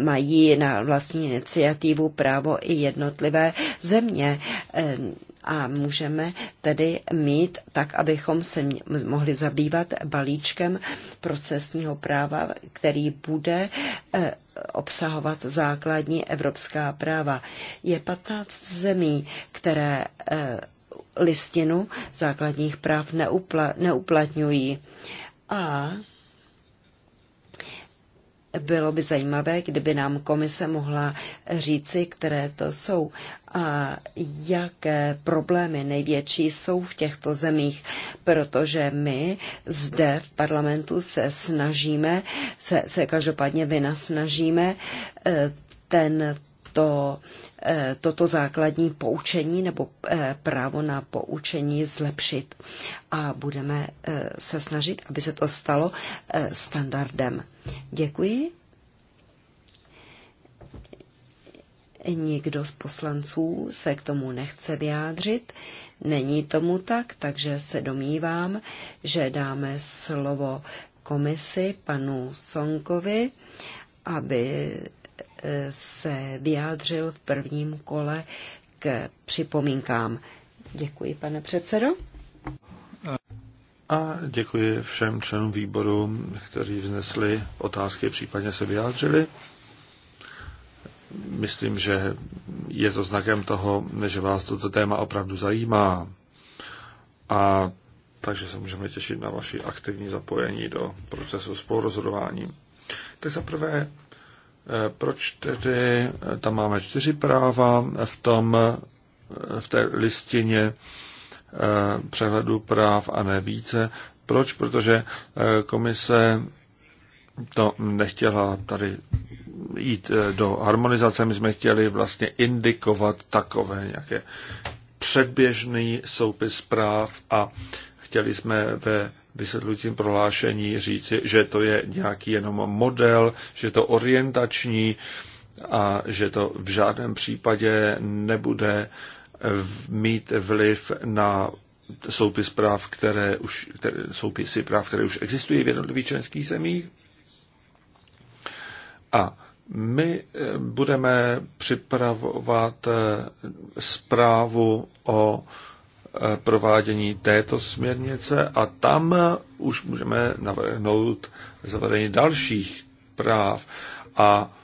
mají na vlastní iniciativu právo i jednotlivé země e, a můžeme tedy mít tak, abychom se mohli zabývat balíčkem procesního práva, který bude e, obsahovat základní evropská práva. Je 15 zemí, které e, listinu základních práv neupla, neuplatňují. A bylo by zajímavé, kdyby nám komise mohla říci, které to jsou a jaké problémy největší jsou v těchto zemích, protože my zde v parlamentu se snažíme, se, se každopádně vynasnažíme eh, ten to Eh, toto základní poučení nebo eh, právo na poučení zlepšit a budeme eh, se snažit, aby se to stalo standardem. Děkuji. Nikdo z poslanců se k tomu nechce vyjádřit. Není tomu tak, takže se domnívám, že dáme slovo komisi panu Sonkovi, aby se vyjádřil v prvním kole k připomínkám. Děkuji, pane předsedo. A děkuji všem členům výboru, kteří vznesli otázky, případně se vyjádřili. Myslím, že je to znakem toho, že vás toto téma opravdu zajímá. A takže se můžeme těšit na vaši aktivní zapojení do procesu spolurozhodování. Tak za prvé proč tedy tam máme čtyři práva v, tom, v té listině eh, přehledu práv a ne více? Proč? Protože eh, komise to nechtěla tady jít eh, do harmonizace, my jsme chtěli vlastně indikovat takové nějaké předběžný soupis práv a chtěli jsme ve vysvětlujícím prohlášení říci, že to je nějaký jenom model, že to orientační a že to v žádném případě nebude mít vliv na soupis práv, které už, které, soupisy práv, které už existují v jednotlivých členských zemích. A my eh, budeme připravovat eh, zprávu o Eh, provádění této směrnice a tam už můžeme navrhnout zavedení dalších práv. A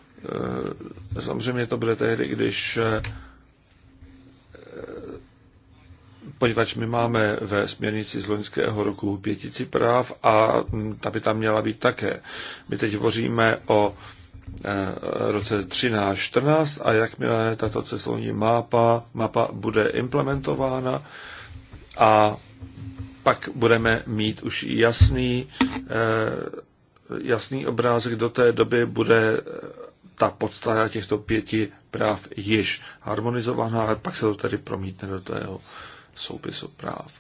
eh, samozřejmě to bude tehdy, když eh, poněvadž my máme ve směrnici z loňského roku pětici práv a hm, ta by tam měla být také. My teď hovoříme o roce 13-14 a jakmile tato cestovní mapa, mapa bude implementována, a pak budeme mít už jasný, eh, jasný obrázek. Do té doby bude eh, ta podstata těchto pěti práv již harmonizovaná, a pak se to tady promítne do tého soupisu práv.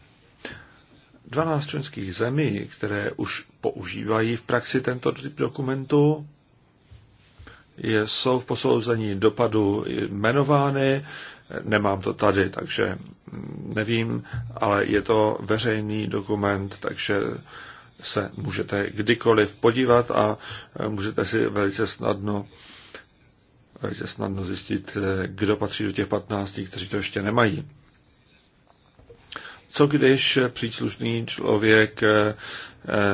12 členských zemí, které už používají v praxi tento typ dokumentu, jsou v posouzení dopadu jmenovány, Nemám to tady, takže nevím, ale je to veřejný dokument, takže se můžete kdykoliv podívat a můžete si velice snadno, velice snadno zjistit, kdo patří do těch 15, kteří to ještě nemají. Co když příslušný člověk eh,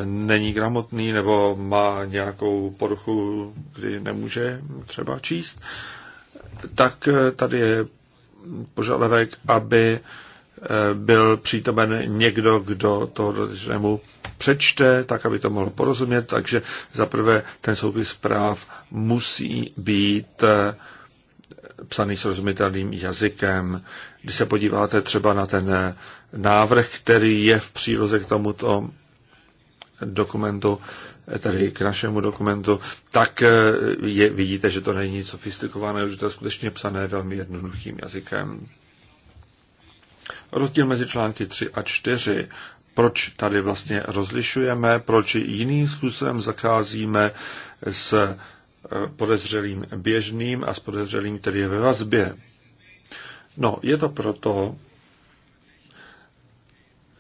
není gramotný nebo má nějakou poruchu, kdy nemůže třeba číst? Tak eh, tady je požadavek, aby eh, byl přítomen někdo, kdo to dotyčnému přečte, tak aby to mohl porozumět, takže zaprvé ten soupis práv musí být eh, psaný srozumitelným jazykem. Když se podíváte třeba na ten eh, návrh, který je v příloze k tomuto dokumentu, tedy k našemu dokumentu, tak eh, je, vidíte, že to není nic sofistikovaného, že to je skutečně psané velmi jednoduchým jazykem. Rozdíl mezi články 3 a 4 proč tady vlastně rozlišujeme, proč jiným způsobem zakázíme s eh, podezřelým běžným a s podezřelým, který je ve vazbě. No, je to proto,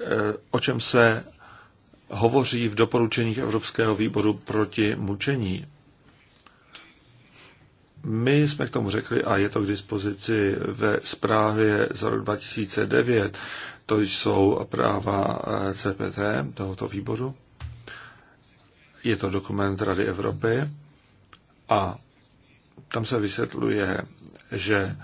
eh, o čem se hovoří v doporučeních Evropského výboru proti mučení. My jsme k tomu řekli, a je to k dispozici ve zprávě za rok 2009, to jsou práva eh, CPT, tohoto výboru. Je to dokument Rady Evropy a tam se vysvětluje, že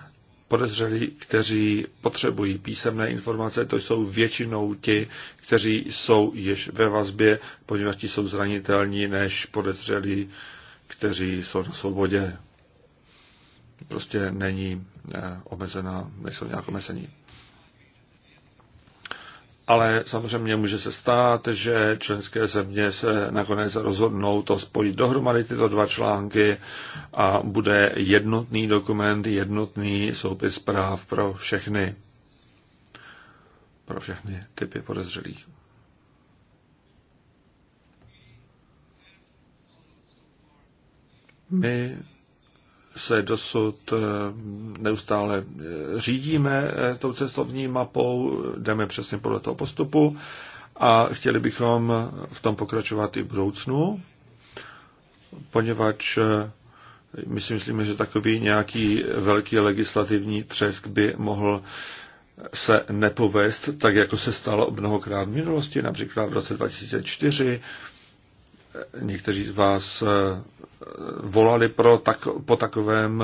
podezřelí, kteří potřebují písemné informace, to jsou většinou ti, kteří jsou již ve vazbě, poněvadž ti jsou zranitelní než podezřelí, kteří jsou na svobodě. Prostě není eh, omezená, nejsou nějak omezení ale samozřejmě může se stát, že členské země se nakonec rozhodnou to spojit dohromady tyto dva články a bude jednotný dokument, jednotný soupis práv pro všechny, pro všechny typy podezřelých. My se dosud eh, neustále eh, řídíme eh, tou cestovní mapou, jdeme přesně podle toho postupu a chtěli bychom v tom pokračovat i v budoucnu, poněvadž my si myslíme, že takový nějaký velký legislativní třesk by mohl se nepovést, tak jako se stalo mnohokrát v minulosti, například v roce 2004 Někteří z vás eh, volali pro tak, po takovém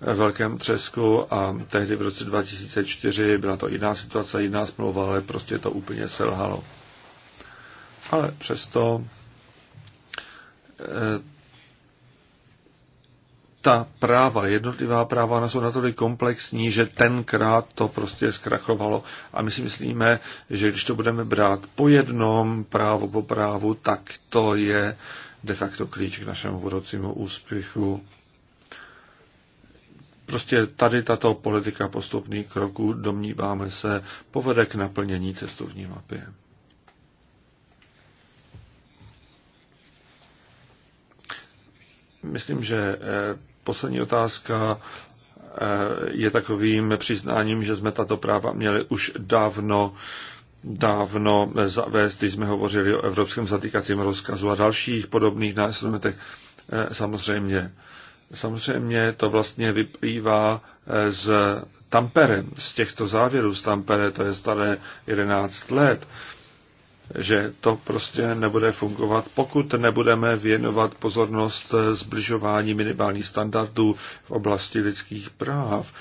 eh, velkém třesku a tehdy v roce 2004 byla to jiná situace, jiná smlouva, ale prostě to úplně selhalo. Ale přesto eh, ta práva, jednotlivá práva, jsou natolik komplexní, že tenkrát to prostě zkrachovalo. A my si myslíme, že když to budeme brát po jednom, právo po právu, tak to je de facto klíč k našemu budoucímu úspěchu. Prostě tady tato politika postupných kroků, domníváme se, povede k naplnění cestovní mapy. Myslím, že eh, poslední otázka eh, je takovým přiznáním, že jsme tato práva měli už dávno dávno zavést, když jsme hovořili o evropském zatýkacím rozkazu a dalších podobných nástrojích. Eh, samozřejmě, samozřejmě to vlastně vyplývá eh, z Tampere, z těchto závěrů z Tampere, to je staré 11 let že to prostě nebude fungovat, pokud nebudeme věnovat pozornost zbližování minimálních standardů v oblasti lidských práv.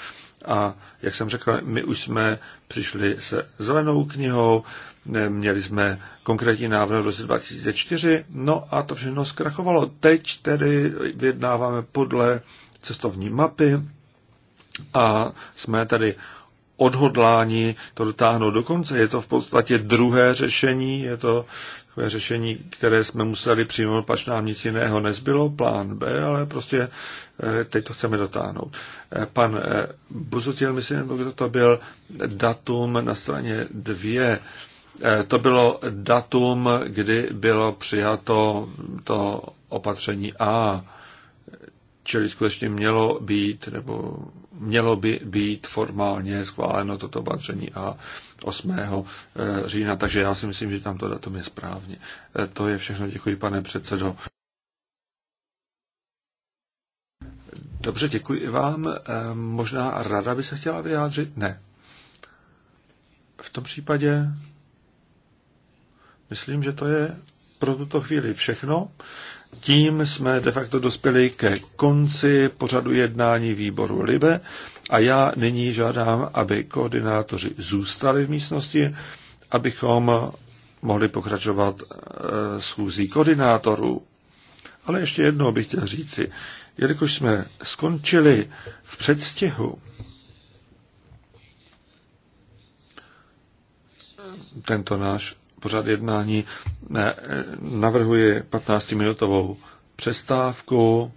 A jak jsem řekl, my už jsme přišli se zelenou knihou, měli jsme konkrétní návrh v roce 2004, no a to všechno zkrachovalo. Teď tedy vyjednáváme podle cestovní mapy a jsme tady odhodlání to dotáhnout do konce. Je to v podstatě druhé řešení, je to takové řešení, které jsme museli přijmout, pač nám nic jiného nezbylo, plán B, ale prostě eh, teď to chceme dotáhnout. Eh, pan eh, Buzutil, myslím, nebo kdo to byl, datum na straně dvě, to bylo datum, kdy bylo přijato to opatření A, čili skutečně mělo být, nebo mělo by být formálně schváleno toto opatření a 8. Eh, října, takže já si myslím, že tam to datum je správně. Eh, to je všechno, děkuji pane předsedo. Dobře, děkuji i vám. Eh, možná rada by se chtěla vyjádřit? Ne. V tom případě myslím, že to je pro tuto chvíli všechno tím jsme de facto dospěli ke konci pořadu jednání výboru LIBE a já nyní žádám, aby koordinátoři zůstali v místnosti, abychom mohli pokračovat eh, schůzí koordinátorů. Ale ještě jednou bych chtěl říci, jelikož jsme skončili v předstihu, tento náš pořad jednání. Eh, Navrhuji 15-minutovou přestávku,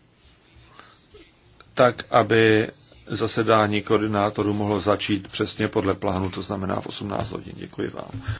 tak aby zasedání koordinátorů mohlo začít přesně podle plánu, to znamená v 18 hodin. Děkuji vám.